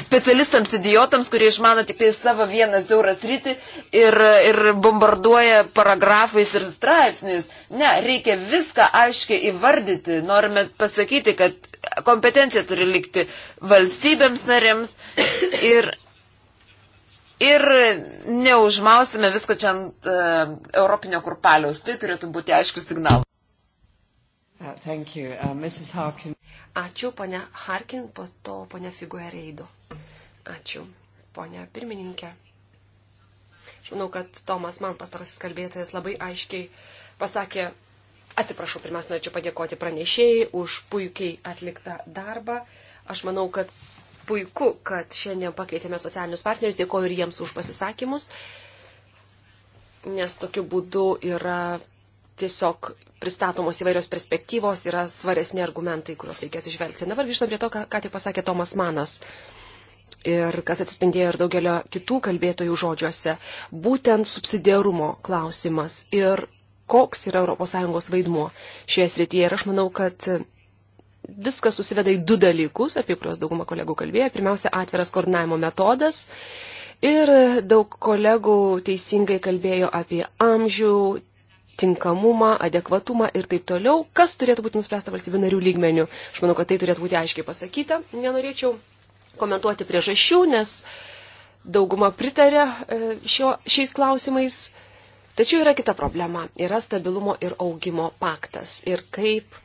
specialistams, idiotams, kurie išmano tik tai savo vieną siaurą sritį ir, ir bombarduoja paragrafais ir straipsniais. Ne, reikia viską aiškiai įvardyti. Norime pasakyti, kad kompetencija turi likti valstybėms narėms ir Ir neužmausime visko čia ant uh, Europinio kurpaliaus. Tai turėtų būti aiškus signalas. Uh, uh, Ačiū, ponia Harkin, po to ponia Figuereido. Ačiū, ponia pirmininkė. Aš manau, kad Tomas man pastarasis kalbėtojas labai aiškiai pasakė, atsiprašau, pirmiausia, norėčiau padėkoti pranešėjai už puikiai atliktą darbą. Aš manau, kad puiku, kad šiandien pakeitėme socialinius partnerius, dėkoju ir jiems už pasisakymus, nes tokiu būdu yra tiesiog pristatomos įvairios perspektyvos, yra svaresni argumentai, kuriuos reikia atsižvelgti. Dabar grįžtam prie to, ką, ką tik pasakė Tomas Manas ir kas atspindėjo ir daugelio kitų kalbėtojų žodžiuose, būtent subsidiarumo klausimas ir koks yra ES vaidmuo šioje srityje. Ir aš manau, kad viskas susiveda į du dalykus, apie kuriuos dauguma kolegų kalbėjo. Pirmiausia, atviras koordinavimo metodas. Ir daug kolegų teisingai kalbėjo apie amžių, tinkamumą, adekvatumą ir taip toliau, kas turėtų būti nuspręsta valstybių narių lygmenių. Aš manau, kad tai turėtų būti aiškiai pasakyta. Nenorėčiau komentuoti priežasčių, nes dauguma pritarė e, šio, šiais klausimais. Tačiau yra kita problema - yra stabilumo ir augimo paktas. Ir kaip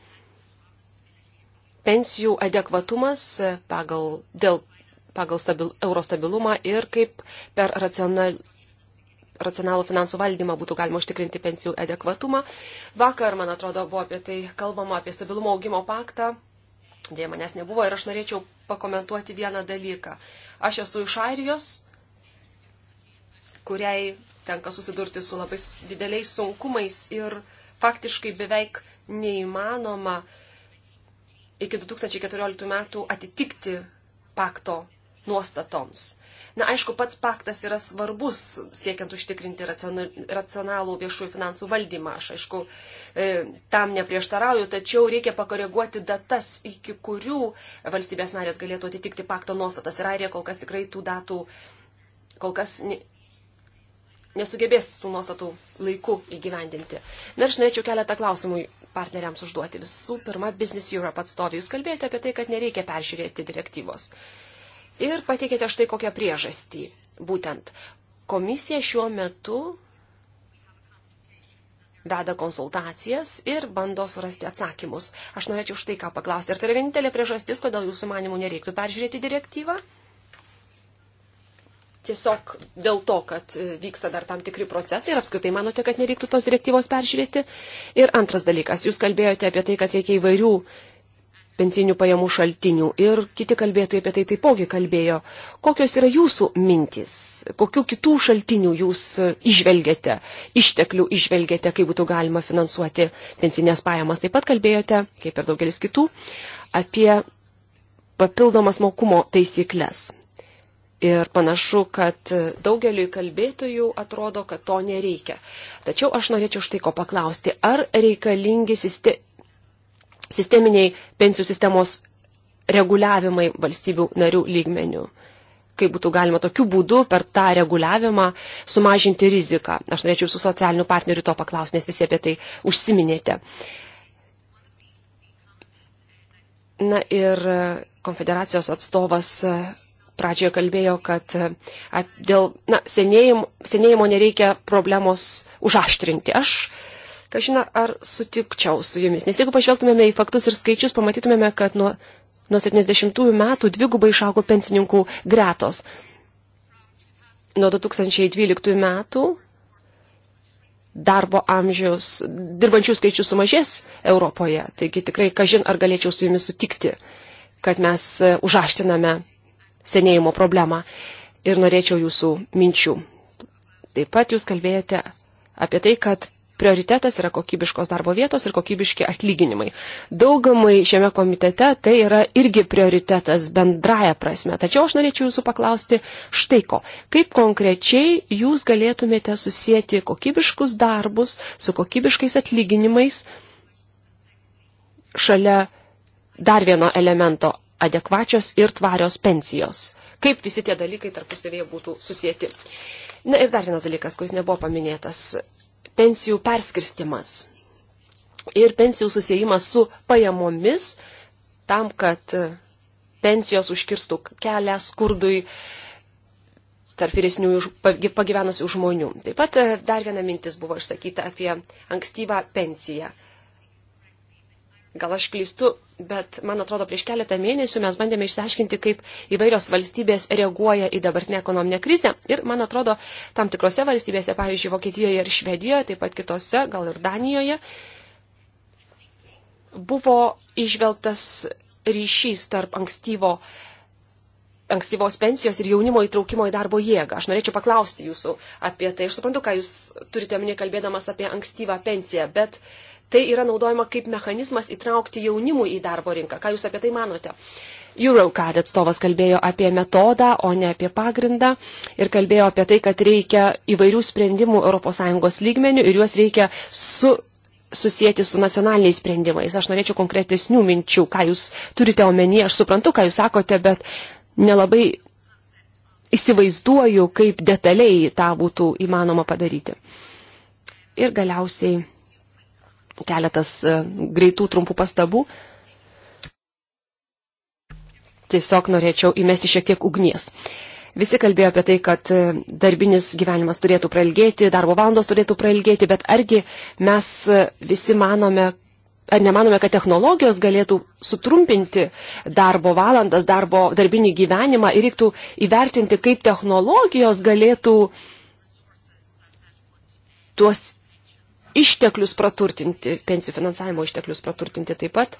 pensijų adekvatumas e, pagal, dėl, pagal stabil, euro stabilumą ir kaip per racional, racionalų finansų valdymą būtų galima užtikrinti pensijų adekvatumą. Vakar, man atrodo, buvo apie tai kalbama, apie stabilumo augimo paktą. Dėja, manęs nebuvo ir aš norėčiau pakomentuoti vieną dalyką. Aš esu iš Airijos, kuriai tenka susidurti su labai dideliais sunkumais ir faktiškai beveik neįmanoma uh, iki 2014 metų atitikti pakto nuostatoms. Na, aišku, pats paktas yra svarbus siekiant užtikrinti racionalų viešųjų finansų valdymą. Aš, aišku, e, tam neprieštarauju, tačiau reikia pakoreguoti datas, iki kurių valstybės narės galėtų atitikti pakto nuostatas. Ir airija kol kas tikrai tų datų kol kas nesugebės tų nuostatų laiku įgyvendinti. Na, aš norėčiau keletą klausimų partneriams užduoti. Visų pirma, Business Europe atstovė, jūs kalbėjote apie tai, kad nereikia peržiūrėti direktyvos. Ir pateikėte štai kokią priežastį. Būtent komisija šiuo metu veda konsultacijas ir bando surasti atsakymus. Aš norėčiau štai ką paklausti. Ar tai yra vienintelė priežastis, kodėl jūsų manimų nereiktų peržiūrėti direktyvą? tiesiog dėl to, kad e, vyksta dar tam tikri procesai ir apskritai manote, kad nereiktų tos direktyvos peržiūrėti. Ir antras dalykas, jūs kalbėjote apie tai, kad reikia įvairių pensinių pajamų šaltinių ir kiti kalbėtojai apie tai taipogi kalbėjo. Kokios yra jūsų mintys, kokių kitų šaltinių jūs išvelgiate, išteklių išvelgiate, kaip būtų galima finansuoti pensinės pajamas. Taip pat kalbėjote, kaip ir daugelis kitų, apie papildomas mokumo taisyklės Ir panašu, kad daugeliu kalbėtojų atrodo, kad to nereikia. Tačiau aš norėčiau štai ko paklausti. Ar reikalingi siste... sisteminiai pensijų sistemos reguliavimai valstybių narių lygmenių? kaip būtų galima tokiu būdu per tą reguliavimą sumažinti riziką. Aš norėčiau su socialiniu partneriu to paklausti, nes visi apie tai užsiminėte. Na ir konfederacijos atstovas pradžioje kalbėjo, kad dėl na, senėjimo, senėjimo nereikia problemos užaštrinti. Aš, kažina, ar sutikčiau su jumis, nes jeigu pažvelgtumėme į faktus ir skaičius, pamatytumėme, kad nuo, nuo 70-ųjų metų dvigubai išaugo pensininkų gretos. Nuo 2012 metų darbo amžiaus, dirbančių skaičius sumažės Europoje. Taigi tikrai, kažin, ar galėčiau su jumis sutikti kad mes e, užaštiname senėjimo problemą ir norėčiau jūsų minčių. Taip pat jūs kalbėjote apie tai, kad prioritetas yra kokybiškos darbo vietos ir kokybiški atlyginimai. Daugumai šiame komitete tai yra irgi prioritetas bendraja prasme. Tačiau aš norėčiau jūsų paklausti štai ko. Kaip konkrečiai jūs galėtumėte susijęti kokybiškus darbus su kokybiškais atlyginimais šalia dar vieno elemento adekvačios ir tvarios pensijos. Kaip visi tie dalykai tarpusavėje būtų susijęti. Na ir dar vienas dalykas, kuris nebuvo paminėtas - pensijų perskirstimas ir pensijų susijimas su pajamomis tam, kad pensijos užkirstų kelią skurdui tarp vyresnių pagyvenusių žmonių. Taip pat e, dar viena mintis buvo išsakyta apie ankstyvą pensiją. Gal aš klystu, bet man atrodo, prieš keletą mėnesių mes bandėme išsiaiškinti, kaip įvairios valstybės reaguoja į dabartinę ekonominę krizę. Ir man atrodo, tam tikrose valstybėse, pavyzdžiui, Vokietijoje ir Švedijoje, taip pat kitose, gal ir Danijoje, buvo išvelgtas ryšys tarp ankstyvo ankstyvos pensijos ir jaunimo įtraukimo į darbo jėgą. Aš norėčiau paklausti jūsų apie tai. Aš suprantu, ką jūs turite omeny kalbėdamas apie ankstyvą pensiją, bet tai yra naudojama kaip mechanizmas įtraukti jaunimų į darbo rinką. Ką Jūs apie tai manote? Eurocard atstovas kalbėjo apie metodą, o ne apie pagrindą ir kalbėjo apie tai, kad reikia įvairių sprendimų ES lygmenių ir juos reikia su susijęti su nacionaliniais sprendimais. Aš norėčiau konkretesnių minčių, ką jūs turite omenyje. Aš suprantu, ką jūs sakote, bet nelabai įsivaizduoju, kaip detaliai tą būtų įmanoma padaryti. Ir galiausiai Keletas e, greitų trumpų pastabų. Tiesiog norėčiau įmesti šiek tiek ugnies. Visi kalbėjo apie tai, kad e, darbinis gyvenimas turėtų prailgėti, darbo valandos turėtų prailgėti, bet argi mes e, visi manome, ar nemanome, kad technologijos galėtų sutrumpinti darbo valandas, darbo, darbinį gyvenimą ir reiktų įvertinti, kaip technologijos galėtų tuos išteklius praturtinti, pensijų finansavimo išteklius praturtinti taip pat.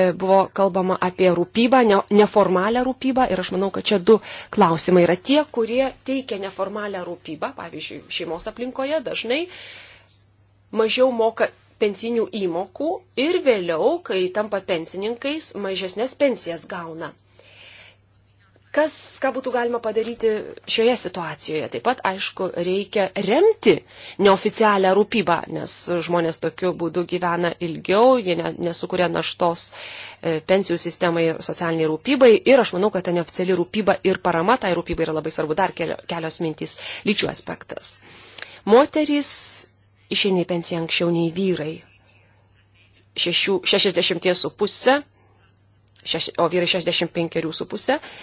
E, buvo kalbama apie rūpybą, neformalią rūpybą ir aš manau, kad čia du klausimai yra tie, kurie teikia neformalią rūpybą, pavyzdžiui, šeimos aplinkoje dažnai mažiau moka pensinių įmokų ir vėliau, kai tampa pensininkais, mažesnės pensijas gauna. Kas, ką būtų galima padaryti šioje situacijoje? Taip pat, aišku, reikia remti neoficialią rūpybą, nes žmonės tokiu būdu gyvena ilgiau, jie nesukuria naštos e, pensijų sistemai ir socialiniai rūpybai. Ir aš manau, kad ta neoficiali rūpyba ir parama tai rūpybai yra labai svarbu. Dar kelios mintys lyčių aspektas. Moterys išeina į pensiją anksčiau nei vyrai. 60,5, o vyrai 65,5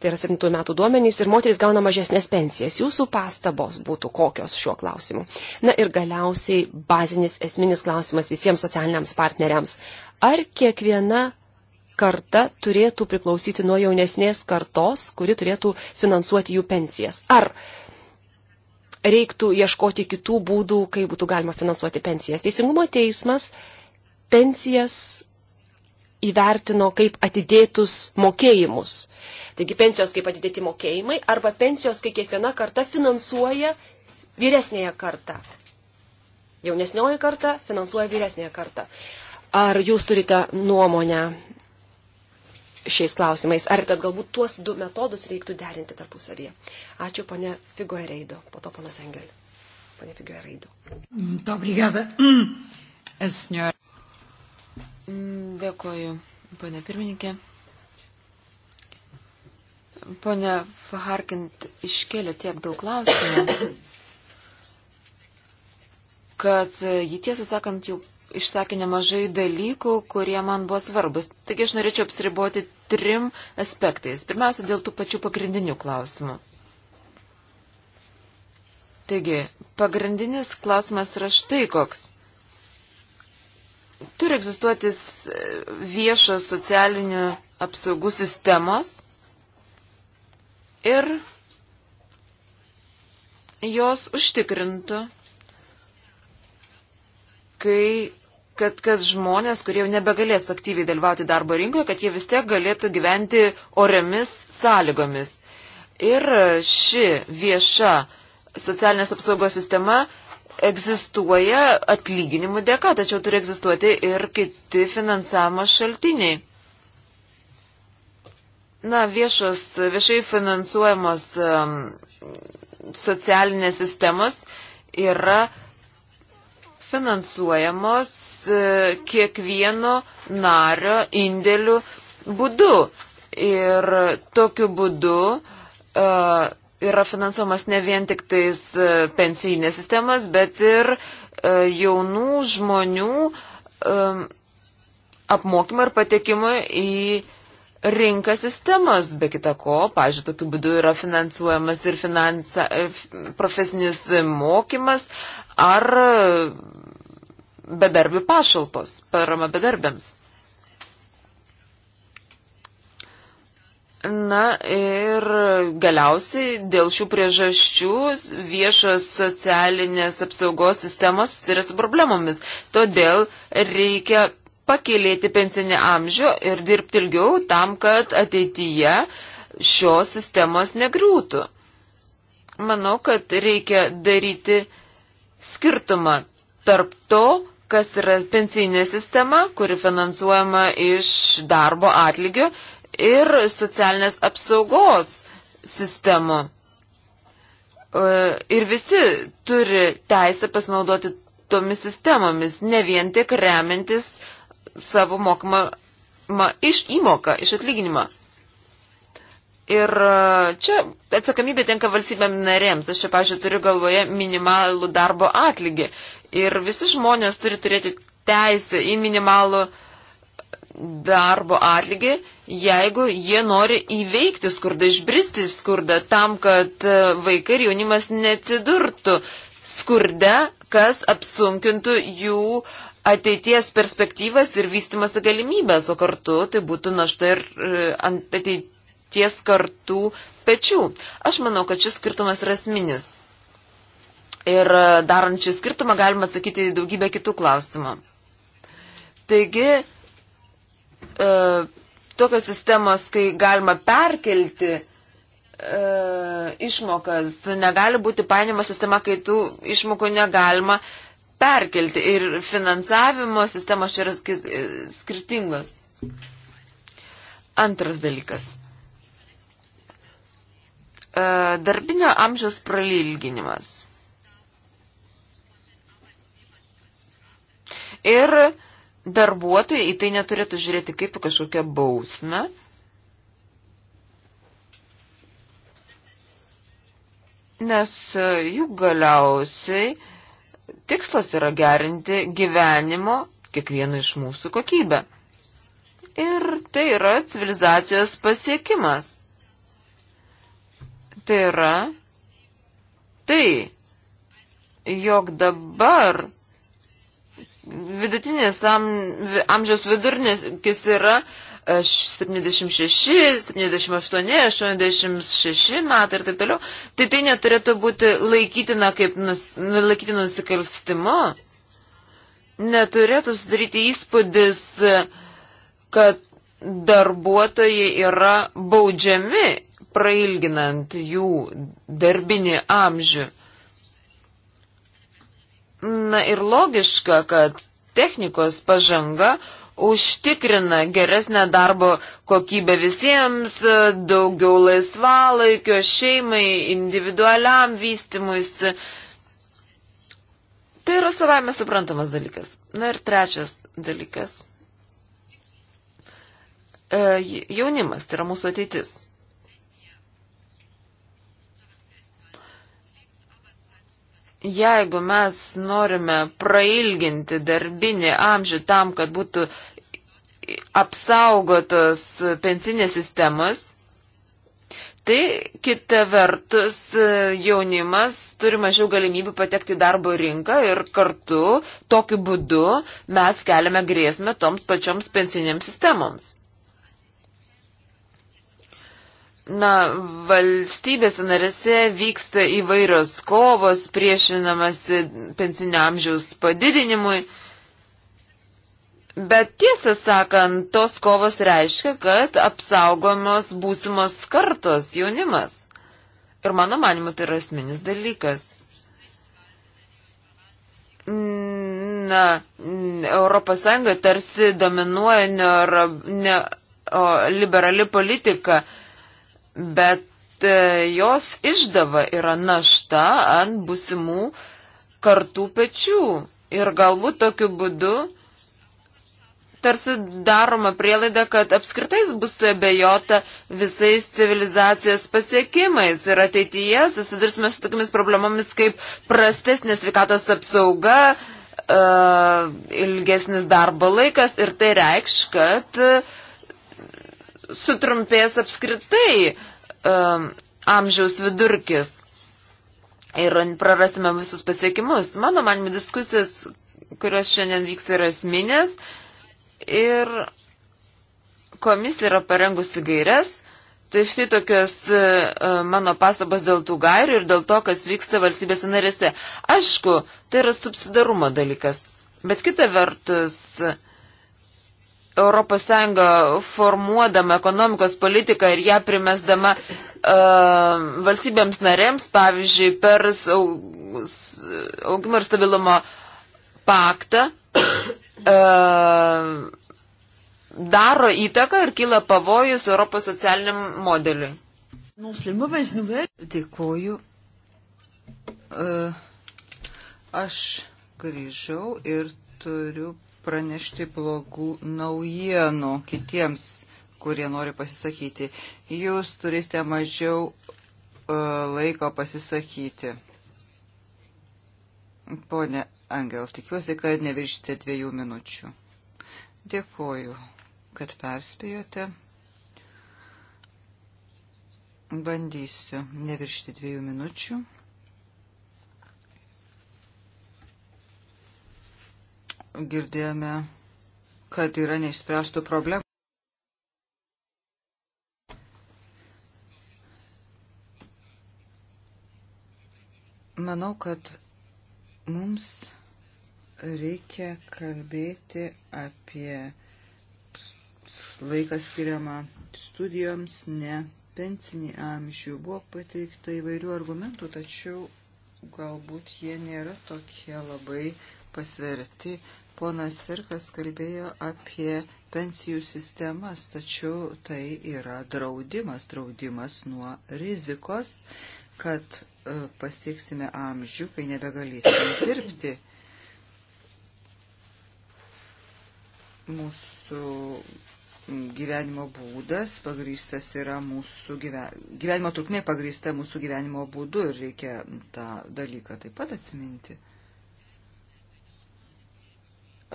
tai yra 7 metų duomenys, ir moteris gauna mažesnės pensijas. Jūsų pastabos būtų kokios šiuo klausimu. Na ir galiausiai bazinis esminis klausimas visiems socialiniams partneriams. Ar kiekviena karta turėtų priklausyti nuo jaunesnės kartos, kuri turėtų finansuoti jų pensijas? Ar reiktų ieškoti kitų būdų, kaip būtų galima finansuoti pensijas? Teisingumo teismas pensijas įvertino kaip atidėtus mokėjimus. Taigi pensijos kaip atidėti mokėjimai arba pensijos, kai kiekviena karta finansuoja vyresnėje kartą. Jaunesnioji karta finansuoja vyresnėje kartą. Ar jūs turite nuomonę šiais klausimais? Ar tad galbūt tuos du metodus reiktų derinti tarpusavyje? Ačiū, ponė Figuereido. Po to ponas Engel. Ponė Figuereido. Obrigada. Senhor. Dėkoju, ponė pirmininkė. Pone Faharkint iškėlė tiek daug klausimų, kad jį tiesą sakant jau išsakė nemažai dalykų, kurie man buvo svarbus. Taigi aš norėčiau apsiriboti trim aspektais. Pirmiausia, dėl tų pačių pagrindinių klausimų. Taigi, pagrindinis klausimas yra štai koks. Turi egzistuotis e, viešos socialinių apsaugų sistemos ir jos užtikrintų, kai, kad, kad žmonės, kurie jau nebegalės aktyviai dalyvauti darbo rinkoje, kad jie vis tiek galėtų gyventi oriamis sąlygomis. Ir ši vieša socialinės apsaugos sistema egzistuoja atlyginimų dėka, tačiau turi egzistuoti ir kiti finansavimo šaltiniai. Na, viešos, viešai finansuojamos um, socialinės sistemos yra finansuojamos uh, kiekvieno nario indėlių būdu. Ir tokiu būdu uh, yra finansuomas ne vien tik tais e, pensijinės sistemas, bet ir e, jaunų žmonių e, apmokymą ir patekimą į rinką sistemas, be kita ko, pažiūrėjau, tokiu būdu yra finansuojamas ir finansa, profesinis mokymas ar bedarbių pašalpos, parama bedarbiams. Na ir galiausiai dėl šių priežasčių viešos socialinės apsaugos sistemos susiduria su problemomis. Todėl reikia pakėlėti pensinį amžių ir dirbti ilgiau tam, kad ateityje šios sistemos negriūtų. Manau, kad reikia daryti skirtumą tarp to, kas yra pensinė sistema, kuri finansuojama iš darbo atlygio ir socialinės apsaugos sistemų. E, ir visi turi teisę pasinaudoti tomis sistemomis, ne vien tik remiantis savo mokamą ma, iš įmoką, iš atlyginimą. Ir e, čia atsakomybė tenka valstybėm narėms. Aš čia, pažiūrėjau, turiu galvoje minimalų darbo atlygį. Ir visi žmonės turi turėti teisę į minimalų darbo atlygį jeigu jie nori įveikti skurdą, išbristi skurdą, tam, kad e, vaikai ir jaunimas neatsidurtų skurde, kas apsunkintų jų ateities perspektyvas ir vystimas galimybės, o kartu tai būtų našta ir e, ant ateities kartų pečių. Aš manau, kad šis skirtumas yra asminis. Ir e, darant šį skirtumą galima atsakyti į daugybę kitų klausimų. Taigi, tokios sistemos, kai galima perkelti e, išmokas, negali būti painimo sistema, kai tų išmokų negalima perkelti. Ir finansavimo sistemos čia yra e, skirtingos. Antras dalykas. E, darbinio amžiaus pralilginimas. Ir darbuotojai į tai neturėtų žiūrėti kaip kažkokią bausmę. Nes e, juk galiausiai tikslas yra gerinti gyvenimo kiekvieno iš mūsų kokybę. Ir tai yra civilizacijos pasiekimas. Tai yra tai, jog dabar vidutinis am, amžiaus vidurnis yra 76, 78, 86 metai ir taip toliau, tai tai neturėtų būti laikytina kaip nus, nu, laikyti nusikalstimu. Neturėtų sudaryti įspūdis, kad darbuotojai yra baudžiami prailginant jų darbinį amžių. Na ir logiška, kad technikos pažanga užtikrina geresnę darbo kokybę visiems, daugiau laisvalaikio šeimai, individualiam vystimuisi. Tai yra savame suprantamas dalykas. Na ir trečias dalykas. E, jaunimas tai yra mūsų ateitis. Jeigu mes norime prailginti darbinį amžių tam, kad būtų apsaugotos pensinės sistemos, tai kita vertus jaunimas turi mažiau galimybių patekti į darbo rinką ir kartu tokiu būdu mes keliame grėsmę toms pačioms pensinėms sistemoms. Na, valstybėse narėse vyksta įvairios kovos, priešinamasi pensinio amžiaus padidinimui. Bet tiesą sakant, tos kovos reiškia, kad apsaugomos būsimos kartos jaunimas. Ir mano manimu, tai yra asmenis dalykas. Na, Europos Sąjungoje tarsi dominuoja neoliberali politika bet e, jos išdava yra našta ant busimų kartų pečių. Ir galbūt tokiu būdu tarsi daroma prielaida, kad apskritai bus abejota visais civilizacijos pasiekimais ir ateityje susidursime su tokiamis problemomis kaip prastesnė sveikatos apsauga, e, ilgesnis darbo laikas ir tai reikš, kad sutrumpės apskritai um, amžiaus vidurkis ir prarasime visus pasiekimus. Mano manimi diskusijos, kurios šiandien vyks, yra esminės ir komisija yra parengusi gairias. Tai štai tokios e, mano pasabas dėl tų gairių ir dėl to, kas vyksta valstybėse narėse. Aišku, tai yra subsidarumo dalykas. Bet kita vertus, uh, ES formuodama ekonomikos politiką ir ją primesdama uh, valstybėms narėms, pavyzdžiui, per augimo ir stabilumo paktą, uh, daro įtaką ir kyla pavojus Europos socialiniam modeliui. Dėkuoju. Uh, e, aš grįžau ir turiu pranešti blogų naujienų kitiems, kurie nori pasisakyti. Jūs turėsite mažiau e, laiko pasisakyti. Pone Angel, tikiuosi, kad neviršite dviejų minučių. Dėkuoju, kad perspėjote. Bandysiu neviršti dviejų minučių. girdėjome, kad yra neišspręstų problemų. Manau, kad mums reikia kalbėti apie laiką skiriamą studijoms, ne pensinį amžių. Buvo pateikta įvairių argumentų, tačiau galbūt jie nėra tokie labai pasverti Ponas Sirkas kalbėjo apie pensijų sistemas, tačiau tai yra draudimas, draudimas nuo rizikos, kad e, pasieksime amžių, kai nebegalėsime dirbti. Mūsų gyvenimo būdas pagrįstas yra mūsų gyvenimo, gyvenimo trukmė pagrįsta mūsų gyvenimo būdu ir reikia tą dalyką taip pat atsiminti.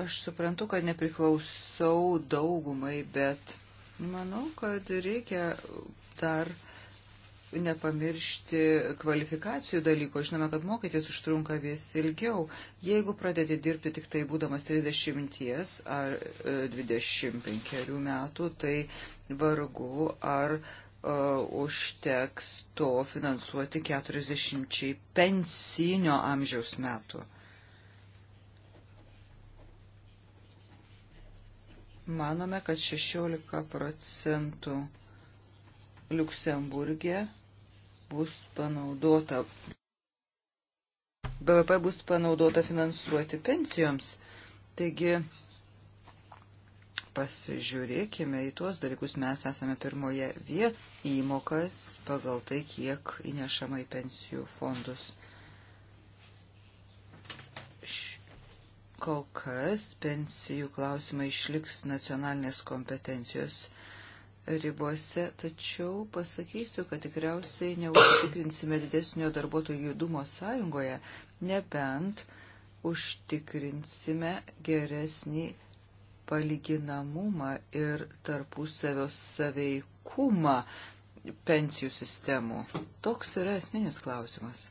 Aš suprantu, kad nepriklausau daugumai, bet manau, kad reikia dar nepamiršti kvalifikacijų dalyko. Žinome, kad mokytis užtrunka vis ilgiau. Jeigu pradedi dirbti tik tai būdamas 30 ar 25 e, metų, tai vargu ar uh, užteks to finansuoti 40 pensinio amžiaus metų. Uh, manome, kad 16 procentų Luksemburgė bus panaudota, BVP bus panaudota finansuoti pensijoms. Taigi, pasižiūrėkime į tuos dalykus. Mes esame pirmoje vietoje įmokas pagal tai, kiek įnešama į pensijų fondus. Kol kas pensijų klausimai išliks nacionalinės kompetencijos ribose, tačiau pasakysiu, kad tikriausiai neužtikrinsime didesnio darbuotojų judumo sąjungoje, nebent užtikrinsime geresnį palyginamumą ir tarpusavio saveikumą pensijų sistemų. Toks yra esminis klausimas.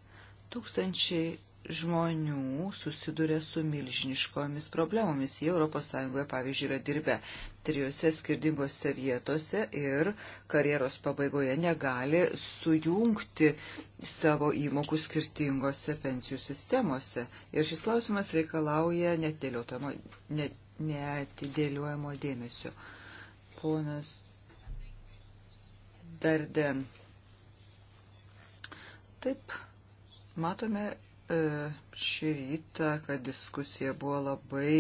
Tūkstančiai žmonių susiduria su milžiniškomis problemomis. Jie ES, pavyzdžiui, yra dirbę trijose skirtingose vietose ir karjeros pabaigoje negali sujungti savo įmokų skirtingose pensijų sistemose. Ir šis klausimas reikalauja netidėliojamo dėmesio. Ponas Darden. Taip, matome E, šį rytą, kad diskusija buvo labai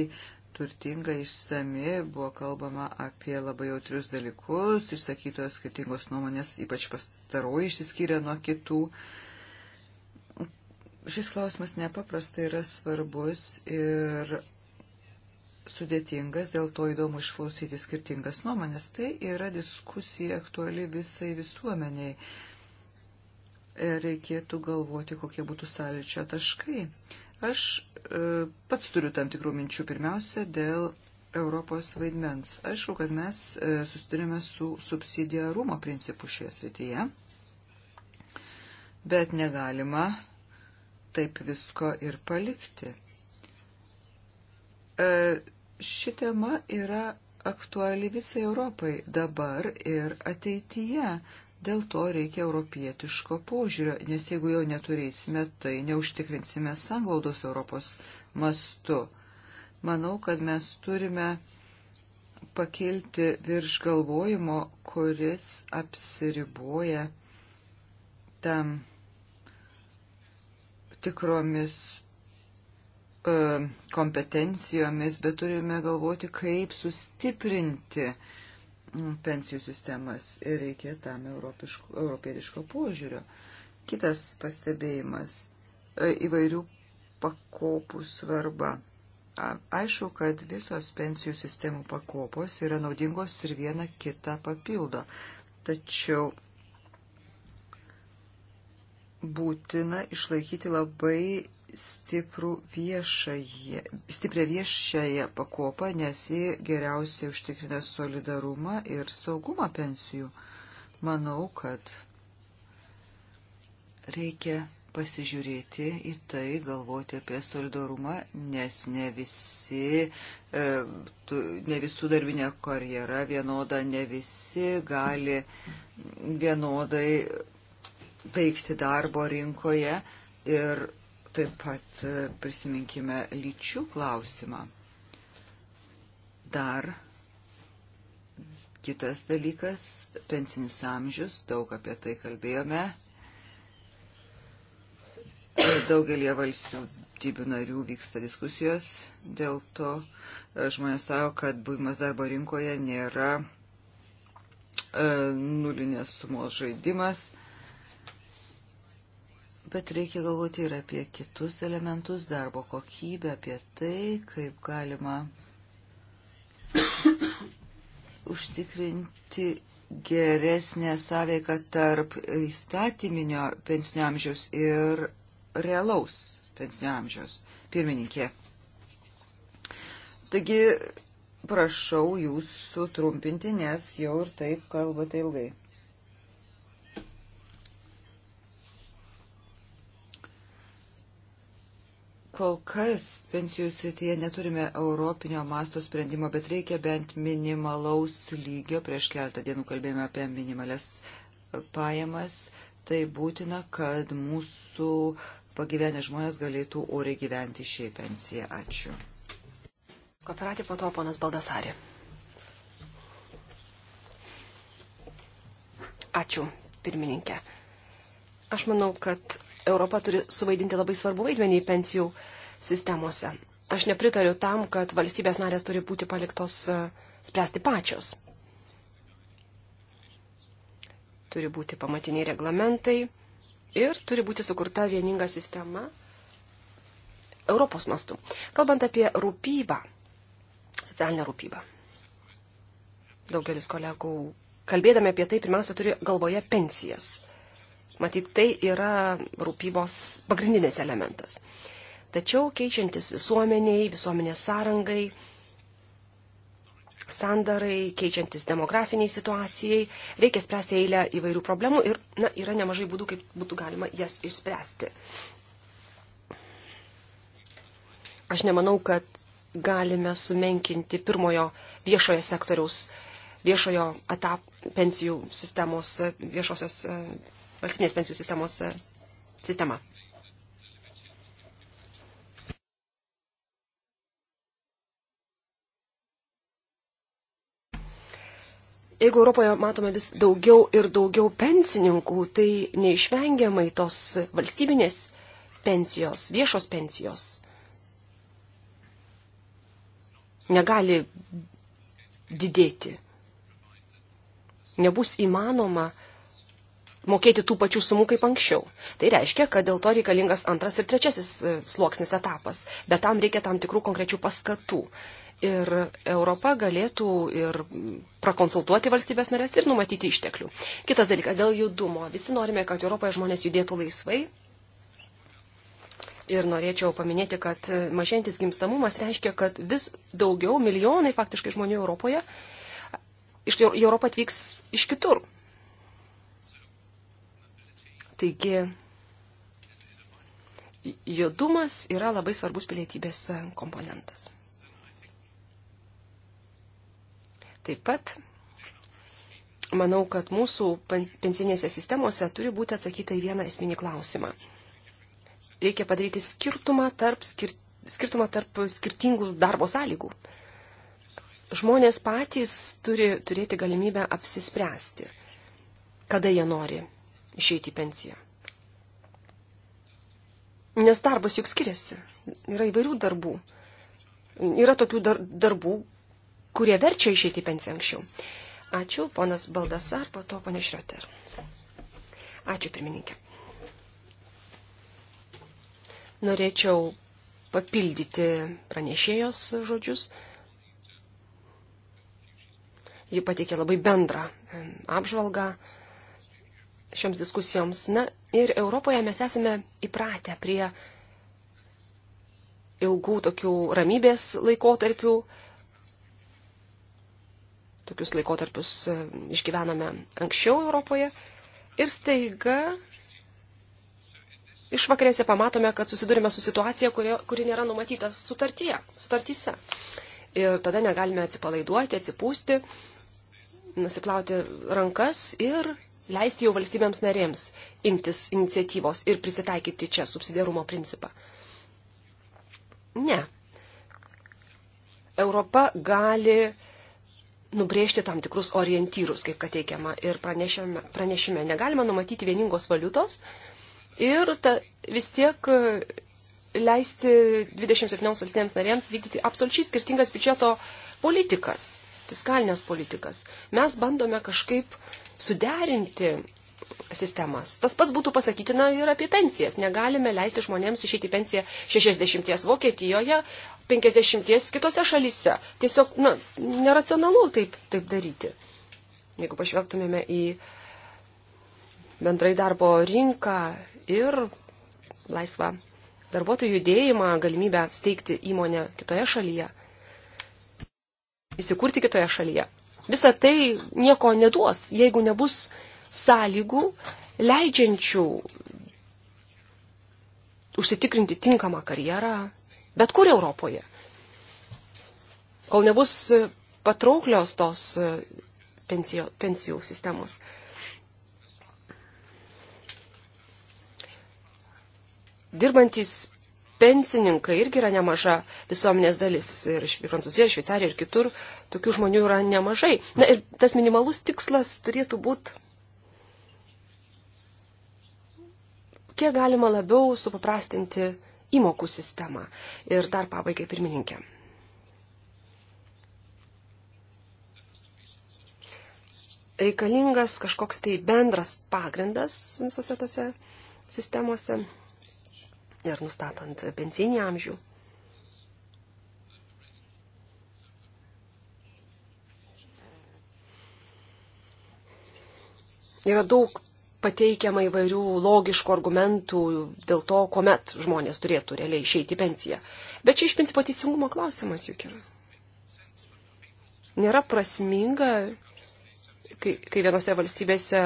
turtinga, išsami, buvo kalbama apie labai jautrius dalykus, išsakytos skirtingos nuomonės, ypač pastaroji išsiskyrė nuo kitų. Šis klausimas nepaprastai yra svarbus ir sudėtingas, dėl to įdomu išklausyti skirtingas nuomonės. Tai yra diskusija aktuali visai visuomeniai reikėtų galvoti, kokie būtų sąlyčio taškai. Aš e, pats turiu tam tikrų minčių. Pirmiausia, dėl Europos vaidmens. Aišku, kad mes e, susiturime su subsidiarumo principu šioje srityje, bet negalima taip visko ir palikti. E, ši tema yra aktuali visai Europai dabar ir ateityje. Dėl to reikia europietiško požiūrio, nes jeigu jo neturėsime, tai neužtikrinsime sanglaudos Europos mastu. Manau, kad mes turime pakilti virš galvojimo, kuris apsiriboja tam tikromis e, kompetencijomis, bet turime galvoti, kaip sustiprinti uh, Mm, pensijų sistemas ir reikia tam europiško, europietiško požiūrio. Kitas pastebėjimas e, - įvairių pakopų svarba. Aišku, kad visos pensijų sistemų pakopos yra naudingos ir viena kitą papildo. Tačiau būtina išlaikyti labai stiprų viešąją, stiprią viešąją pakopą, nes ji geriausiai užtikrina solidarumą ir saugumą pensijų. Manau, kad reikia pasižiūrėti į tai, galvoti apie solidarumą, nes ne, visi, e, ne visų darbinė karjera vienoda, ne visi gali vienodai veikti darbo rinkoje ir Taip pat e, prisiminkime lyčių klausimą. Dar kitas dalykas - pensinis amžius, daug apie tai kalbėjome. Daugelie valstybių narių vyksta diskusijos, dėl to e, žmonės savo, kad buvimas darbo rinkoje nėra e, nulinės sumos žaidimas Bet reikia galvoti ir apie kitus elementus, darbo kokybę, apie tai, kaip galima užtikrinti geresnę sąveiką tarp įstatyminio pensinio amžiaus ir realaus pensinio amžiaus. Pirmininkė. Taigi, prašau jūsų trumpinti, nes jau ir taip kalbate ilgai. Kol kas pensijų srityje neturime europinio masto sprendimo, bet reikia bent minimalaus lygio. Prieš keletą dienų kalbėjome apie minimales pajamas. Tai būtina, kad mūsų pagyvenę žmonės galėtų oriai gyventi šiai pensiją. Ačiū. Kooperatė po to ponas Baldasarė. Ačiū, pirmininkė. Aš manau, kad Europa turi suvaidinti labai svarbu vaidmenį pensijų sistemose. Aš nepritariu tam, kad valstybės narės turi būti paliktos e, spręsti pačios. Turi būti pamatiniai reglamentai ir turi būti sukurta vieninga sistema Europos mastu. Kalbant apie rūpybą, socialinę rūpybą. Daugelis kolegų, kalbėdami apie tai, pirmiausia, turi galvoje pensijas Matyt, tai yra rūpybos pagrindinis elementas. Tačiau keičiantis visuomeniai, visuomenės sąrangai, sandarai, keičiantis demografiniai situacijai, reikia spręsti eilę įvairių problemų ir na, yra nemažai būdų, kaip būtų galima jas išspręsti. Aš nemanau, kad galime sumenkinti pirmojo viešojo sektoriaus, viešojo etap, pensijų sistemos, viešosios valstybinės pensijų sistemos e, sistema. Jeigu Europoje matome vis daugiau ir daugiau pensininkų, tai neišvengiamai tos valstybinės pensijos, viešos pensijos negali didėti. Nebus įmanoma mokėti tų pačių sumų kaip anksčiau. Tai reiškia, kad dėl to reikalingas antras ir trečiasis e, sluoksnis etapas, bet tam reikia tam tikrų konkrečių paskatų. Ir Europa galėtų ir prakonsultuoti valstybės narės ir numatyti išteklių. Kitas dalykas dėl judumo. Visi norime, kad Europoje žmonės judėtų laisvai. Ir norėčiau paminėti, kad mažėjantis gimstamumas reiškia, kad vis daugiau milijonai faktiškai žmonių Europoje iš Europą atvyks iš kitur. Taigi, judumas yra labai svarbus pilietybės komponentas. Taip pat manau, kad mūsų pensinėse sistemose turi būti atsakyta į vieną esminį klausimą. Reikia padaryti skirtumą tarp, skir, skirtumą tarp skirtingų darbo sąlygų. Žmonės patys turi turėti galimybę apsispręsti, kada jie nori išeiti į pensiją. Nes darbas juk skiriasi. Yra įvairių darbų. Yra tokių dar, darbų, kurie verčia išeiti į pensiją anksčiau. Ačiū, ponas Baldasar, po to ponė Šrioter. Ačiū, pirmininkė. Norėčiau papildyti pranešėjos žodžius. Ji pateikė labai bendrą apžvalgą šioms diskusijoms. Na ir Europoje mes esame įpratę prie ilgų tokių ramybės laikotarpių. Tokius laikotarpius e, išgyvename anksčiau Europoje. Ir staiga išvakarėse pamatome, kad susidurime su situacija, kuri, kuri nėra numatyta sutartyje, sutartyse. Ir tada negalime atsipalaiduoti, atsipūsti, nusiplauti rankas ir leisti jau valstybėms narėms imtis iniciatyvos ir prisitaikyti čia subsidiarumo principą. Ne. Europa gali nubrėžti tam tikrus orientyrus, kaip kad teikiama ir pranešime. pranešime. Negalima numatyti vieningos valiutos ir ta, vis tiek e, leisti 27 valstybėms narėms vykdyti absoliučiai skirtingas biudžeto politikas, fiskalinės politikas. Mes bandome kažkaip uh, suderinti sistemas. Tas pats būtų pasakytina ir apie pensijas. Negalime leisti žmonėms išeiti pensiją 60 Vokietijoje, 50 kitose šalyse. Tiesiog, na, neracionalu taip, taip daryti. Jeigu pažvelgtumėme į bendrai darbo rinką ir laisvą darbuotojų judėjimą, galimybę steigti įmonę kitoje šalyje, įsikurti kitoje šalyje. Visa tai nieko neduos, jeigu nebus sąlygų leidžiančių užsitikrinti tinkamą karjerą bet kur Europoje. Kol nebus patrauklios tos e, pensijų, pensijų sistemos. Dirbantis pensininkai irgi yra nemaža visuomenės dalis ir Prancūzijoje, ir Šveicarijoje, ir kitur tokių žmonių yra nemažai. Na ir tas minimalus tikslas turėtų būti kiek galima labiau supaprastinti įmokų sistemą. Ir dar pabaigai pirmininkė. Reikalingas kažkoks tai bendras pagrindas visose tose sistemose ir nustatant pensinį amžių. Yra daug pateikiama įvairių logiškų argumentų dėl to, kuomet žmonės turėtų realiai išeiti į pensiją. Bet čia iš principo teisingumo klausimas juk yra. Nėra prasminga, kai, kai vienose valstybėse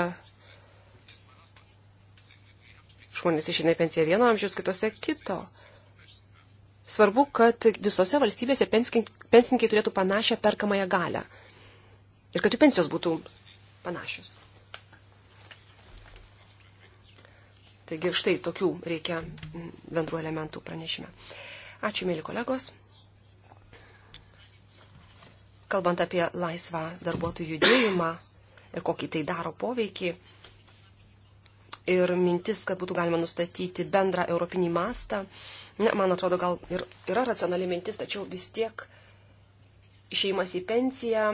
Žmonės išeina į pensiją vieno amžiaus, kitose kito. Svarbu, kad visose valstybėse pensininkai turėtų panašią perkamąją galę. Ir kad jų pensijos būtų panašios. Taigi štai tokių reikia mm, bendrų elementų pranešime. Ačiū, mėly kolegos. Kalbant apie laisvą darbuotojų judėjimą ir kokį tai daro poveikį, ir mintis, kad būtų galima nustatyti bendrą europinį mastą, ne, man atrodo, gal ir yra racionali mintis, tačiau vis tiek išeimas į pensiją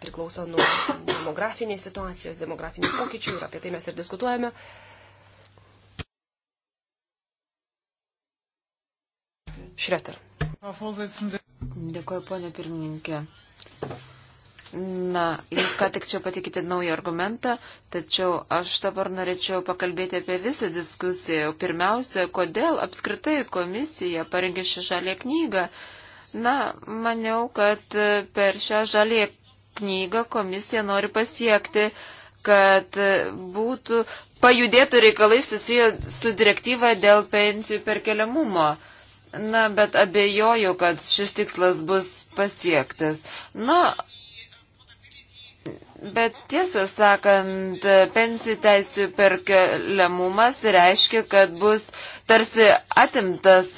priklauso nuo demografinės situacijos, demografinių pokyčių ir apie tai mes ir diskutuojame. Šreter. Dėkuoju, ponė pirmininkė. Na, jūs ką tik čia patikite naują argumentą, tačiau aš dabar norėčiau pakalbėti apie visą diskusiją. Pirmiausia, kodėl apskritai komisija parengė šią žalę knygą. Na, maniau, kad e, per šią žalę knygą komisija nori pasiekti, kad e, būtų pajudėtų reikalai susiję su direktyva dėl pensijų perkeliamumo. Na, bet abejoju, kad šis tikslas bus pasiektas. Na, Bet tiesą sakant, pensijų teisų perkeliamumas reiškia, kad bus tarsi atimtas,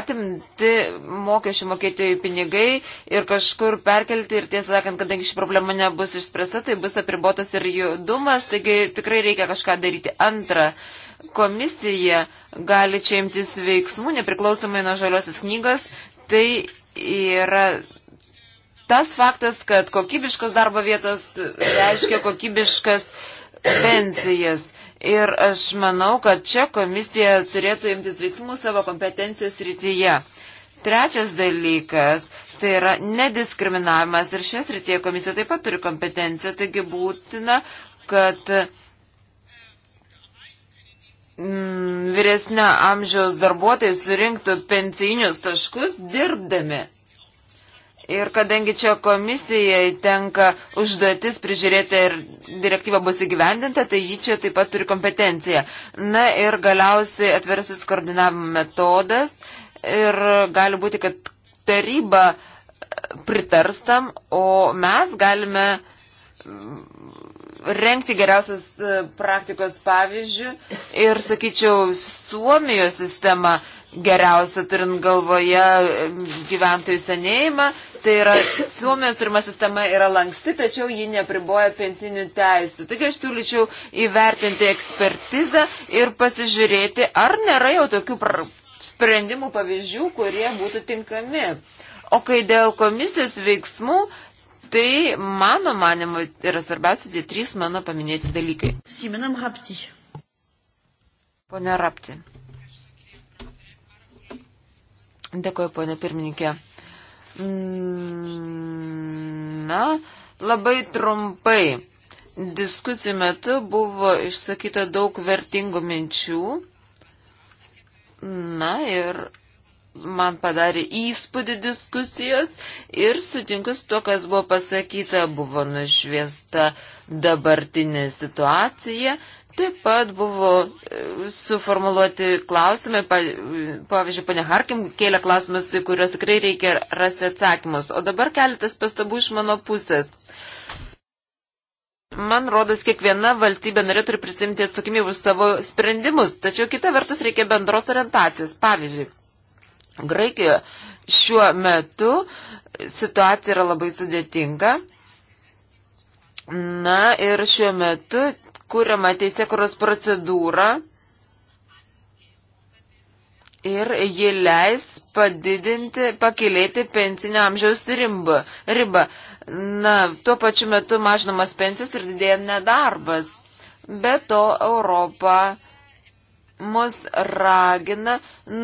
atimti mokesčių mokėtojų pinigai ir kažkur perkelti. Ir tiesą sakant, kadangi ši problema nebus išspręsta, tai bus apribotas ir judumas, taigi tikrai reikia kažką daryti. Antra, komisija gali čia imtis veiksmų, nepriklausomai nuo žaliosios knygos. Tai yra tas faktas, kad kokybiškos darbo vietos reiškia kokybiškas pensijas. Ir aš manau, kad čia komisija turėtų imtis veiksmų savo kompetencijos rytyje. Trečias dalykas - tai yra nediskriminavimas ir šias rytyje komisija taip pat turi kompetenciją, taigi būtina, kad mm, vyresnio amžiaus darbuotojai surinktų pensijinius taškus dirbdami. Ir kadangi čia komisijai tenka užduotis prižiūrėti ir direktyva bus įgyvendinta, tai ji čia taip pat turi kompetenciją. Na ir galiausiai atvirasis koordinavimo metodas ir gali būti, kad taryba e, pritarstam, o mes galime mm, renkti geriausios e, praktikos pavyzdžių ir, sakyčiau, Suomijos sistema geriausia turint galvoje mm, gyventojų senėjimą, Tai yra, Suomijos turima sistema yra lanksti, tačiau ji nepriboja pensinių teisų. Taigi aš siūlyčiau įvertinti ekspertizę ir pasižiūrėti, ar nėra jau tokių sprendimų pavyzdžių, kurie būtų tinkami. O kai dėl komisijos veiksmų, tai mano manimu yra svarbiausia tie trys mano paminėti dalykai. Simenam Rapti. Pone Rapti. Dėkuoju, ponė pirmininkė. Na, labai trumpai. Diskusijų metu buvo išsakyta daug vertingų minčių. Na ir man padarė įspūdį diskusijos ir sutinku su tuo, kas buvo pasakyta, buvo nušviesta dabartinė situacija, Taip pat buvo e, suformuluoti klausimai, pavyzdžiui, ponia Harkim kėlė klausimus, į kuriuos tikrai reikia rasti atsakymus. O dabar keletas pastabų iš mano pusės. Man rodos, kiekviena valstybė norėtų turi prisimti atsakomybę už savo sprendimus, tačiau kita vertus reikia bendros orientacijos. Pavyzdžiui, Graikijoje šiuo metu situacija yra labai sudėtinga. Na ir šiuo metu kuriama teisėkuros procedūra ir ji leis padidinti, pakilėti pensinio amžiaus ribą. ribą. Na, tuo pačiu metu mažinamas pensijos ir didėja nedarbas. Be to, Europa mus ragina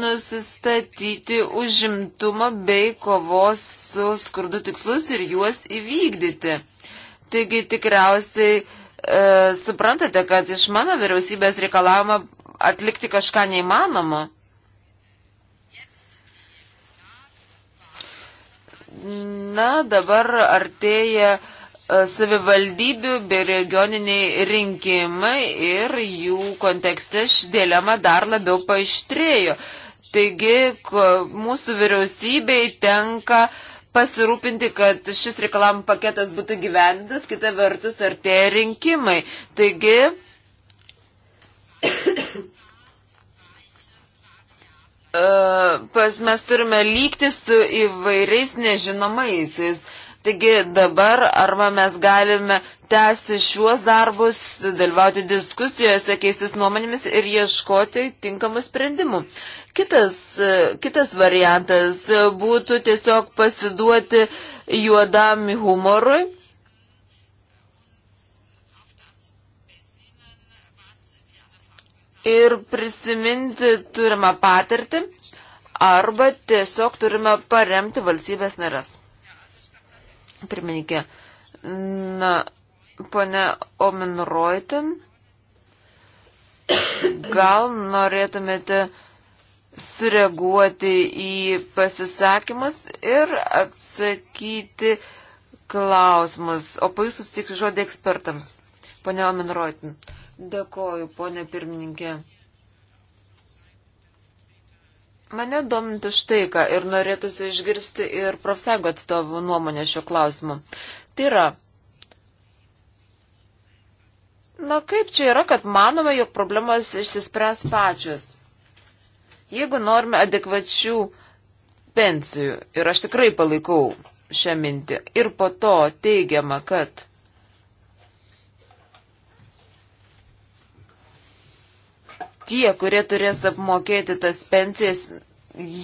nusistatyti užimtumą bei kovos su skurdu tikslus ir juos įvykdyti. Taigi tikriausiai e, suprantate, kad iš mano vyriausybės reikalavama atlikti kažką neįmanoma. Na, dabar artėja e, savivaldybių bei regioniniai rinkimai ir jų kontekste šdėliama dar labiau paaištrėjo. Taigi, mūsų vyriausybei tenka uh, pasirūpinti, kad šis reikalavimų paketas būtų gyvendintas, kita vertus artėja rinkimai. Taigi, e, pas mes turime lygti su įvairiais nežinomaisiais. Taigi dabar arba mes galime tęsti šiuos darbus, dalyvauti diskusijose, keistis nuomonėmis ir ieškoti tinkamų sprendimų. Kitas, kitas variantas būtų tiesiog pasiduoti juodam humorui. Ir prisiminti turimą patirtį arba tiesiog turime paremti valstybės naras. Pirmininkė, na, pone Omenroitin, gal norėtumėte uh, sureaguoti į pasisakymus ir atsakyti klausimus. O po jūsų sutiksiu žodį ekspertams. Pone Omenroitin. Dėkoju, ponė pirmininkė. Mane domintų štai ką ir norėtųsi išgirsti ir profsąjungų atstovų nuomonę šiuo klausimu. Tai yra, na kaip čia yra, kad manome, jog problemas išsispręs pačios. Jeigu norime adekvačių pensijų, ir aš tikrai palaikau šią mintį, ir po to teigiama, kad tie, kurie turės apmokėti tas pensijas,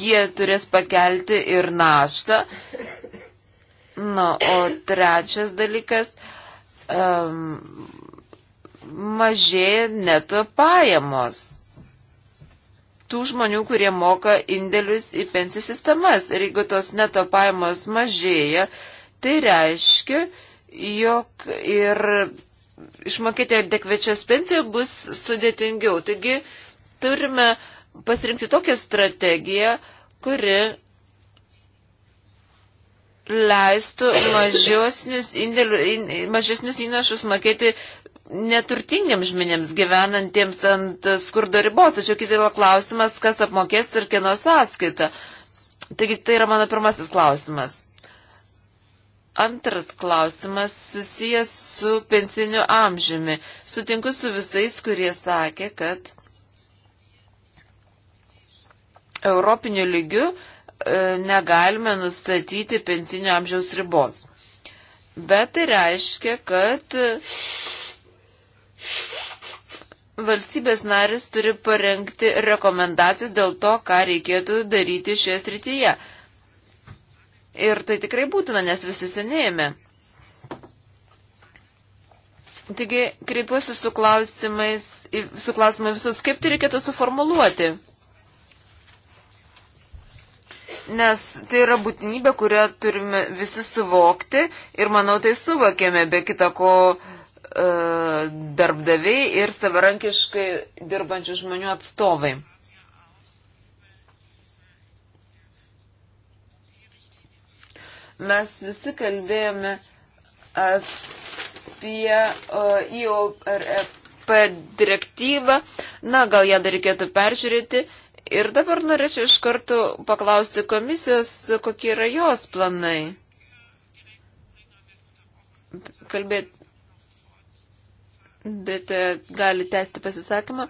jie turės pakelti ir naštą. Na, o trečias dalykas um, - mažėja neto pajamos tų žmonių, kurie moka indėlius į pensijų sistemas. Ir jeigu tos neto pajamos mažėja, tai reiškia, jog ir išmokėti adekvečias pensijas bus sudėtingiau. Taigi turime pasirinkti tokią strategiją, kuri leistų mažesnius, indėlių, in, mažesnius įnašus mokėti neturtingiams žmonėms gyvenantiems ant skurdo ribos, tačiau kitėlio klausimas, kas apmokės ir kieno sąskaita. Taigi tai yra mano pirmasis klausimas. Antras klausimas susijęs su pensiniu amžiumi. Sutinku su visais, kurie sakė, kad europiniu lygiu e, negalime nustatyti pensinio amžiaus ribos. Bet tai reiškia, kad valstybės narės turi parengti rekomendacijas dėl to, ką reikėtų daryti šioje srityje. Ir tai tikrai būtina, nes visi senėjame. Taigi, kreipiuosi su klausimais, su klausimai visus, kaip tai reikėtų suformuluoti. Nes tai yra būtinybė, kurią turime visi suvokti ir, manau, tai suvokėme, be kita ko, uh, E, darbdaviai ir savarankiškai dirbančių žmonių atstovai. Mes visi kalbėjome apie e, IORP direktyvą, na gal ją dar reikėtų peržiūrėti. Ir dabar norėčiau iš karto paklausti komisijos, kokie yra jos planai. Kalbėt, bet e, gali tęsti pasisakymą.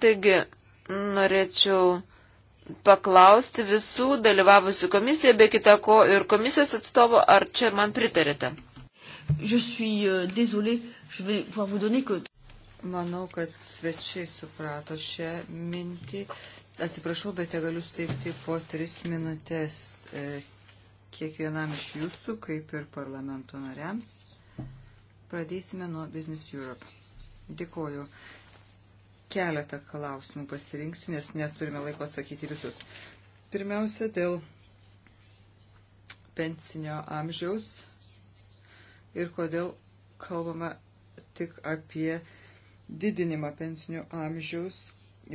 Taigi, norėčiau paklausti visų dalyvavusių komisiją, be kita ko ir komisijos atstovo, ar čia man pritarėte. E, Manau, kad svečiai suprato šią mintį. Atsiprašau, bet galiu steigti po tris minutės e, kiekvienam iš jūsų, kaip ir parlamento nariams. Pradėsime nuo Business Europe. Dėkoju. Keletą klausimų pasirinksiu, nes neturime laiko atsakyti visus. Pirmiausia, dėl pensinio amžiaus ir kodėl kalbama tik apie didinimą pensinio amžiaus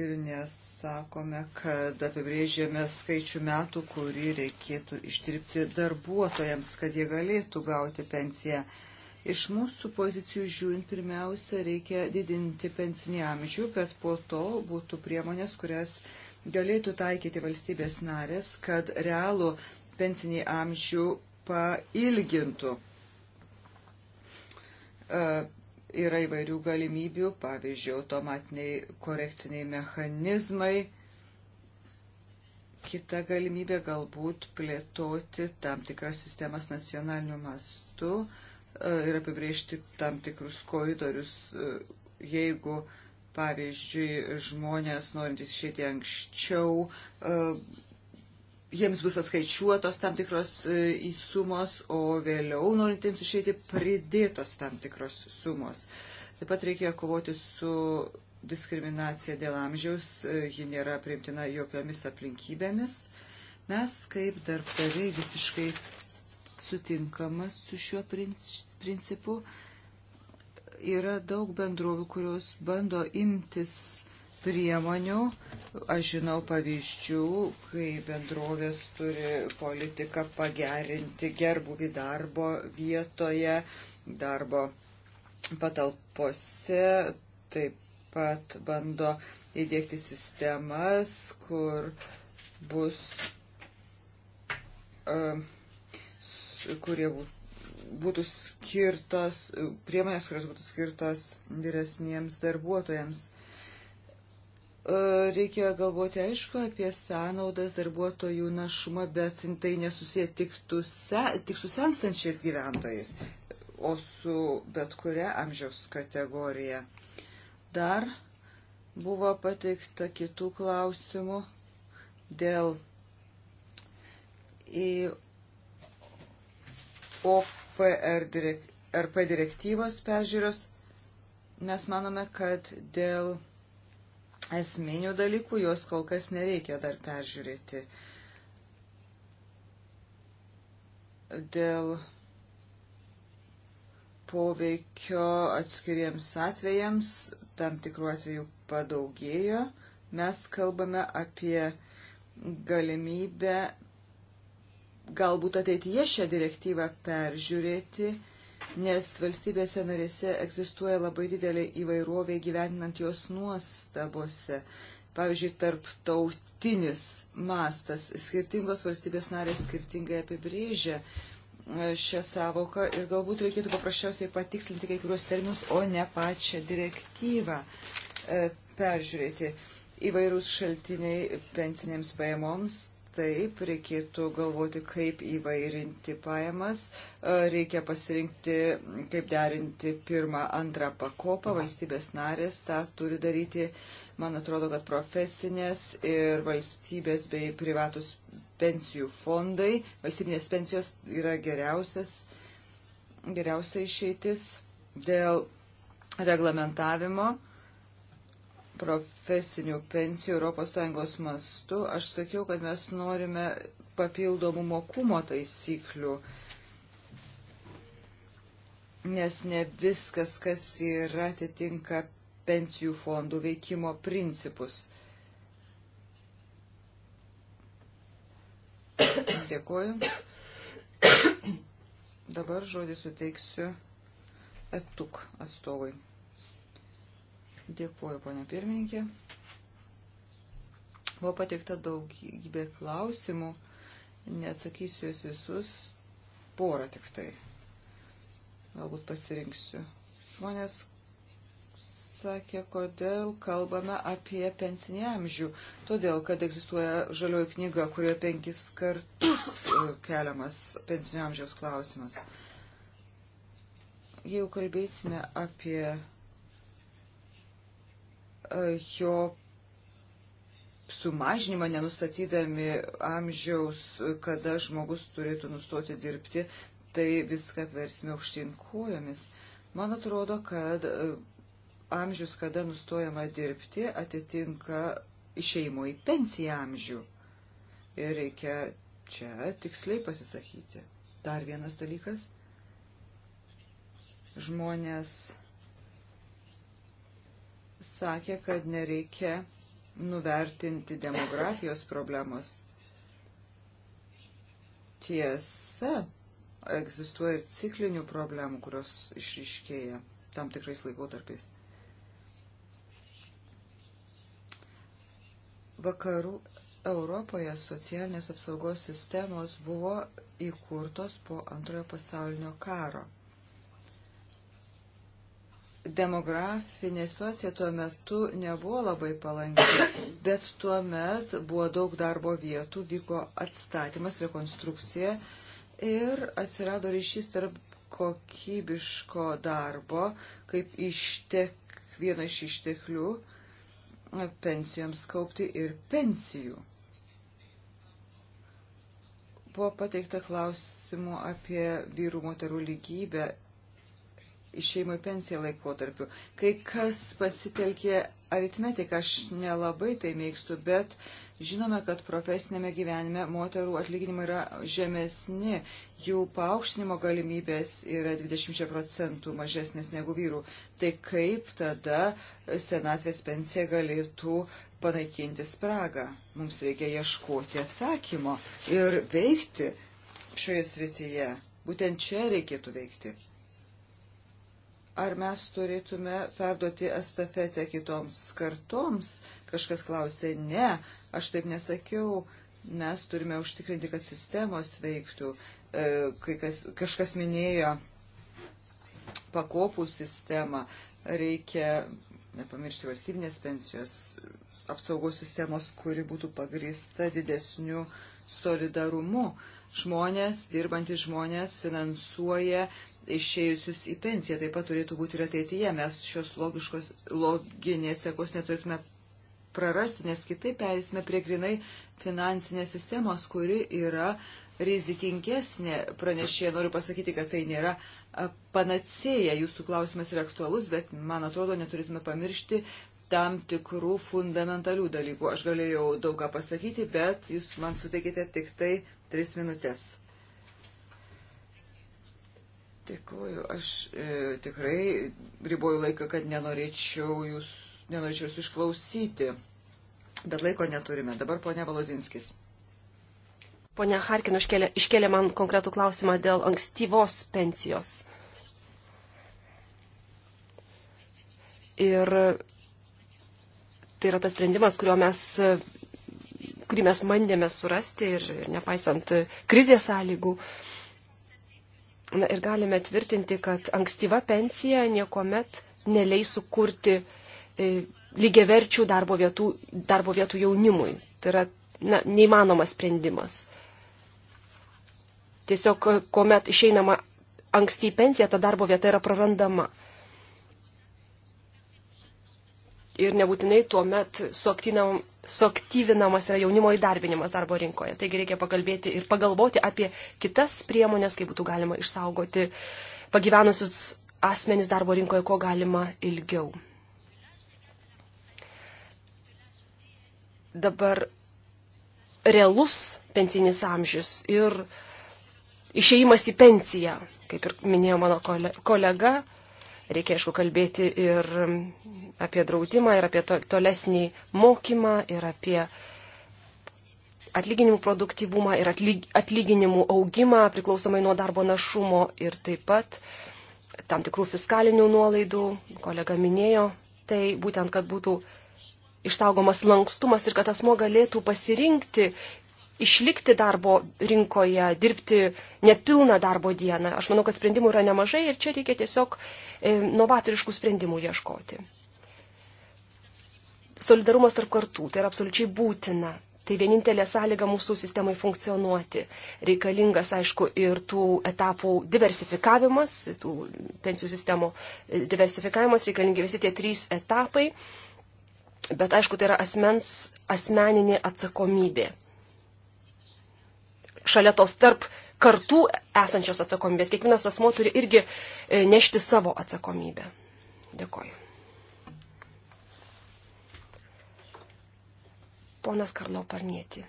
ir nesakome, kad apibrėžėme skaičių metų, kurį reikėtų išdirbti darbuotojams, kad jie galėtų gauti pensiją. Iš mūsų pozicijų žiūrint, pirmiausia, reikia didinti pensinį amžių, kad po to būtų priemonės, kurias galėtų taikyti valstybės narės, kad realų pensinį amžių pailgintų. E, yra įvairių galimybių, pavyzdžiui, automatiniai korekciniai mechanizmai. Kita galimybė galbūt plėtoti tam tikras sistemas nacionaliniu mastu. E, E, ir apibriežti tam tikrus koridorius, e, jeigu, pavyzdžiui, žmonės norintys išėti anksčiau, e, jiems bus atskaičiuotos tam tikros įsumos, o vėliau norintiems išėti pridėtos tam tikros sumos. Taip pat reikia kovoti su diskriminacija dėl amžiaus, ji nėra priimtina jokiomis aplinkybėmis. Mes kaip darbdaviai visiškai sutinkamas su šiuo principu. Yra daug bendrovių, kurios bando imtis priemonių. Aš žinau pavyzdžių, kai bendrovės turi politiką pagerinti gerbuvį darbo vietoje, darbo patalpose, taip pat bando įdėkti sistemas, kur bus uh, kurie būtų skirtos, priemonės, kurios būtų skirtos vyresniems darbuotojams. E, Reikia galvoti, aišku, apie sąnaudas darbuotojų našumą, bet tai nesusiję tik, tu, tik su senstančiais gyventojais, o su bet kuria amžiaus kategorija. Dar buvo pateikta kitų klausimų dėl į po PRP direktyvos pežiūros mes manome, kad dėl esminių dalykų jos kol kas nereikia dar peržiūrėti. Dėl poveikio atskiriems atvejams, tam tikrų atvejų padaugėjo, mes kalbame apie galimybę galbūt ateityje šią direktyvą peržiūrėti, nes valstybėse narėse egzistuoja labai didelė įvairovė gyveninant jos nuostabose. Pavyzdžiui, tarptautinis mastas. Skirtingos valstybės narės skirtingai apibrėžia e, šią savoką ir galbūt reikėtų paprasčiausiai patikslinti kai kurios terminus, o ne pačią direktyvą e, peržiūrėti. Įvairūs šaltiniai pensinėms pajamoms, Taip, reikėtų galvoti, kaip įvairinti pajamas, e, reikia pasirinkti, kaip derinti pirmą, antrą pakopą, valstybės narės tą turi daryti. Man atrodo, kad profesinės ir valstybės bei privatus pensijų fondai, valstybinės pensijos yra geriausias, geriausia išeitis dėl reglamentavimo profesinių pensijų ES mastu, aš sakiau, kad mes norime papildomų mokumo taisyklių, nes ne viskas, kas yra, atitinka pensijų fondų veikimo principus. Dėkuoju. Dabar žodį suteiksiu etuk atstovui. Dėkuoju, ponia pirmininkė. Buvo pateikta daugybė klausimų, neatsakysiu juos visus, porą tik tai. Galbūt pasirinksiu. Žmonės sakė, kodėl kalbame apie pensinį amžių. Todėl, kad egzistuoja žalioji knyga, kurioje penkis kartus e, keliamas pensinio amžiaus klausimas. Jeigu kalbėsime apie jo sumažinimą, nenustatydami amžiaus, kada žmogus turėtų nustoti dirbti, tai viską versime aukštinkuojomis. Man atrodo, kad e, amžius, kada nustojama dirbti, atitinka išeimo į pensiją amžių. Ir reikia čia tiksliai pasisakyti. Dar vienas dalykas. Žmonės sakė, kad nereikia nuvertinti demografijos problemos. Tiesa, egzistuoja ir ciklinių problemų, kurios išryškėja tam tikrais laikotarpiais. Vakarų Europoje socialinės apsaugos sistemos buvo įkurtos po antrojo pasaulinio karo demografinė situacija tuo metu nebuvo labai palanki, bet tuo metu buvo daug darbo vietų, vyko atstatymas, rekonstrukcija ir atsirado ryšys tarp kokybiško darbo kaip ištek, vieno iš išteklių pensijoms kaupti ir pensijų. Buvo pateikta klausimų apie vyrų moterų lygybę išeimo į pensiją laikotarpiu. Kai kas pasitelkė aritmetiką, aš nelabai tai mėgstu, bet žinome, kad profesinėme gyvenime moterų atlyginimai yra žemesni, jų paaukštinimo galimybės yra 20 procentų mažesnės negu vyrų. Tai kaip tada senatvės pensija galėtų panaikinti spragą? Mums reikia ieškoti atsakymo ir veikti šioje srityje. Būtent čia reikėtų veikti. Ar mes turėtume perduoti estafetę kitoms kartoms? Kažkas klausė, ne, aš taip nesakiau. Mes turime užtikrinti, kad sistemos veiktų. E, kai kas, kažkas minėjo pakopų sistemą, reikia nepamiršti valstybinės pensijos apsaugos sistemos, kuri būtų pagrįsta didesniu solidarumu. Žmonės, dirbantys žmonės finansuoja išėjusius į pensiją taip pat turėtų būti ir ateityje. Mes šios logiškos, loginės sekos neturėtume prarasti, nes kitaip perėsime prie grinai finansinės sistemos, kuri yra rizikingesnė. Pranešėje noriu pasakyti, kad tai nėra panacėja. Jūsų klausimas yra aktualus, bet man atrodo neturėtume pamiršti tam tikrų fundamentalių dalykų. Aš galėjau daugą pasakyti, bet jūs man suteikite tik tai tris minutės. Dėkuoju. Aš e, tikrai riboju laiką, kad nenorėčiau jūs, nenorėčiau jūs išklausyti, bet laiko neturime. Dabar ponia Valodinskis. Pone Harkin iškėlė, iškėlė man konkretų klausimą dėl ankstyvos pensijos. Ir tai yra tas sprendimas, kuriuo mes kurį mes bandėme surasti ir, ir nepaisant krizės sąlygų, uh, Na ir galime tvirtinti, kad ankstyva pensija niekuomet neleis sukurti e, lygiaverčių darbo vietų, darbo vietų jaunimui. Tai yra na, neįmanomas sprendimas. Tiesiog, e, kuomet išeinama anksti į pensiją, ta darbo vieta yra prarandama. Ir nebūtinai tuo met suaktinam, suaktyvinamas yra jaunimo įdarbinimas darbo rinkoje. Taigi reikia pakalbėti ir pagalvoti apie kitas priemonės, kaip būtų galima išsaugoti pagyvenusius asmenys darbo rinkoje, ko galima ilgiau. Dabar realus pensinis amžius ir išeimas į pensiją, kaip ir minėjo mano kolega, Reikia, aišku, kalbėti ir apie draudimą, ir apie tolesnį mokymą, ir apie atlyginimų produktyvumą, ir atlyginimų augimą priklausomai nuo darbo našumo, ir taip pat tam tikrų fiskalinių nuolaidų, kolega minėjo, tai būtent, kad būtų išsaugomas lankstumas ir kad asmo galėtų pasirinkti, išlikti darbo rinkoje, dirbti nepilną darbo dieną. Aš manau, kad sprendimų yra nemažai ir čia reikia tiesiog e, novatoriškų sprendimų ieškoti. Solidarumas tarp kartų tai yra absoliučiai būtina. Tai vienintelė sąlyga mūsų sistemai funkcionuoti. Reikalingas, aišku, ir tų etapų diversifikavimas, tų pensijų sistemų e, diversifikavimas, reikalingi visi tie trys etapai. Bet aišku, tai yra asmens asmeninė atsakomybė šalia tos tarp kartų esančios atsakomybės. Kiekvienas asmo turi irgi e, nešti savo atsakomybę. Dėkoju. Ponas Karlo Parnieti.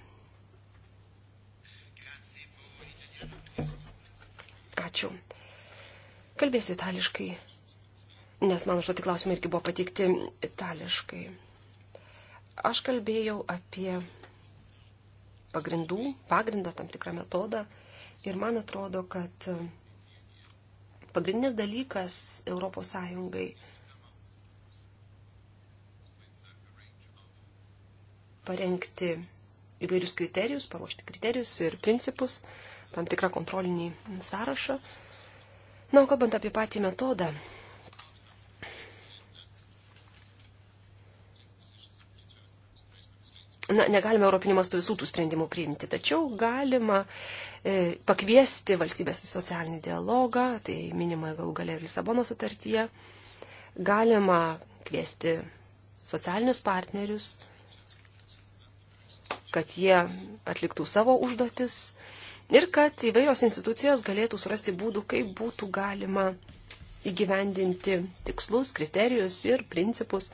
Ačiū. Kalbėsiu itališkai, nes man užduoti klausimai irgi buvo patikti itališkai. Aš kalbėjau apie pagrindų, pagrindą, tam tikrą metodą. Ir man atrodo, kad e, pagrindinis dalykas Europos Sąjungai parengti įvairius kriterijus, paruošti kriterijus ir principus, tam tikrą kontrolinį sąrašą. Na, o kalbant apie patį metodą, na, negalime europiniu mastu visų tų sprendimų priimti, tačiau galima e, pakviesti valstybės į socialinį dialogą, tai minima galų galia ir Lisabono sutartyje, galima kviesti socialinius partnerius, kad jie atliktų savo užduotis ir kad įvairios institucijos galėtų surasti būdų, kaip būtų galima įgyvendinti tikslus, kriterijus ir principus,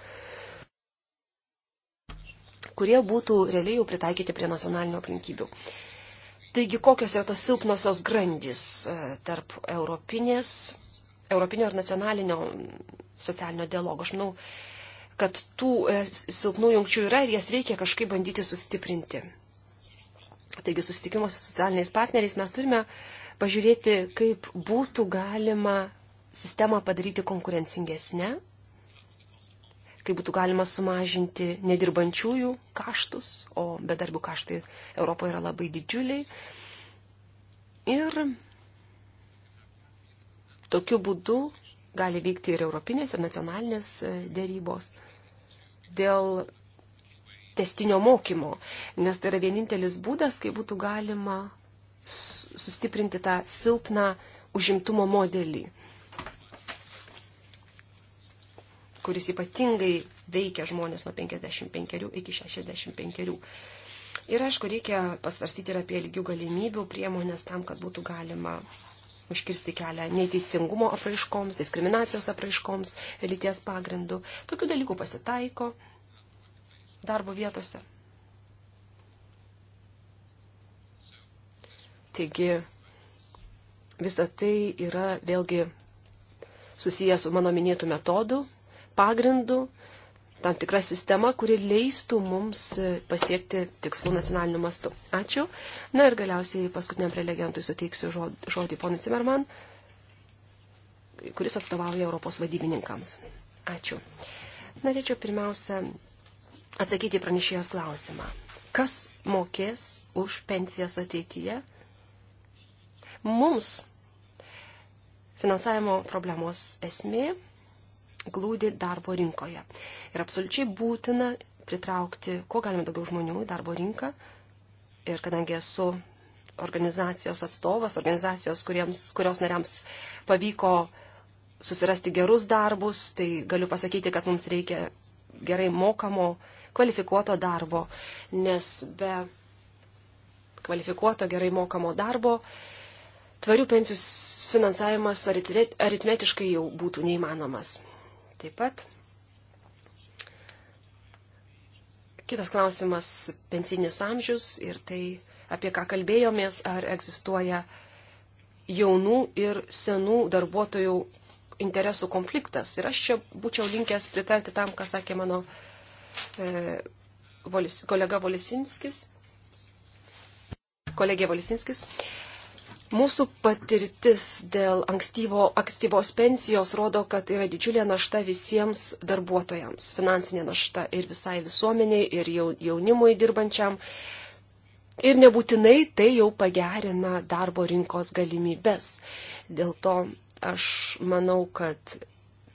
kurie būtų realiai jau pritaikyti prie nacionalinių aplinkybių. Taigi, kokios yra tos silpnosios grandys e, tarp europinės, europinio ir nacionalinio socialinio dialogo? Aš manau, kad tų e, silpnų jungčių yra ir jas reikia kažkaip bandyti sustiprinti. Taigi, susitikimuose su socialiniais partneriais mes turime pažiūrėti, kaip būtų galima sistemą padaryti konkurencingesnę kaip būtų galima sumažinti nedirbančiųjų kaštus, o bedarbių kaštai Europoje yra labai didžiuliai. Ir tokiu būdu gali vykti ir europinės, ir nacionalinės e, dėrybos dėl testinio mokymo, nes tai yra vienintelis būdas, kaip būtų galima sustiprinti tą silpną užimtumo modelį. kuris ypatingai veikia žmonės nuo 55 iki 65. Ir aišku, reikia pasvarstyti ir apie lygių galimybių priemonės tam, kad būtų galima užkirsti kelią neteisingumo apraiškoms, diskriminacijos apraiškoms, lyties pagrindų. Tokių dalykų pasitaiko darbo vietose. Taigi, visa tai yra vėlgi susijęs su mano minėtų metodų pagrindų, tam tikra sistema, kuri leistų mums e, pasiekti tikslų nacionaliniu mastu. Ačiū. Na ir galiausiai paskutiniam prelegentui suteiksiu žodį, žodį ponui Cimerman, kuris atstovauja Europos vadybininkams. Ačiū. Norėčiau pirmiausia atsakyti pranešėjos klausimą. Kas mokės už pensijas ateityje? Mums finansavimo problemos esmė glūdi darbo rinkoje. Ir absoliučiai būtina pritraukti, kuo galima daugiau žmonių į darbo rinką. Ir kadangi esu organizacijos atstovas, organizacijos, kuriems, kurios nariams pavyko susirasti gerus darbus, tai galiu pasakyti, kad mums reikia gerai mokamo, kvalifikuoto darbo, nes be kvalifikuoto, gerai mokamo darbo tvarių pensijų finansavimas aritmetiškai jau būtų neįmanomas. Taip pat kitas klausimas - pensinis amžius ir tai, apie ką kalbėjomės, ar egzistuoja jaunų ir senų darbuotojų interesų konfliktas. Ir aš čia būčiau linkęs pritarti tam, ką sakė mano e, volis, kolega Volisinskis, kolegė Volisinskis. E, Mūsų patirtis dėl ankstyvo, ankstyvos pensijos rodo, kad tai yra didžiulė našta visiems darbuotojams, finansinė našta ir visai visuomeniai, ir jaunimui dirbančiam. Ir nebūtinai tai jau pagerina darbo rinkos galimybės. Dėl to aš manau, kad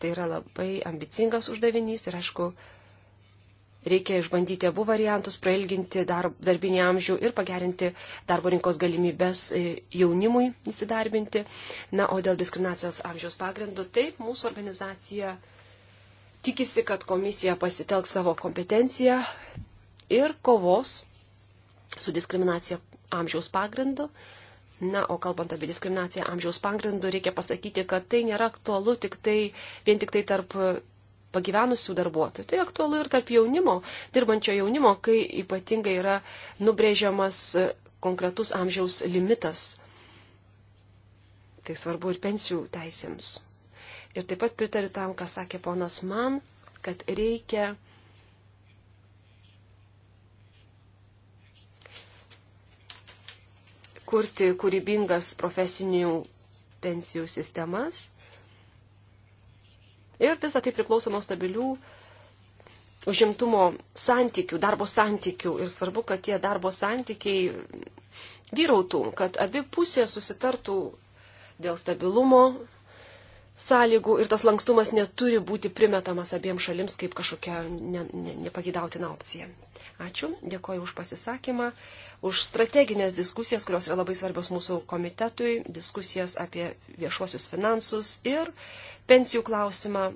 tai yra labai ambicingas uždavinys ir aišku, Reikia išbandyti abu variantus, prailginti darb, darbinį amžių ir pagerinti darbo rinkos galimybės e, jaunimui įsidarbinti. Na, o dėl diskriminacijos amžiaus pagrindų, taip, mūsų organizacija tikisi, kad komisija pasitelk savo kompetenciją ir kovos su diskriminacija amžiaus pagrindu. Na, o kalbant apie diskriminaciją amžiaus pagrindų, reikia pasakyti, kad tai nėra aktualu tik tai, vien tik tai tarp pagyvenusių darbuotojų. Tai aktualu ir tarp jaunimo, dirbančio jaunimo, kai ypatingai yra nubrėžiamas e, konkretus amžiaus limitas. Tai svarbu ir pensijų teisėms. Ir taip pat pritariu tam, ką sakė ponas man, kad reikia kurti kūrybingas profesinių pensijų sistemas Ir visa tai priklauso nuo stabilių užimtumo santykių, darbo santykių. Ir svarbu, kad tie darbo santykiai vyrautų, kad abi pusės susitartų dėl stabilumo, sąlygų ir tas lankstumas neturi būti primetamas abiem šalims kaip kažkokia ne, ne, nepagidautina opcija. Ačiū, dėkoju už pasisakymą, už strateginės diskusijas, kurios yra labai svarbios mūsų komitetui, diskusijas apie viešuosius finansus ir pensijų klausimą.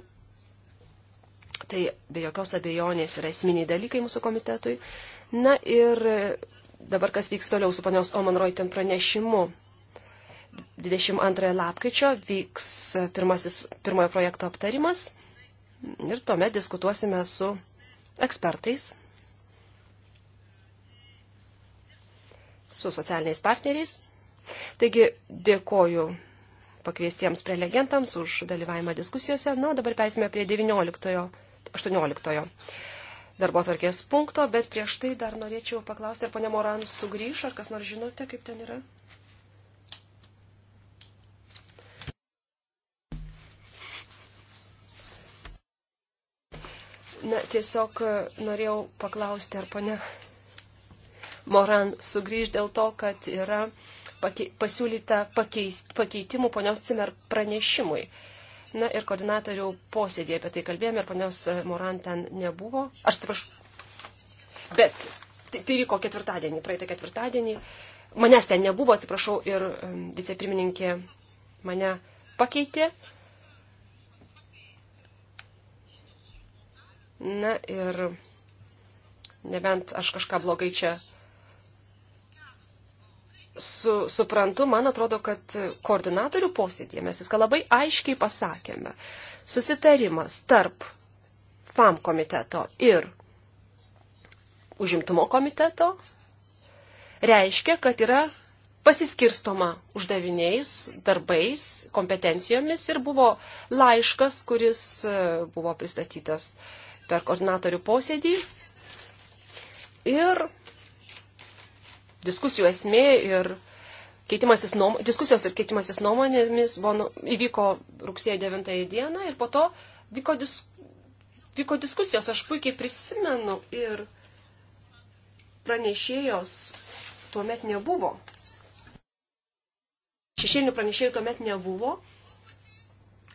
Tai be jokios abejonės yra esminiai dalykai mūsų komitetui. Na ir dabar kas vyks toliau su panios Oman Reuten pranešimu 22 lapkričio vyks pirmasis, pirmojo projekto aptarimas ir tuomet diskutuosime su ekspertais, su socialiniais partneriais. Taigi dėkoju pakviestiems prelegentams už dalyvavimą diskusijose. Na, dabar peisime prie 19, 18 darbo tvarkės punkto, bet prieš tai dar norėčiau paklausti, ar ponia Moran sugrįž, ar kas nors žinote, kaip ten yra? Na, tiesiog e, norėjau paklausti, ar ponia Moran sugrįž dėl to, kad yra pakei, pasiūlyta pakeist, pakeitimų ponios Cimer pranešimui. Na ir koordinatorių posėdėje apie tai kalbėjome ir ponios e, Moran ten nebuvo. Aš atsiprašau. Bet tai, tai vyko ketvirtadienį, praeitą ketvirtadienį. Manęs ten nebuvo, atsiprašau, ir vicepirmininkė mane pakeitė. Na ir nebent aš kažką blogai čia su, suprantu, man atrodo, kad koordinatorių posėdėje mes viską labai aiškiai pasakėme. Susitarimas tarp FAM komiteto ir užimtumo komiteto reiškia, kad yra pasiskirstoma uždaviniais, darbais, kompetencijomis ir buvo laiškas, kuris e, buvo pristatytas uh, per koordinatorių posėdį. Ir diskusijų esmė ir keitimasis nuom, diskusijos ir keitimasis nuomonėmis buvo, nu-, įvyko rugsėjo 9 dieną ir po to vyko, dis, vyko diskusijos, aš puikiai prisimenu ir pranešėjos tuomet nebuvo. Šešėlinių pranešėjų tuomet nebuvo.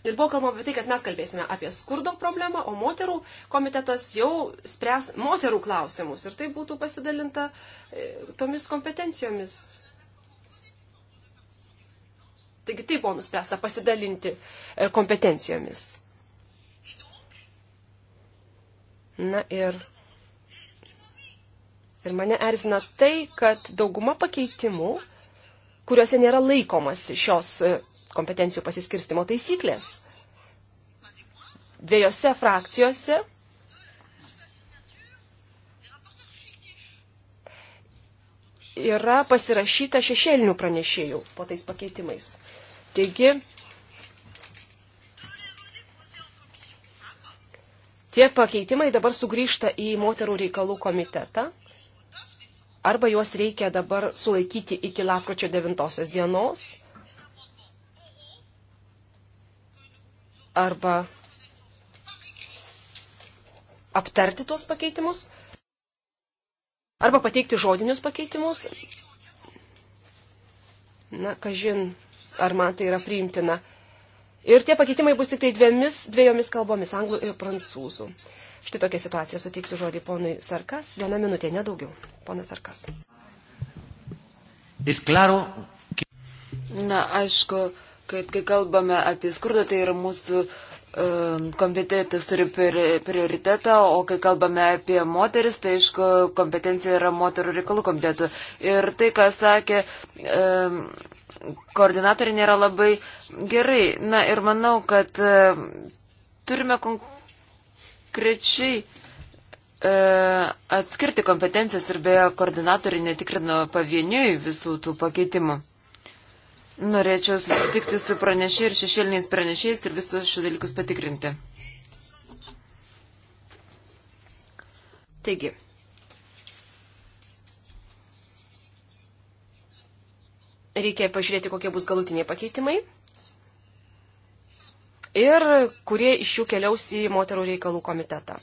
Ir buvo kalbama apie tai, kad mes kalbėsime apie skurdo problemą, o moterų komitetas jau spręs moterų klausimus. Ir tai būtų pasidalinta e, tomis kompetencijomis. Taigi taip buvo nuspręsta pasidalinti e, kompetencijomis. Na ir. Ir mane erzina tai, kad dauguma pakeitimų, kuriuose nėra laikomas šios e, kompetencijų pasiskirstimo taisyklės. Dviejose frakcijose yra pasirašyta šešėlinių pranešėjų po tais pakeitimais. Taigi, tie pakeitimai dabar sugrįžta į moterų reikalų komitetą. Arba juos reikia dabar sulaikyti iki lapkričio 9 dienos arba aptarti tuos pakeitimus, arba pateikti žodinius pakeitimus. Na, kažin, ar man tai yra priimtina. Ir tie pakeitimai bus tik tai dviemis, dviejomis kalbomis - anglų ir prancūzų. Štai tokia situacija. Suteiksiu žodį ponui Sarkas. Vieną minutę, nedaugiau. Ponas Sarkas. Na, aišku, kad kai kalbame apie skurdą, tai yra mūsų kompetentas turi prioritetą, o kai kalbame apie moteris, tai aišku, kompetencija yra moterų reikalų komitetų. Ir tai, ką sakė koordinatoriai, nėra labai gerai. Na ir manau, kad turime konkrečiai e, atskirti kompetencijas ir beje koordinatoriai netikrino pavieniui visų tų pakeitimų. Norėčiau susitikti su pranešė ir šešėliniais pranešiais ir visus šių dalykus patikrinti. Taigi. Reikia pažiūrėti, kokie bus galutiniai pakeitimai ir kurie iš jų keliaus į moterų reikalų komitetą.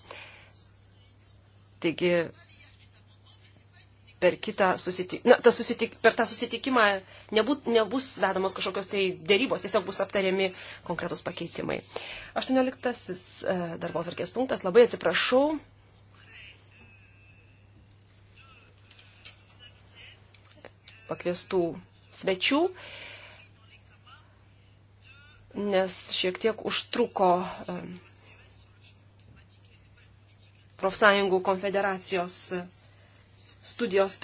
Taigi per kitą susitikimą, na, susitik, per tą susitikimą nebūt, nebus vedamos kažkokios tai dėrybos, tiesiog bus aptariami konkretus pakeitimai. 18 e, darbo tvarkės punktas, labai atsiprašau. Pakviestų svečių, nes šiek tiek užtruko e, profsąjungų konfederacijos studijos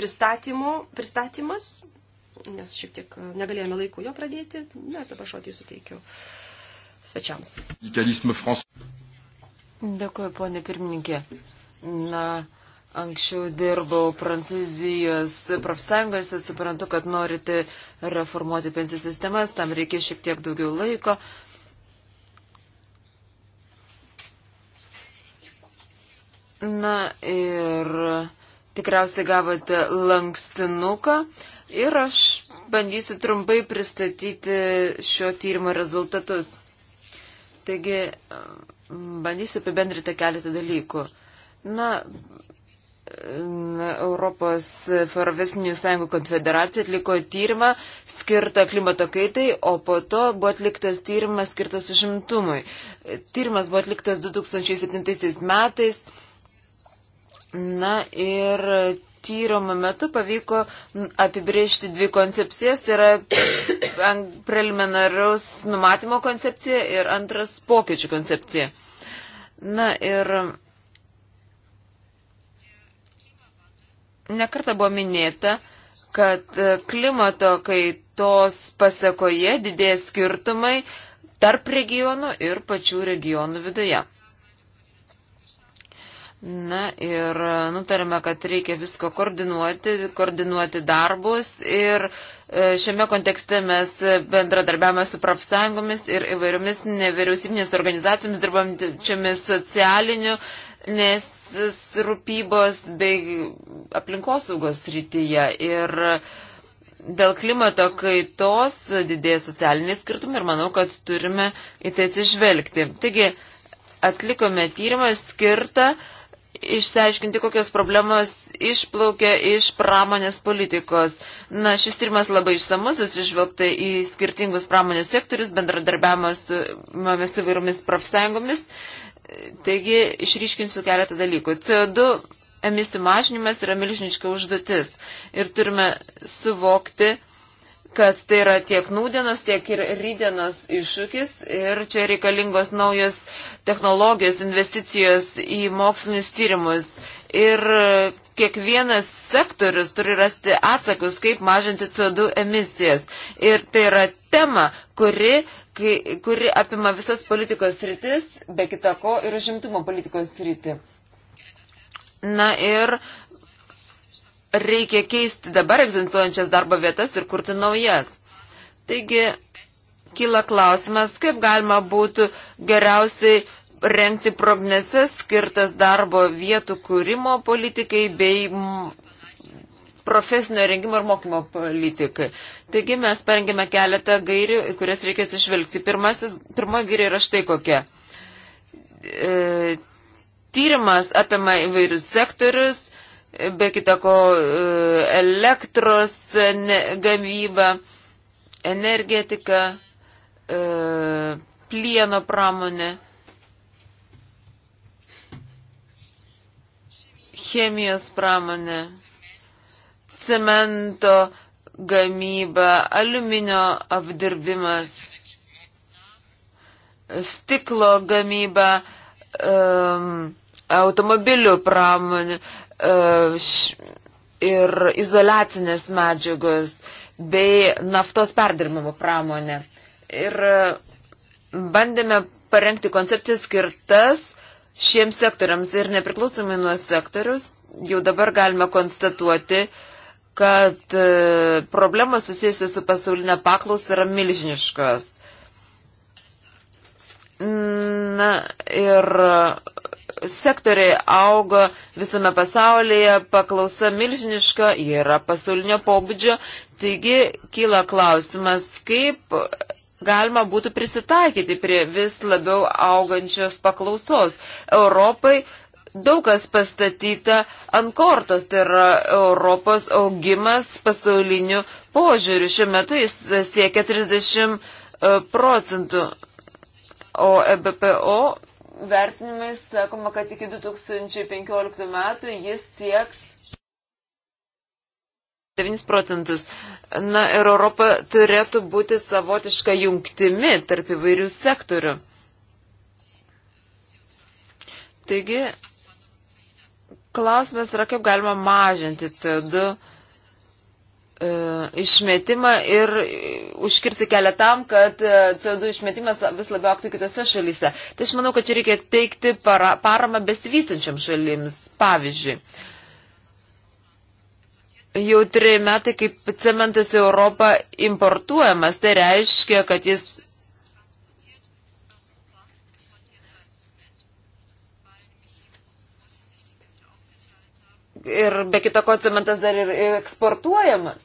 pristatymas, nes šiek tiek e, negalėjome laiko jo pradėti. Na, dabar šotį suteikiu svečiams. Dėkuoju, ponė pirmininkė. Na, anksčiau dirbau Prancūzijos profsąjungose, suprantu, kad norite reformuoti pensijų sistemas, tam reikia šiek tiek daugiau laiko. Na ir Tikriausiai gavote lankstinuką ir aš bandysiu trumpai pristatyti šio tyrimo rezultatus. Taigi, bandysiu apibendrinti keletą dalykų. Na, Europos Fervesinių sąjungų konfederacija atliko tyrimą skirtą klimato kaitai, o po to buvo atliktas tyrimas skirtas užimtumui. Tyrimas buvo atliktas 2007 metais Na ir tyrimo metu pavyko apibriežti dvi koncepcijas. Tai yra preliminaraus numatymo koncepcija ir antras pokyčių koncepcija. Na ir nekarta buvo minėta, kad klimato kaitos pasakoje didės skirtumai tarp regionų ir pačių regionų viduje. Na ir nutarėme, kad reikia visko koordinuoti, koordinuoti darbus ir e, šiame kontekste mes bendradarbiavame su profsąjungomis ir įvairiomis nevyriausybinės organizacijomis dirbančiamis socialiniu, nes rūpybos bei aplinkosaugos rytyje. Ir dėl klimato kaitos didėja socialiniai skirtumai ir manau, kad turime į tai atsižvelgti. Taigi, atlikome tyrimą skirtą uh, išsiaiškinti, kokios problemos išplaukia iš pramonės politikos. Na, šis tyrimas labai išsamus, atsižvelgta į skirtingus pramonės sektorius, bendradarbiavimą su mumis įvairiomis profsąjungomis. Taigi, išryškinsiu keletą dalykų. CO2 emisijų mažinimas yra milžiniška užduotis ir turime suvokti, kad tai yra tiek nūdienos, tiek ir rydienos iššūkis ir čia reikalingos naujos technologijos, investicijos į mokslinius tyrimus. Ir kiekvienas sektorius turi rasti atsakus, kaip mažinti CO2 emisijas. Ir tai yra tema, kuri, kuri apima visas politikos rytis, be kitako ir užimtumo politikos rytį. Na ir uh, reikia keisti dabar egzistuojančias darbo vietas ir kurti naujas. Taigi, kyla klausimas, kaip galima būtų geriausiai renkti prognozes skirtas darbo vietų kūrimo politikai bei profesinio rengimo ir mokymo politikai. Taigi mes parengėme keletą gairių, kurias reikia atsižvelgti. Pirmasis, pirma gairė yra štai kokia. E, tyrimas apima įvairius sektorius, be kitako e, elektros gamyba, energetika, e, plieno pramonė, chemijos pramonė, cemento gamyba, aliuminio apdirbimas, stiklo gamyba, um, automobilių pramonė, E, ir izolacinės medžiagos bei naftos perdirbimo pramonė. Ir e, bandėme parengti koncepcijas skirtas šiems sektoriams ir nepriklausomai nuo sektorius jau dabar galime konstatuoti, kad e, problemos susijusios su pasaulinė paklaus yra milžiniškos. Na ir sektoriai auga visame pasaulyje, paklausa milžiniška, yra pasaulinio pobūdžio, taigi kyla klausimas, kaip galima būtų prisitaikyti prie vis labiau augančios paklausos. Europai daug kas pastatyta ant kortos, tai yra Europos augimas pasauliniu požiūriu. Šiuo metu jis siekia 30 e, procentų, o EBPO vertinimais sakoma, kad iki 2015 metų jis sieks 9 procentus. Na ir Europa turėtų būti savotiška jungtimi tarp įvairių sektorių. Taigi, klausimas yra, kaip galima mažinti CO2 E, išmetimą ir užkirsti kelią tam, kad e, CO2 išmetimas vis labiau aktų kitose šalyse. Tai aš manau, kad čia reikia teikti para, paramą besivystančiam šalims. Pavyzdžiui, jau treji metai, kaip cementas į Europą importuojamas, tai reiškia, kad jis. Ir be kitako cementas dar ir eksportuojamas.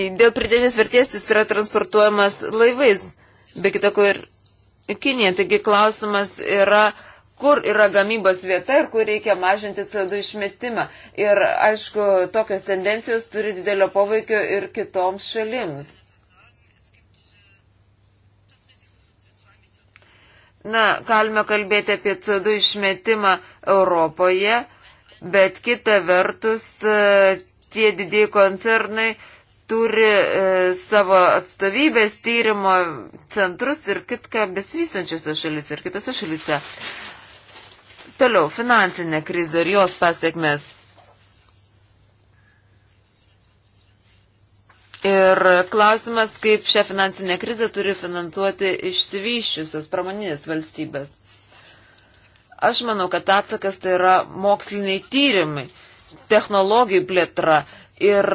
Tai dėl pridėtinės vertės jis yra transportuojamas laivais, be kitako ir Kinija. Taigi klausimas yra, kur yra gamybos vieta ir kur reikia mažinti CO2 išmetimą. Ir aišku, tokios tendencijos turi didelio poveikio ir kitoms šalims. Na, galime kalbėti apie CO2 išmetimą Europoje, bet kita vertus e, tie didieji koncernai turi e, savo atstovybės tyrimo centrus ir kitką besivystančiose šalyse ir kitose šalyse. Toliau, finansinė krizė ir jos pasiekmes. Ir klausimas, kaip šią finansinę krizę turi finansuoti išsivyščiusios pramoninės valstybės. Aš manau, kad atsakas tai yra moksliniai tyrimai, technologijų plėtra ir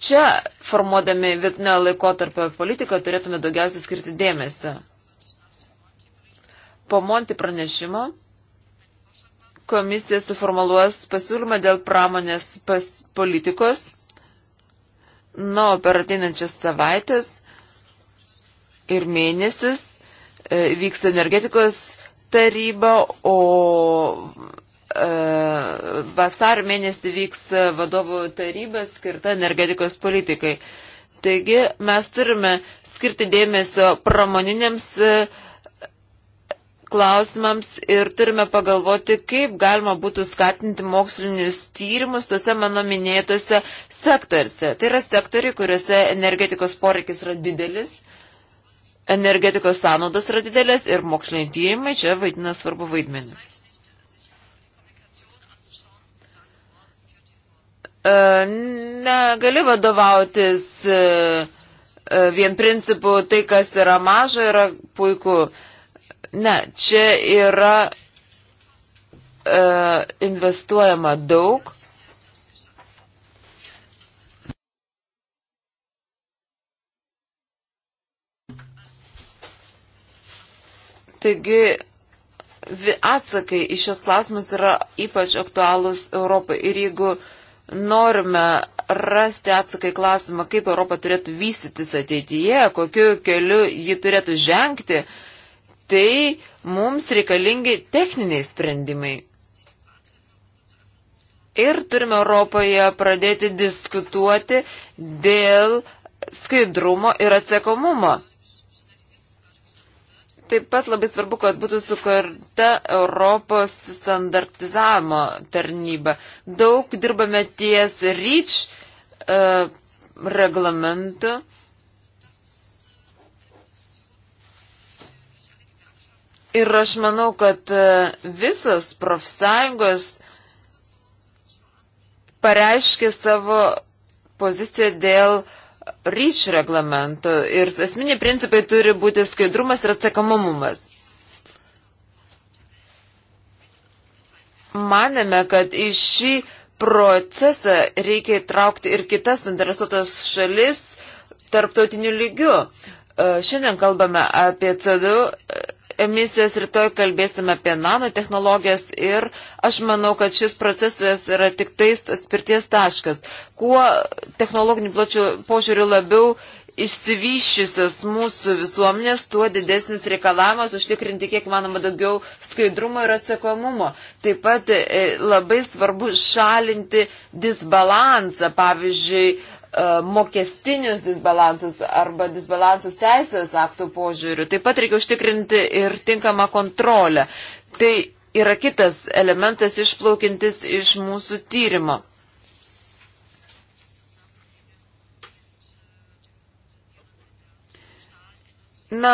čia, formuodami vidinio laikotarpio politiką, turėtume daugiausiai skirti dėmesio. Po Monti pranešimo komisija suformuluos pasiūlymą dėl pramonės politikos. Na, nu, per ateinančias savaitės ir mėnesius e, vyks energetikos taryba, o E, vasar mėnesį vyks vadovų taryba skirta energetikos politikai. Taigi mes turime skirti dėmesio pramoniniams e, klausimams ir turime pagalvoti, kaip galima būtų skatinti mokslinius tyrimus tose mano minėtose sektoriuose. Tai yra sektoriai, kuriuose energetikos poreikis yra didelis, energetikos sąnaudos yra didelės ir moksliniai tyrimai čia vaidina svarbu vaidmenį. E, negali vadovautis e, e, vien principu, tai kas yra maža yra puiku. Ne, čia yra investuojama daug. Taigi atsakai į šios klausimus yra ypač aktualūs Europai. Ir jeigu uh, norime rasti atsaką į klausimą, kaip Europa turėtų vystytis ateityje, kokiu keliu ji turėtų žengti, tai mums reikalingi techniniai sprendimai. Ir turime Europoje pradėti diskutuoti dėl skaidrumo ir atsakomumo. Taip pat labai svarbu, kad būtų sukurta Europos standartizavimo tarnyba. Daug dirbame ties REACH uh, reglamentu. Ir aš manau, kad e, visos profsąjungos pareiškė savo poziciją dėl uh, ryč reglamento ir esminiai principai turi būti skaidrumas ir atsakomumas. Manėme, kad į šį procesą reikia įtraukti ir kitas interesuotas šalis tarptautiniu lygiu. Šiandien kalbame apie CO2 emisijas, rytoj kalbėsime apie nanotehnologijas ir aš manau, kad šis procesas yra tik tais atspirties taškas. Kuo technologinių plačių požiūrių labiau išsivyščiusios mūsų visuomenės, tuo didesnis reikalavimas užtikrinti kiek manoma daugiau skaidrumo ir atsakomumo. Taip pat e, labai svarbu šalinti disbalansą, pavyzdžiui, E, mokestinius disbalansus arba disbalansus teisės aktų požiūrių. Taip pat reikia užtikrinti ir tinkamą kontrolę. Tai yra kitas elementas išplaukintis iš mūsų tyrimo. Na,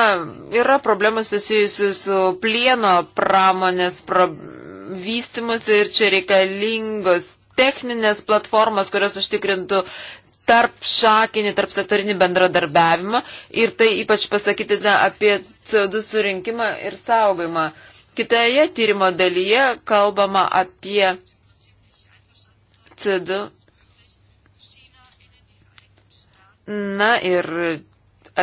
yra problemų susijusių su plieno pramonės pro... vystimus ir čia reikalingos techninės platformos, kurios užtikrintų uh, tarp šakinį, tarp sektorinį bendradarbiavimą ir tai ypač pasakytina apie CO2 surinkimą ir saugojimą. Kitoje tyrimo dalyje kalbama apie CO2. Na ir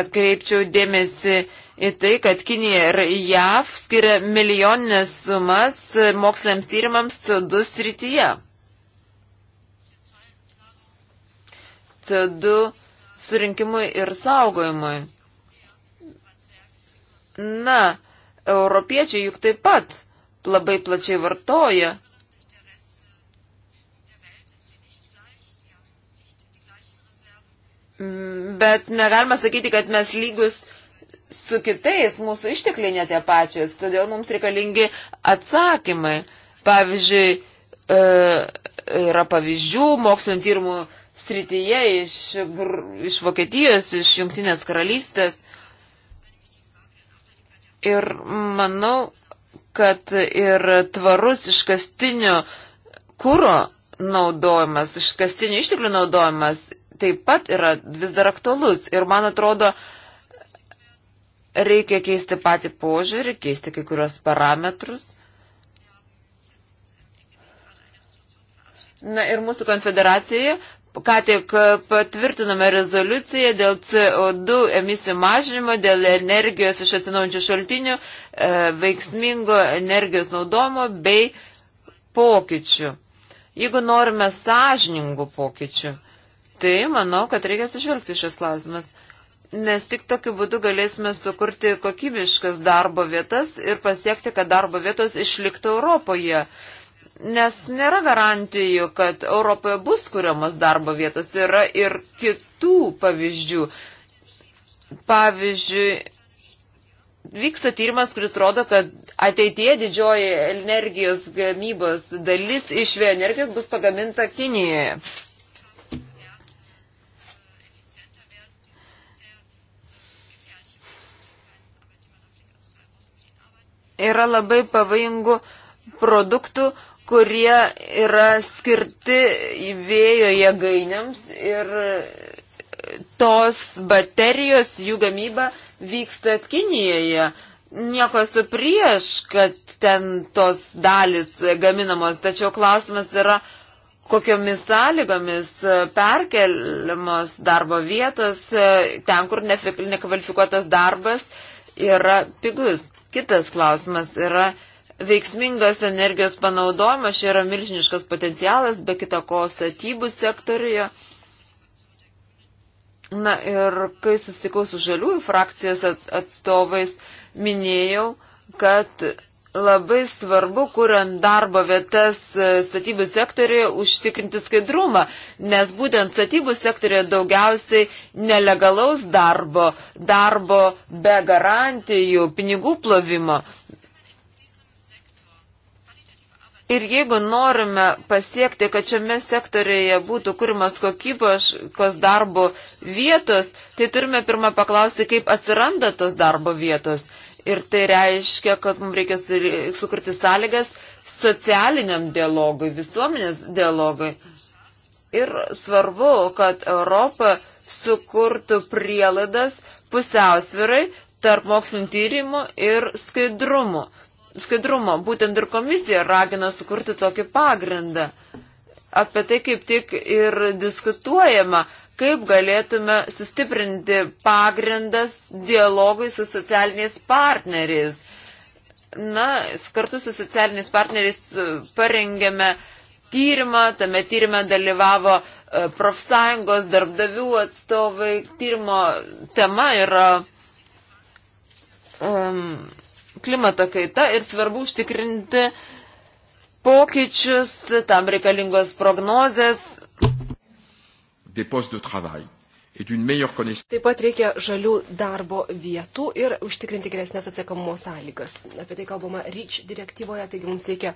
atkreipčiau dėmesį į tai, kad Kinija ir JAV skiria milijoninės sumas moksliniams tyrimams CO2 srityje. CO2 surinkimui ir saugojimui. Na, europiečiai juk taip pat labai plačiai vartoja. Bet negalima sakyti, kad mes lygus su kitais, mūsų ištekliai netie pačias, todėl mums reikalingi atsakymai. Pavyzdžiui, e, yra pavyzdžių mokslinio tyrimų srityje iš, iš Vokietijos, iš Junktinės karalystės. Ir manau, kad ir tvarus iškastinio kūro naudojimas, iškastinių išteklių naudojimas taip pat yra vis dar aktualus. Ir man atrodo, reikia keisti patį požiūrį, keisti kai kurios parametrus. Na ir mūsų konfederacijoje Ką tik e, patvirtinome rezoliuciją dėl CO2 emisijų mažinimo, dėl energijos iš atsinaujančių šaltinių, e, veiksmingo energijos naudomo bei pokyčių. Jeigu norime sąžiningų pokyčių, tai manau, kad reikia atsižvelgti šis klausimas, nes tik tokiu būdu galėsime sukurti kokybiškas darbo vietas ir pasiekti, kad darbo vietos išliktų Europoje. Uh, nes nėra garantijų, kad Europoje bus kuriamas darbo vietos. Yra ir kitų pavyzdžių. Pavyzdžiui, vyksta tyrimas, kuris rodo, kad ateitie didžioji energijos gamybos dalis iš vėjo energijos bus pagaminta Kinijoje. Yra labai pavojingų produktų, kurie yra skirti vėjo jėgainėms ir tos baterijos, jų gamyba vyksta Kinijoje. Nieko su prieš, kad ten tos dalis gaminamos, tačiau klausimas yra, kokiomis sąlygomis perkeliamos darbo vietos ten, kur nekvalifikuotas darbas yra pigus. Kitas klausimas yra, veiksmingas energijos panaudojimas, čia yra milžiniškas potencialas, be kita ko statybų sektorijoje. Na ir kai susitikau su žaliųjų frakcijos atstovais, minėjau, kad labai svarbu, kuriant darbo vietas e, statybų sektorijoje, užtikrinti skaidrumą, nes būtent statybų sektorijoje daugiausiai nelegalaus darbo, darbo be garantijų, pinigų plovimo. Ir jeigu norime pasiekti, kad šiame sektorėje būtų kūrimas kokybos darbo vietos, tai turime pirmą paklausti, kaip atsiranda tos darbo vietos. Ir tai reiškia, kad mums reikia sukurti sąlygas socialiniam dialogui, visuomenės dialogui. Ir svarbu, kad Europa sukurtų prielaidas pusiausvirai tarp mokslinio tyrimų ir skaidrumų skaidrumo. Būtent ir komisija ragino sukurti tokį pagrindą. Apie tai kaip tik ir diskutuojama, kaip galėtume sustiprinti pagrindas dialogui su socialiniais partneriais. Na, kartu su socialiniais partneriais e, parengėme tyrimą, tame tyrimė dalyvavo e, profsąjungos, darbdavių atstovai. Tyrimo tema yra um, klimato kaita ir svarbu užtikrinti pokyčius, tam reikalingos prognozės. Taip pat reikia žalių darbo vietų ir užtikrinti geresnės atsiekamumo sąlygas. Apie tai kalbama REACH direktyvoje, taigi mums reikia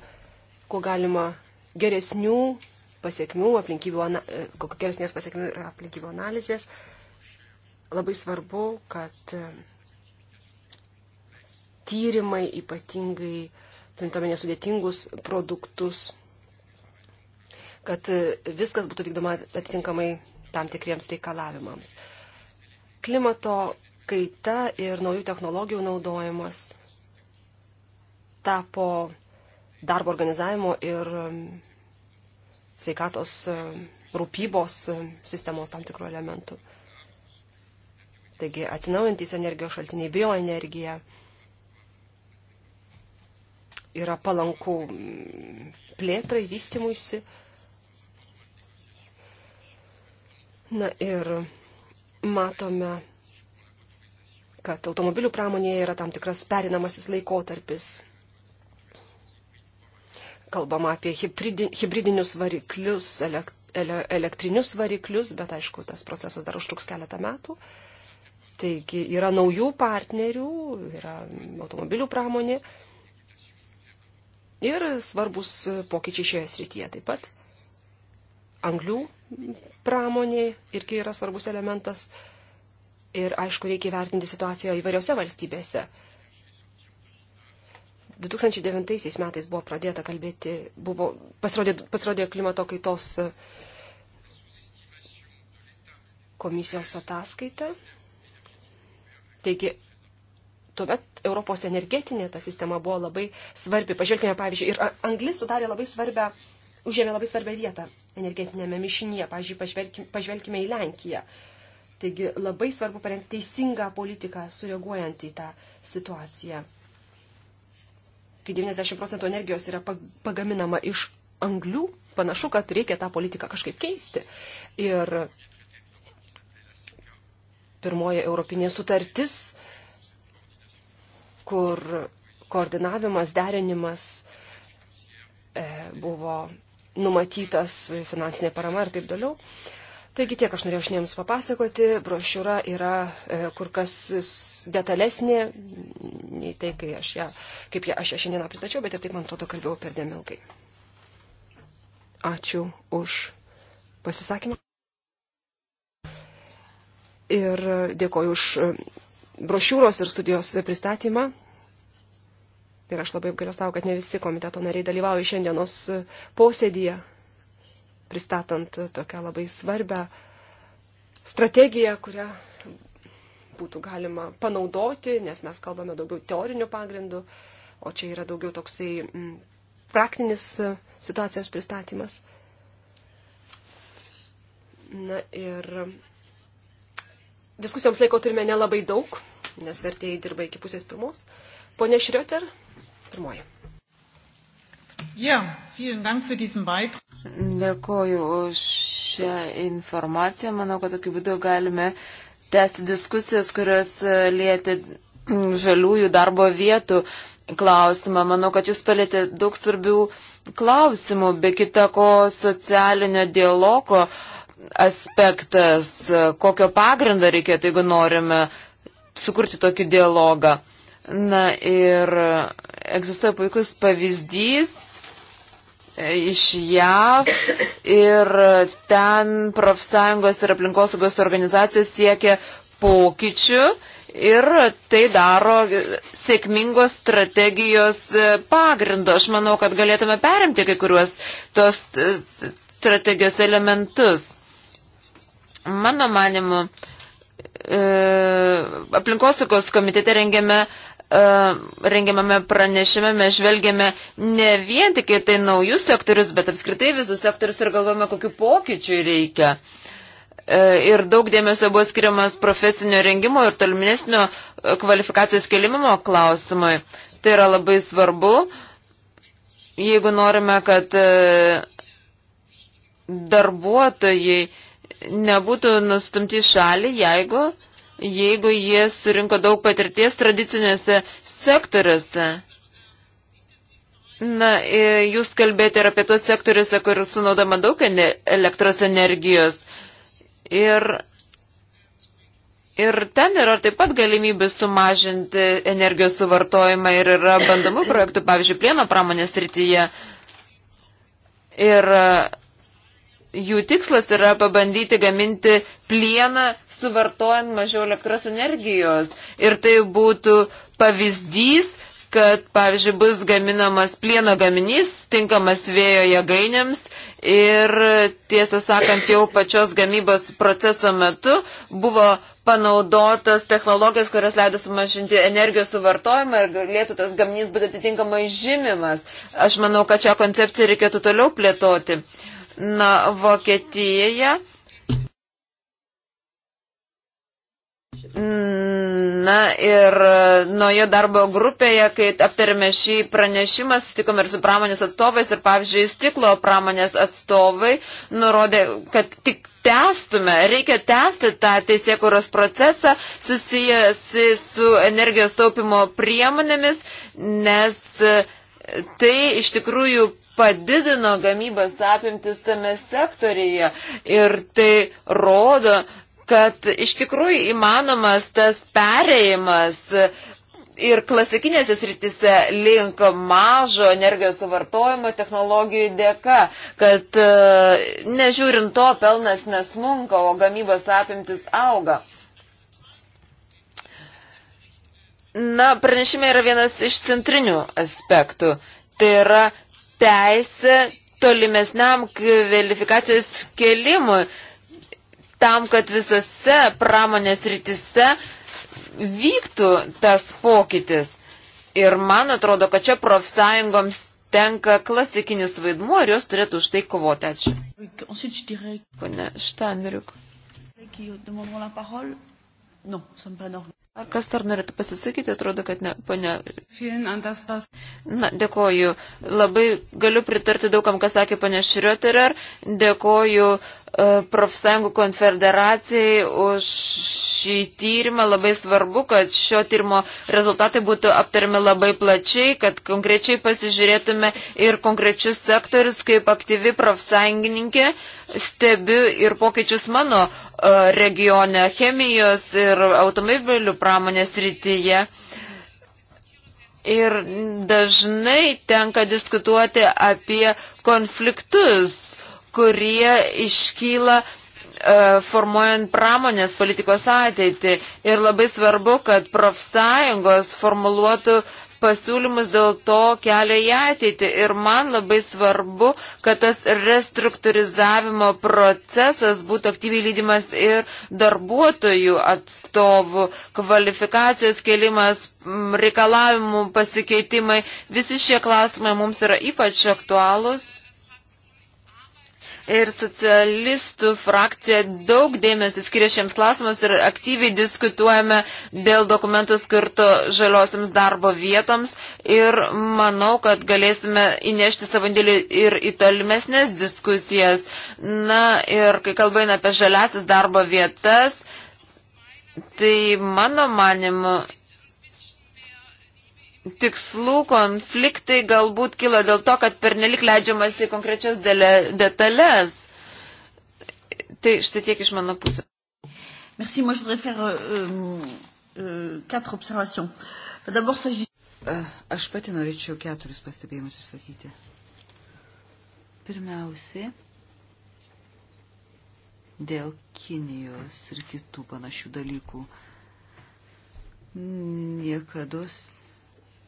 kuo galima geresnių pasiekmių, aplinkybių, e, geresnės pasiekmių ir aplinkybių analizės. Labai svarbu, kad tyrimai, ypatingai turintuomenė sudėtingus produktus, kad viskas būtų vykdoma atitinkamai tam tikriems reikalavimams. Klimato kaita ir naujų technologijų naudojimas tapo darbo organizavimo ir um, sveikatos um, rūpybos um, sistemos tam tikrų elementų. Taigi atsinaujantys energijos šaltiniai, bioenergija, yra palanku mm, plėtrai, vystimuisi. Na ir matome, kad automobilių pramonėje yra tam tikras perinamasis laikotarpis. Kalbama apie hybridinius variklius, elektrinius variklius, bet aišku, tas procesas dar užtruks keletą metų. Taigi yra naujų partnerių, yra automobilių pramonė, ir svarbus pokyčiai šioje srityje taip pat. Anglių pramonė irgi yra svarbus elementas. Ir aišku, reikia vertinti situaciją įvairiose valstybėse. 2009 metais buvo pradėta kalbėti, buvo, pasirodė, pasirodė klimato kaitos komisijos ataskaita. Taigi tuomet Europos energetinė ta sistema buvo labai svarbi. Pažvelkime, pavyzdžiui, ir anglis sudarė labai svarbę, užėmė labai svarbę vietą energetinėme mišinyje. Pavyzdžiui, pažvelkime, pažvelkime į Lenkiją. Taigi labai svarbu parengti teisingą politiką, sureaguojant į tą situaciją. Kai 90 procentų energijos yra pagaminama iš anglių, panašu, kad reikia tą politiką kažkaip keisti. Ir pirmoji Europinė sutartis kur koordinavimas, derinimas e, buvo numatytas finansinė parama ir taip toliau. Taigi tiek aš norėjau šiandien papasakoti. Brošiūra yra e, kur kas detalesnė nei tai, kai aš ją, kaip ją, aš ją šiandieną pristačiau, bet ir taip, man atrodo, kalbėjau per demilgai. Ačiū už pasisakymą. Ir dėkoju už brošiūros ir studijos pristatymą. Ir aš labai apgalėstau, kad ne visi komiteto nariai dalyvauja šiandienos posėdėje, pristatant tokią labai svarbę strategiją, kurią būtų galima panaudoti, nes mes kalbame daugiau teorinių pagrindų, o čia yra daugiau toksai mm, praktinis situacijos pristatymas. Na ir diskusijoms laiko turime nelabai daug, nes vertėjai dirba iki pusės pirmos. Pone Šrioter, pirmoji. Ja, Dėkoju už šią informaciją. Manau, kad tokiu būdu galime tęsti diskusijas, kurios e, lietė žaliųjų darbo vietų klausimą. Manau, kad jūs palėtė daug svarbių klausimų, be kita ko socialinio dialogo. Uh, aspektas, kokio pagrindo reikėtų, jeigu norime sukurti tokį dialogą. Na ir egzistuoja puikus pavyzdys e, iš JAV ir ten profsąjungos ir aplinkosaugos organizacijos siekia pokyčių ir tai daro sėkmingos strategijos e, pagrindo. Aš manau, kad galėtume perimti kai kuriuos tos e, strategijos elementus. Mano manimu, e, aplinkosaugos komitete rengiame e, rengiamame pranešime mes žvelgiame ne vien tik į tai naujus sektorius, bet apskritai visus sektorius ir galvojame, kokiu pokyčiu reikia. E, ir daug dėmesio buvo skiriamas profesinio rengimo ir tolminesnio kvalifikacijos kelimimo klausimui. Tai yra labai svarbu, jeigu norime, kad darbuotojai nebūtų nustumti šalį, jeigu, jeigu jie surinko daug patirties tradicinėse sektoriuose. Na, e, jūs kalbėjote ir apie tos sektoriuose, kur sunaudama daug elektros energijos. Ir, ir ten yra taip pat galimybė sumažinti energijos suvartojimą ir yra bandomų projektų, pavyzdžiui, plieno pramonės rytyje. Ir jų tikslas yra pabandyti gaminti plieną, suvartojant mažiau elektros energijos. Ir tai būtų pavyzdys, kad, pavyzdžiui, bus gaminamas plieno gaminys, tinkamas vėjo jėgainėms ir, tiesą sakant, jau pačios gamybos proceso metu buvo panaudotas technologijas, kurios leido sumažinti energijos suvartojimą ir galėtų tas gaminys būti atitinkamai žymimas. Aš manau, kad šią koncepciją reikėtų toliau plėtoti. Uh, Na, Vokietijoje. Na ir nuojo darbo grupėje, kai aptarėme šį pranešimą, sutikome ir su pramonės atstovais ir, pavyzdžiui, stiklo pramonės atstovai nurodė, kad tik testume, reikia tęsti tą teisėkuros procesą susijusi su energijos taupimo priemonėmis, nes tai iš tikrųjų padidino gamybos apimtis tame sektorija ir tai rodo, kad iš tikrųjų įmanomas tas pereimas ir klasikinėse sritise link mažo energijos suvartojimo technologijų dėka, kad e, nežiūrint to pelnas nesmunka, o gamybos apimtis auga. Na, pranešime yra vienas iš centrinių aspektų. Tai yra teisę tolimesniam kvalifikacijos kelimui, tam, kad visose pramonės rytise vyktų tas pokytis. Ir man atrodo, kad čia profsąjungoms tenka klasikinis vaidmuo ir jos turėtų už tai kovoti. Ačiū. Pone Štanriuk. Euh, Ar kas dar norėtų pasisakyti, atrodo, kad ne, ponia. Na, dėkoju. Labai galiu pritarti daugam, kas sakė ponia Šrioterer. Dėkoju uh, profsąjungų konfederacijai už šį tyrimą. Labai svarbu, kad šio tyrimo rezultatai būtų aptariami labai plačiai, kad konkrečiai pasižiūrėtume ir konkrečius sektorius, kaip aktyvi profsąjungininkė stebiu ir pokyčius mano E, regione chemijos ir automobilių pramonės rytyje. Ir dažnai tenka diskutuoti apie konfliktus, kurie iškyla e, formuojant pramonės politikos ateitį. Ir labai svarbu, kad profsąjungos formuluotų pasiūlymus dėl to kelio į ateitį. Ir man labai svarbu, kad tas restruktūrizavimo procesas būtų aktyviai lydimas ir darbuotojų atstovų, kvalifikacijos kelimas, reikalavimų pasikeitimai. Visi šie klausimai mums yra ypač aktualūs ir socialistų frakcija daug dėmesio skiria šiems klausimams ir aktyviai diskutuojame dėl dokumentų skirto žaliosiams darbo vietoms ir manau, kad galėsime įnešti savo indėlį ir į tolimesnės diskusijas. Na ir kai kalbame apie žaliasis darbo vietas, tai mano manimu tikslų konfliktai galbūt kilo dėl to, kad pernelik leidžiamas į konkrečias detalės. Tai štai tiek iš mano pusės. Merci, moi je voudrais faire euh, euh, quatre observations. D'abord, s'agissant. Euh, aš pati norėčiau keturis pastebėjimus išsakyti. Pirmiausia, dėl Kinijos ir kitų panašių dalykų. Niekados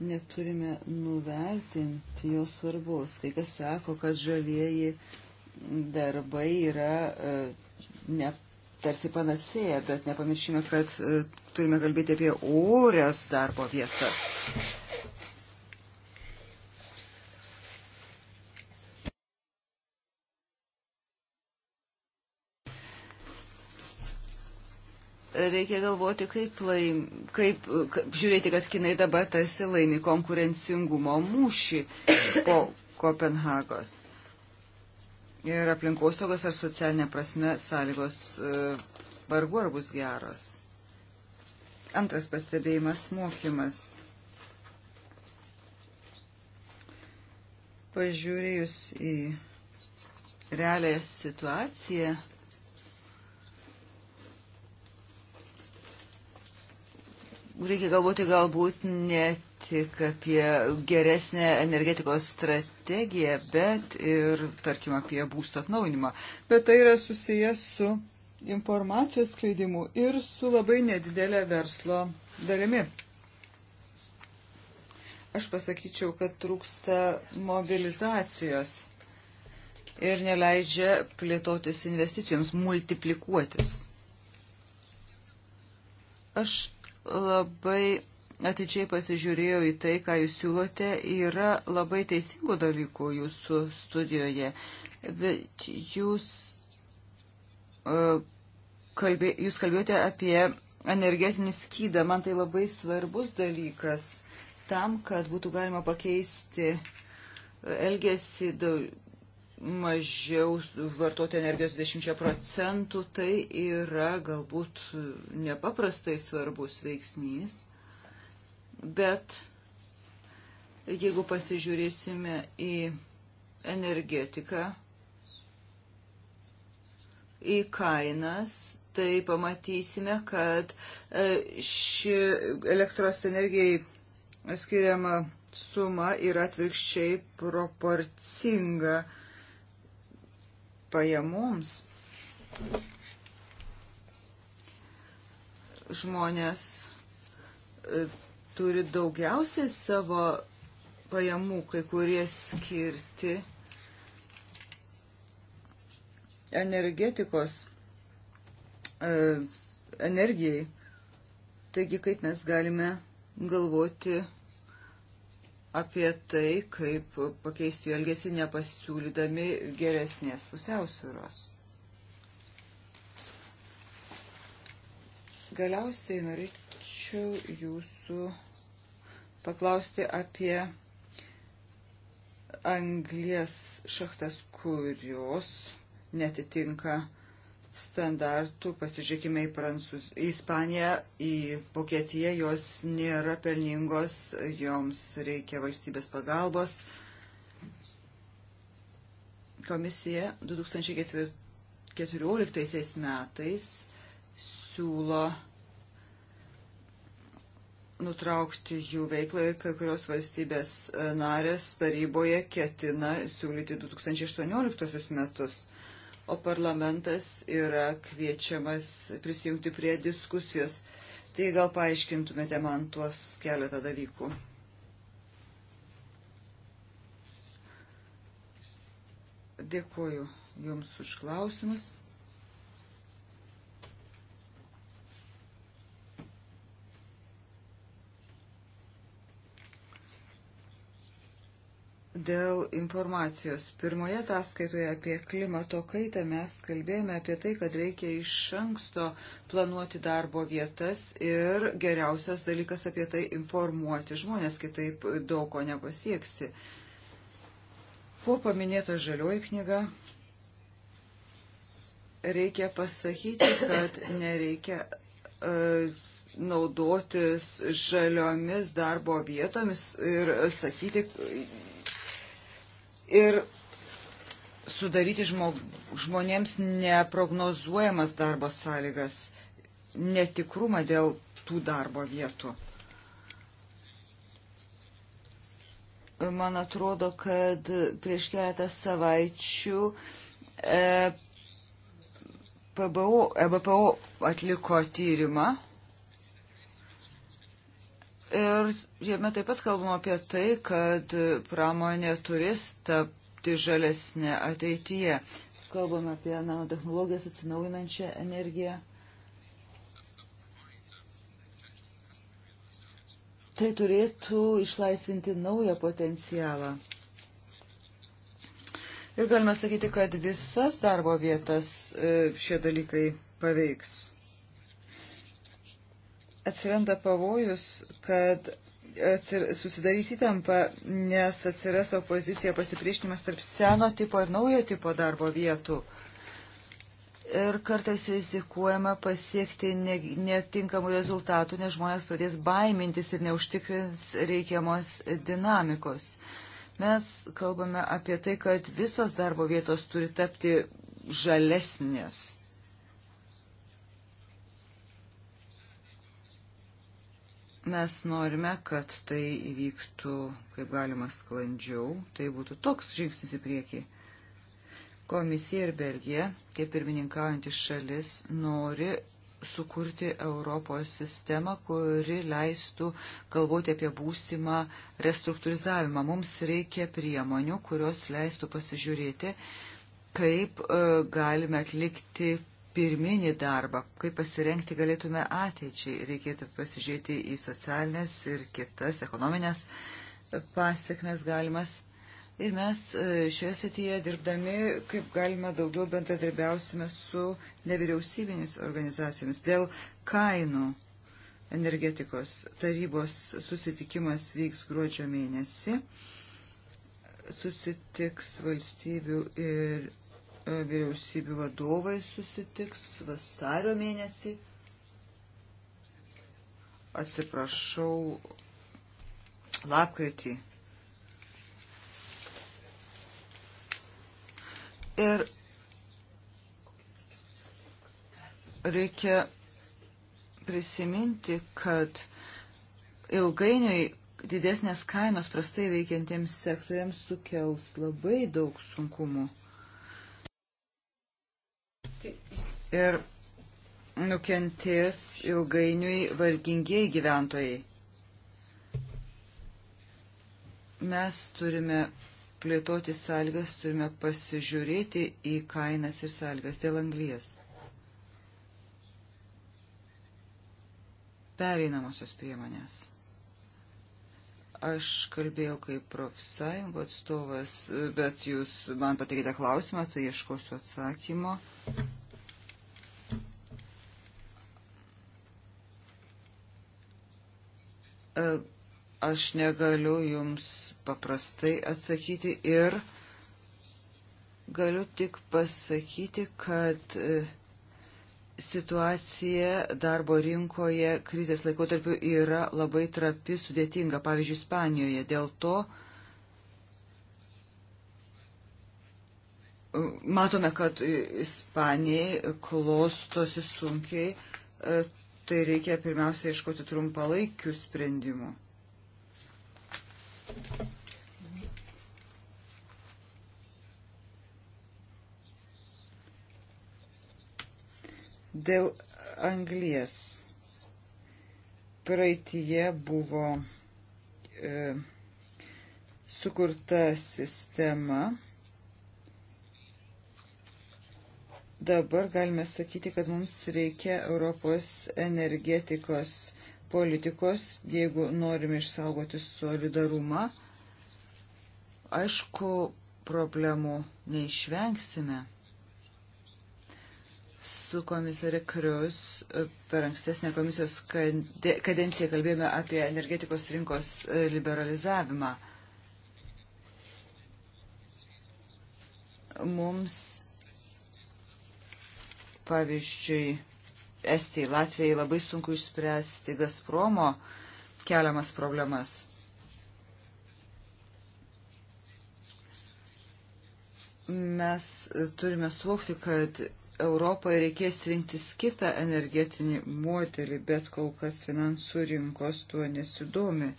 neturime nuvertinti jo svarbos. Kai kas sako, kad žalieji darbai yra e, ne tarsi panacėja, bet nepamirškime, kad e, turime kalbėti apie orės darbo vietas. reikia galvoti, kaip, laim, kaip, kaip žiūrėti, kad Kinai dabar tarsi laimi konkurencingumo mūšį po Kopenhagos. Ir aplinkosaugos ar socialinė prasme sąlygos e, vargu ar bus geros. Antras pastebėjimas - mokymas. Pažiūrėjus į realią situaciją, reikia galvoti galbūt ne tik apie geresnę energetikos strategiją, bet ir, tarkim, apie būsto atnaujinimą. Bet tai yra susijęs su informacijos skleidimu ir su labai nedidelė verslo dalimi. Aš pasakyčiau, kad trūksta mobilizacijos ir neleidžia plėtotis investicijoms, multiplikuotis. Aš labai atidžiai pasižiūrėjau į tai, ką jūs siūlote. Yra labai teisingų dalykų jūsų studijoje, bet jūs, e, kalbė, jūs kalbėjote apie energetinį skydą. Man tai labai svarbus dalykas tam, kad būtų galima pakeisti elgesį daug mažiau vartoti energijos 10 procentų, tai yra galbūt nepaprastai svarbus veiksnys. Bet jeigu pasižiūrėsime į energetiką, į kainas, tai pamatysime, kad e, ši elektros energijai skiriama suma yra atvirkščiai proporcinga pajamoms žmonės e, turi daugiausiai savo pajamų, kai kurie skirti energetikos e, energijai. Taigi, kaip mes galime galvoti apie tai, kaip pakeisti jų elgesį, nepasiūlydami geresnės pusiausvyros. Galiausiai norėčiau jūsų paklausti apie anglies šachtas, kurios netitinka standartų, pasižiūrėkime į, Prancūz... į Ispaniją, į Vokietiją, jos nėra pelningos, joms reikia valstybės pagalbos. Komisija 2014 metais siūlo nutraukti jų veiklą ir kai kurios valstybės e, narės taryboje ketina siūlyti 2018 metus o parlamentas yra kviečiamas prisijungti prie diskusijos. Tai gal paaiškintumėte man tuos keletą dalykų. Dėkuoju Jums už klausimus. dėl informacijos. Pirmoje ataskaitoje apie klimato kaitą mes kalbėjome apie tai, kad reikia iš anksto planuoti darbo vietas ir geriausias dalykas apie tai informuoti žmonės, kitaip daug ko nepasieksi. Po paminėta žalioji knyga reikia pasakyti, kad nereikia. Uh, naudotis žaliomis darbo vietomis ir sakyti, ir sudaryti žmo, žmonėms neprognozuojamas darbo sąlygas, netikrumą dėl tų darbo vietų. Man atrodo, kad prieš keletą savaičių e, PBO, EBPO atliko tyrimą Ir jame taip pat kalbama apie tai, kad pramonė turės tapti žalesnė ateityje. Kalbame apie nanotehnologijas atsinaujinančią energiją. Tai turėtų išlaisvinti naują potencialą. Ir galime sakyti, kad visas darbo vietas e, šie dalykai paveiks atsiranda pavojus, kad susidarys įtampa, nes atsiras opozicija pasipriešinimas tarp seno tipo ir naujo tipo darbo vietų. Ir kartais rizikuojama pasiekti netinkamų rezultatų, nes žmonės pradės baimintis ir neužtikrins reikiamos dinamikos. Mes kalbame apie tai, kad visos darbo vietos turi tapti žalesnės Mes norime, kad tai įvyktų kaip galima sklandžiau, tai būtų toks žingsnis į priekį. Komisija ir Belgija, kaip pirmininkaujantis šalis, nori sukurti Europos sistemą, kuri leistų galvoti apie būsimą restruktūrizavimą. Mums reikia priemonių, kurios leistų pasižiūrėti, kaip e, galime atlikti pirminį darbą, kaip pasirengti galėtume ateičiai. Reikėtų pasižiūrėti į socialinės ir kitas ekonominės pasiekmes galimas. Ir mes e, šioje srityje dirbdami, kaip galima daugiau bendradarbiausime su nevyriausybinis organizacijomis dėl kainų energetikos tarybos susitikimas vyks gruodžio mėnesį. Susitiks valstybių ir E, vyriausybių vadovai susitiks vasario mėnesį. Atsiprašau, lapkritį. Ir reikia prisiminti, kad ilgainiui didesnės kainos prastai veikiantiems sektoriams sukels labai daug sunkumų. ir nukentės ilgainiui vargingieji gyventojai. Mes turime plėtoti sąlygas, turime pasižiūrėti į kainas ir sąlygas dėl anglijas. Pereinamosios priemonės. Aš kalbėjau kaip profsąjungo atstovas, bet jūs man patikite klausimą, tai ieškosiu atsakymo. E, aš negaliu jums paprastai atsakyti ir galiu tik pasakyti, kad e, situacija darbo rinkoje krizės laikotarpiu yra labai trapi, sudėtinga, pavyzdžiui, Ispanijoje. Dėl to e, matome, kad Ispanijai klostosi sunkiai tai reikia pirmiausia iškoti trumpalaikių sprendimų. Dėl anglies praeitie buvo e, sukurta sistema dabar galime sakyti, kad mums reikia Europos energetikos politikos, jeigu norime išsaugoti solidarumą. Aišku, problemų neišvengsime. Su komisarė Krius per ankstesnę komisijos kadenciją kalbėjome apie energetikos rinkos e, liberalizavimą. Mums Pavyzdžiui, Estijai, Latvijai labai sunku išspręsti Gazpromo keliamas problemas. Mes turime suvokti, kad Europai reikės rinktis kitą energetinį modelį, bet kol kas finansų rinkos tuo nesidomi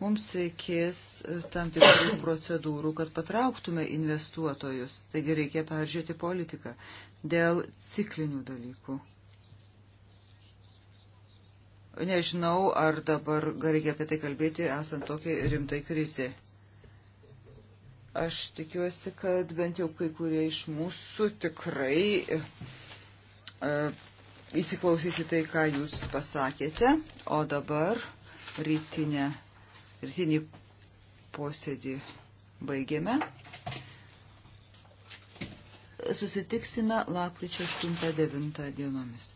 mums reikės e, tam tikrų procedūrų, kad patrauktume investuotojus. Taigi reikia peržiūrėti politiką dėl ciklinių dalykų. Nežinau, ar dabar reikia apie tai kalbėti, esant tokiai rimtai krizė. Aš tikiuosi, kad bent jau kai kurie iš mūsų tikrai e, įsiklausys į tai, ką jūs pasakėte. O dabar rytinę, rytinį posėdį baigėme. Susitiksime lapkričio 8-9 dienomis.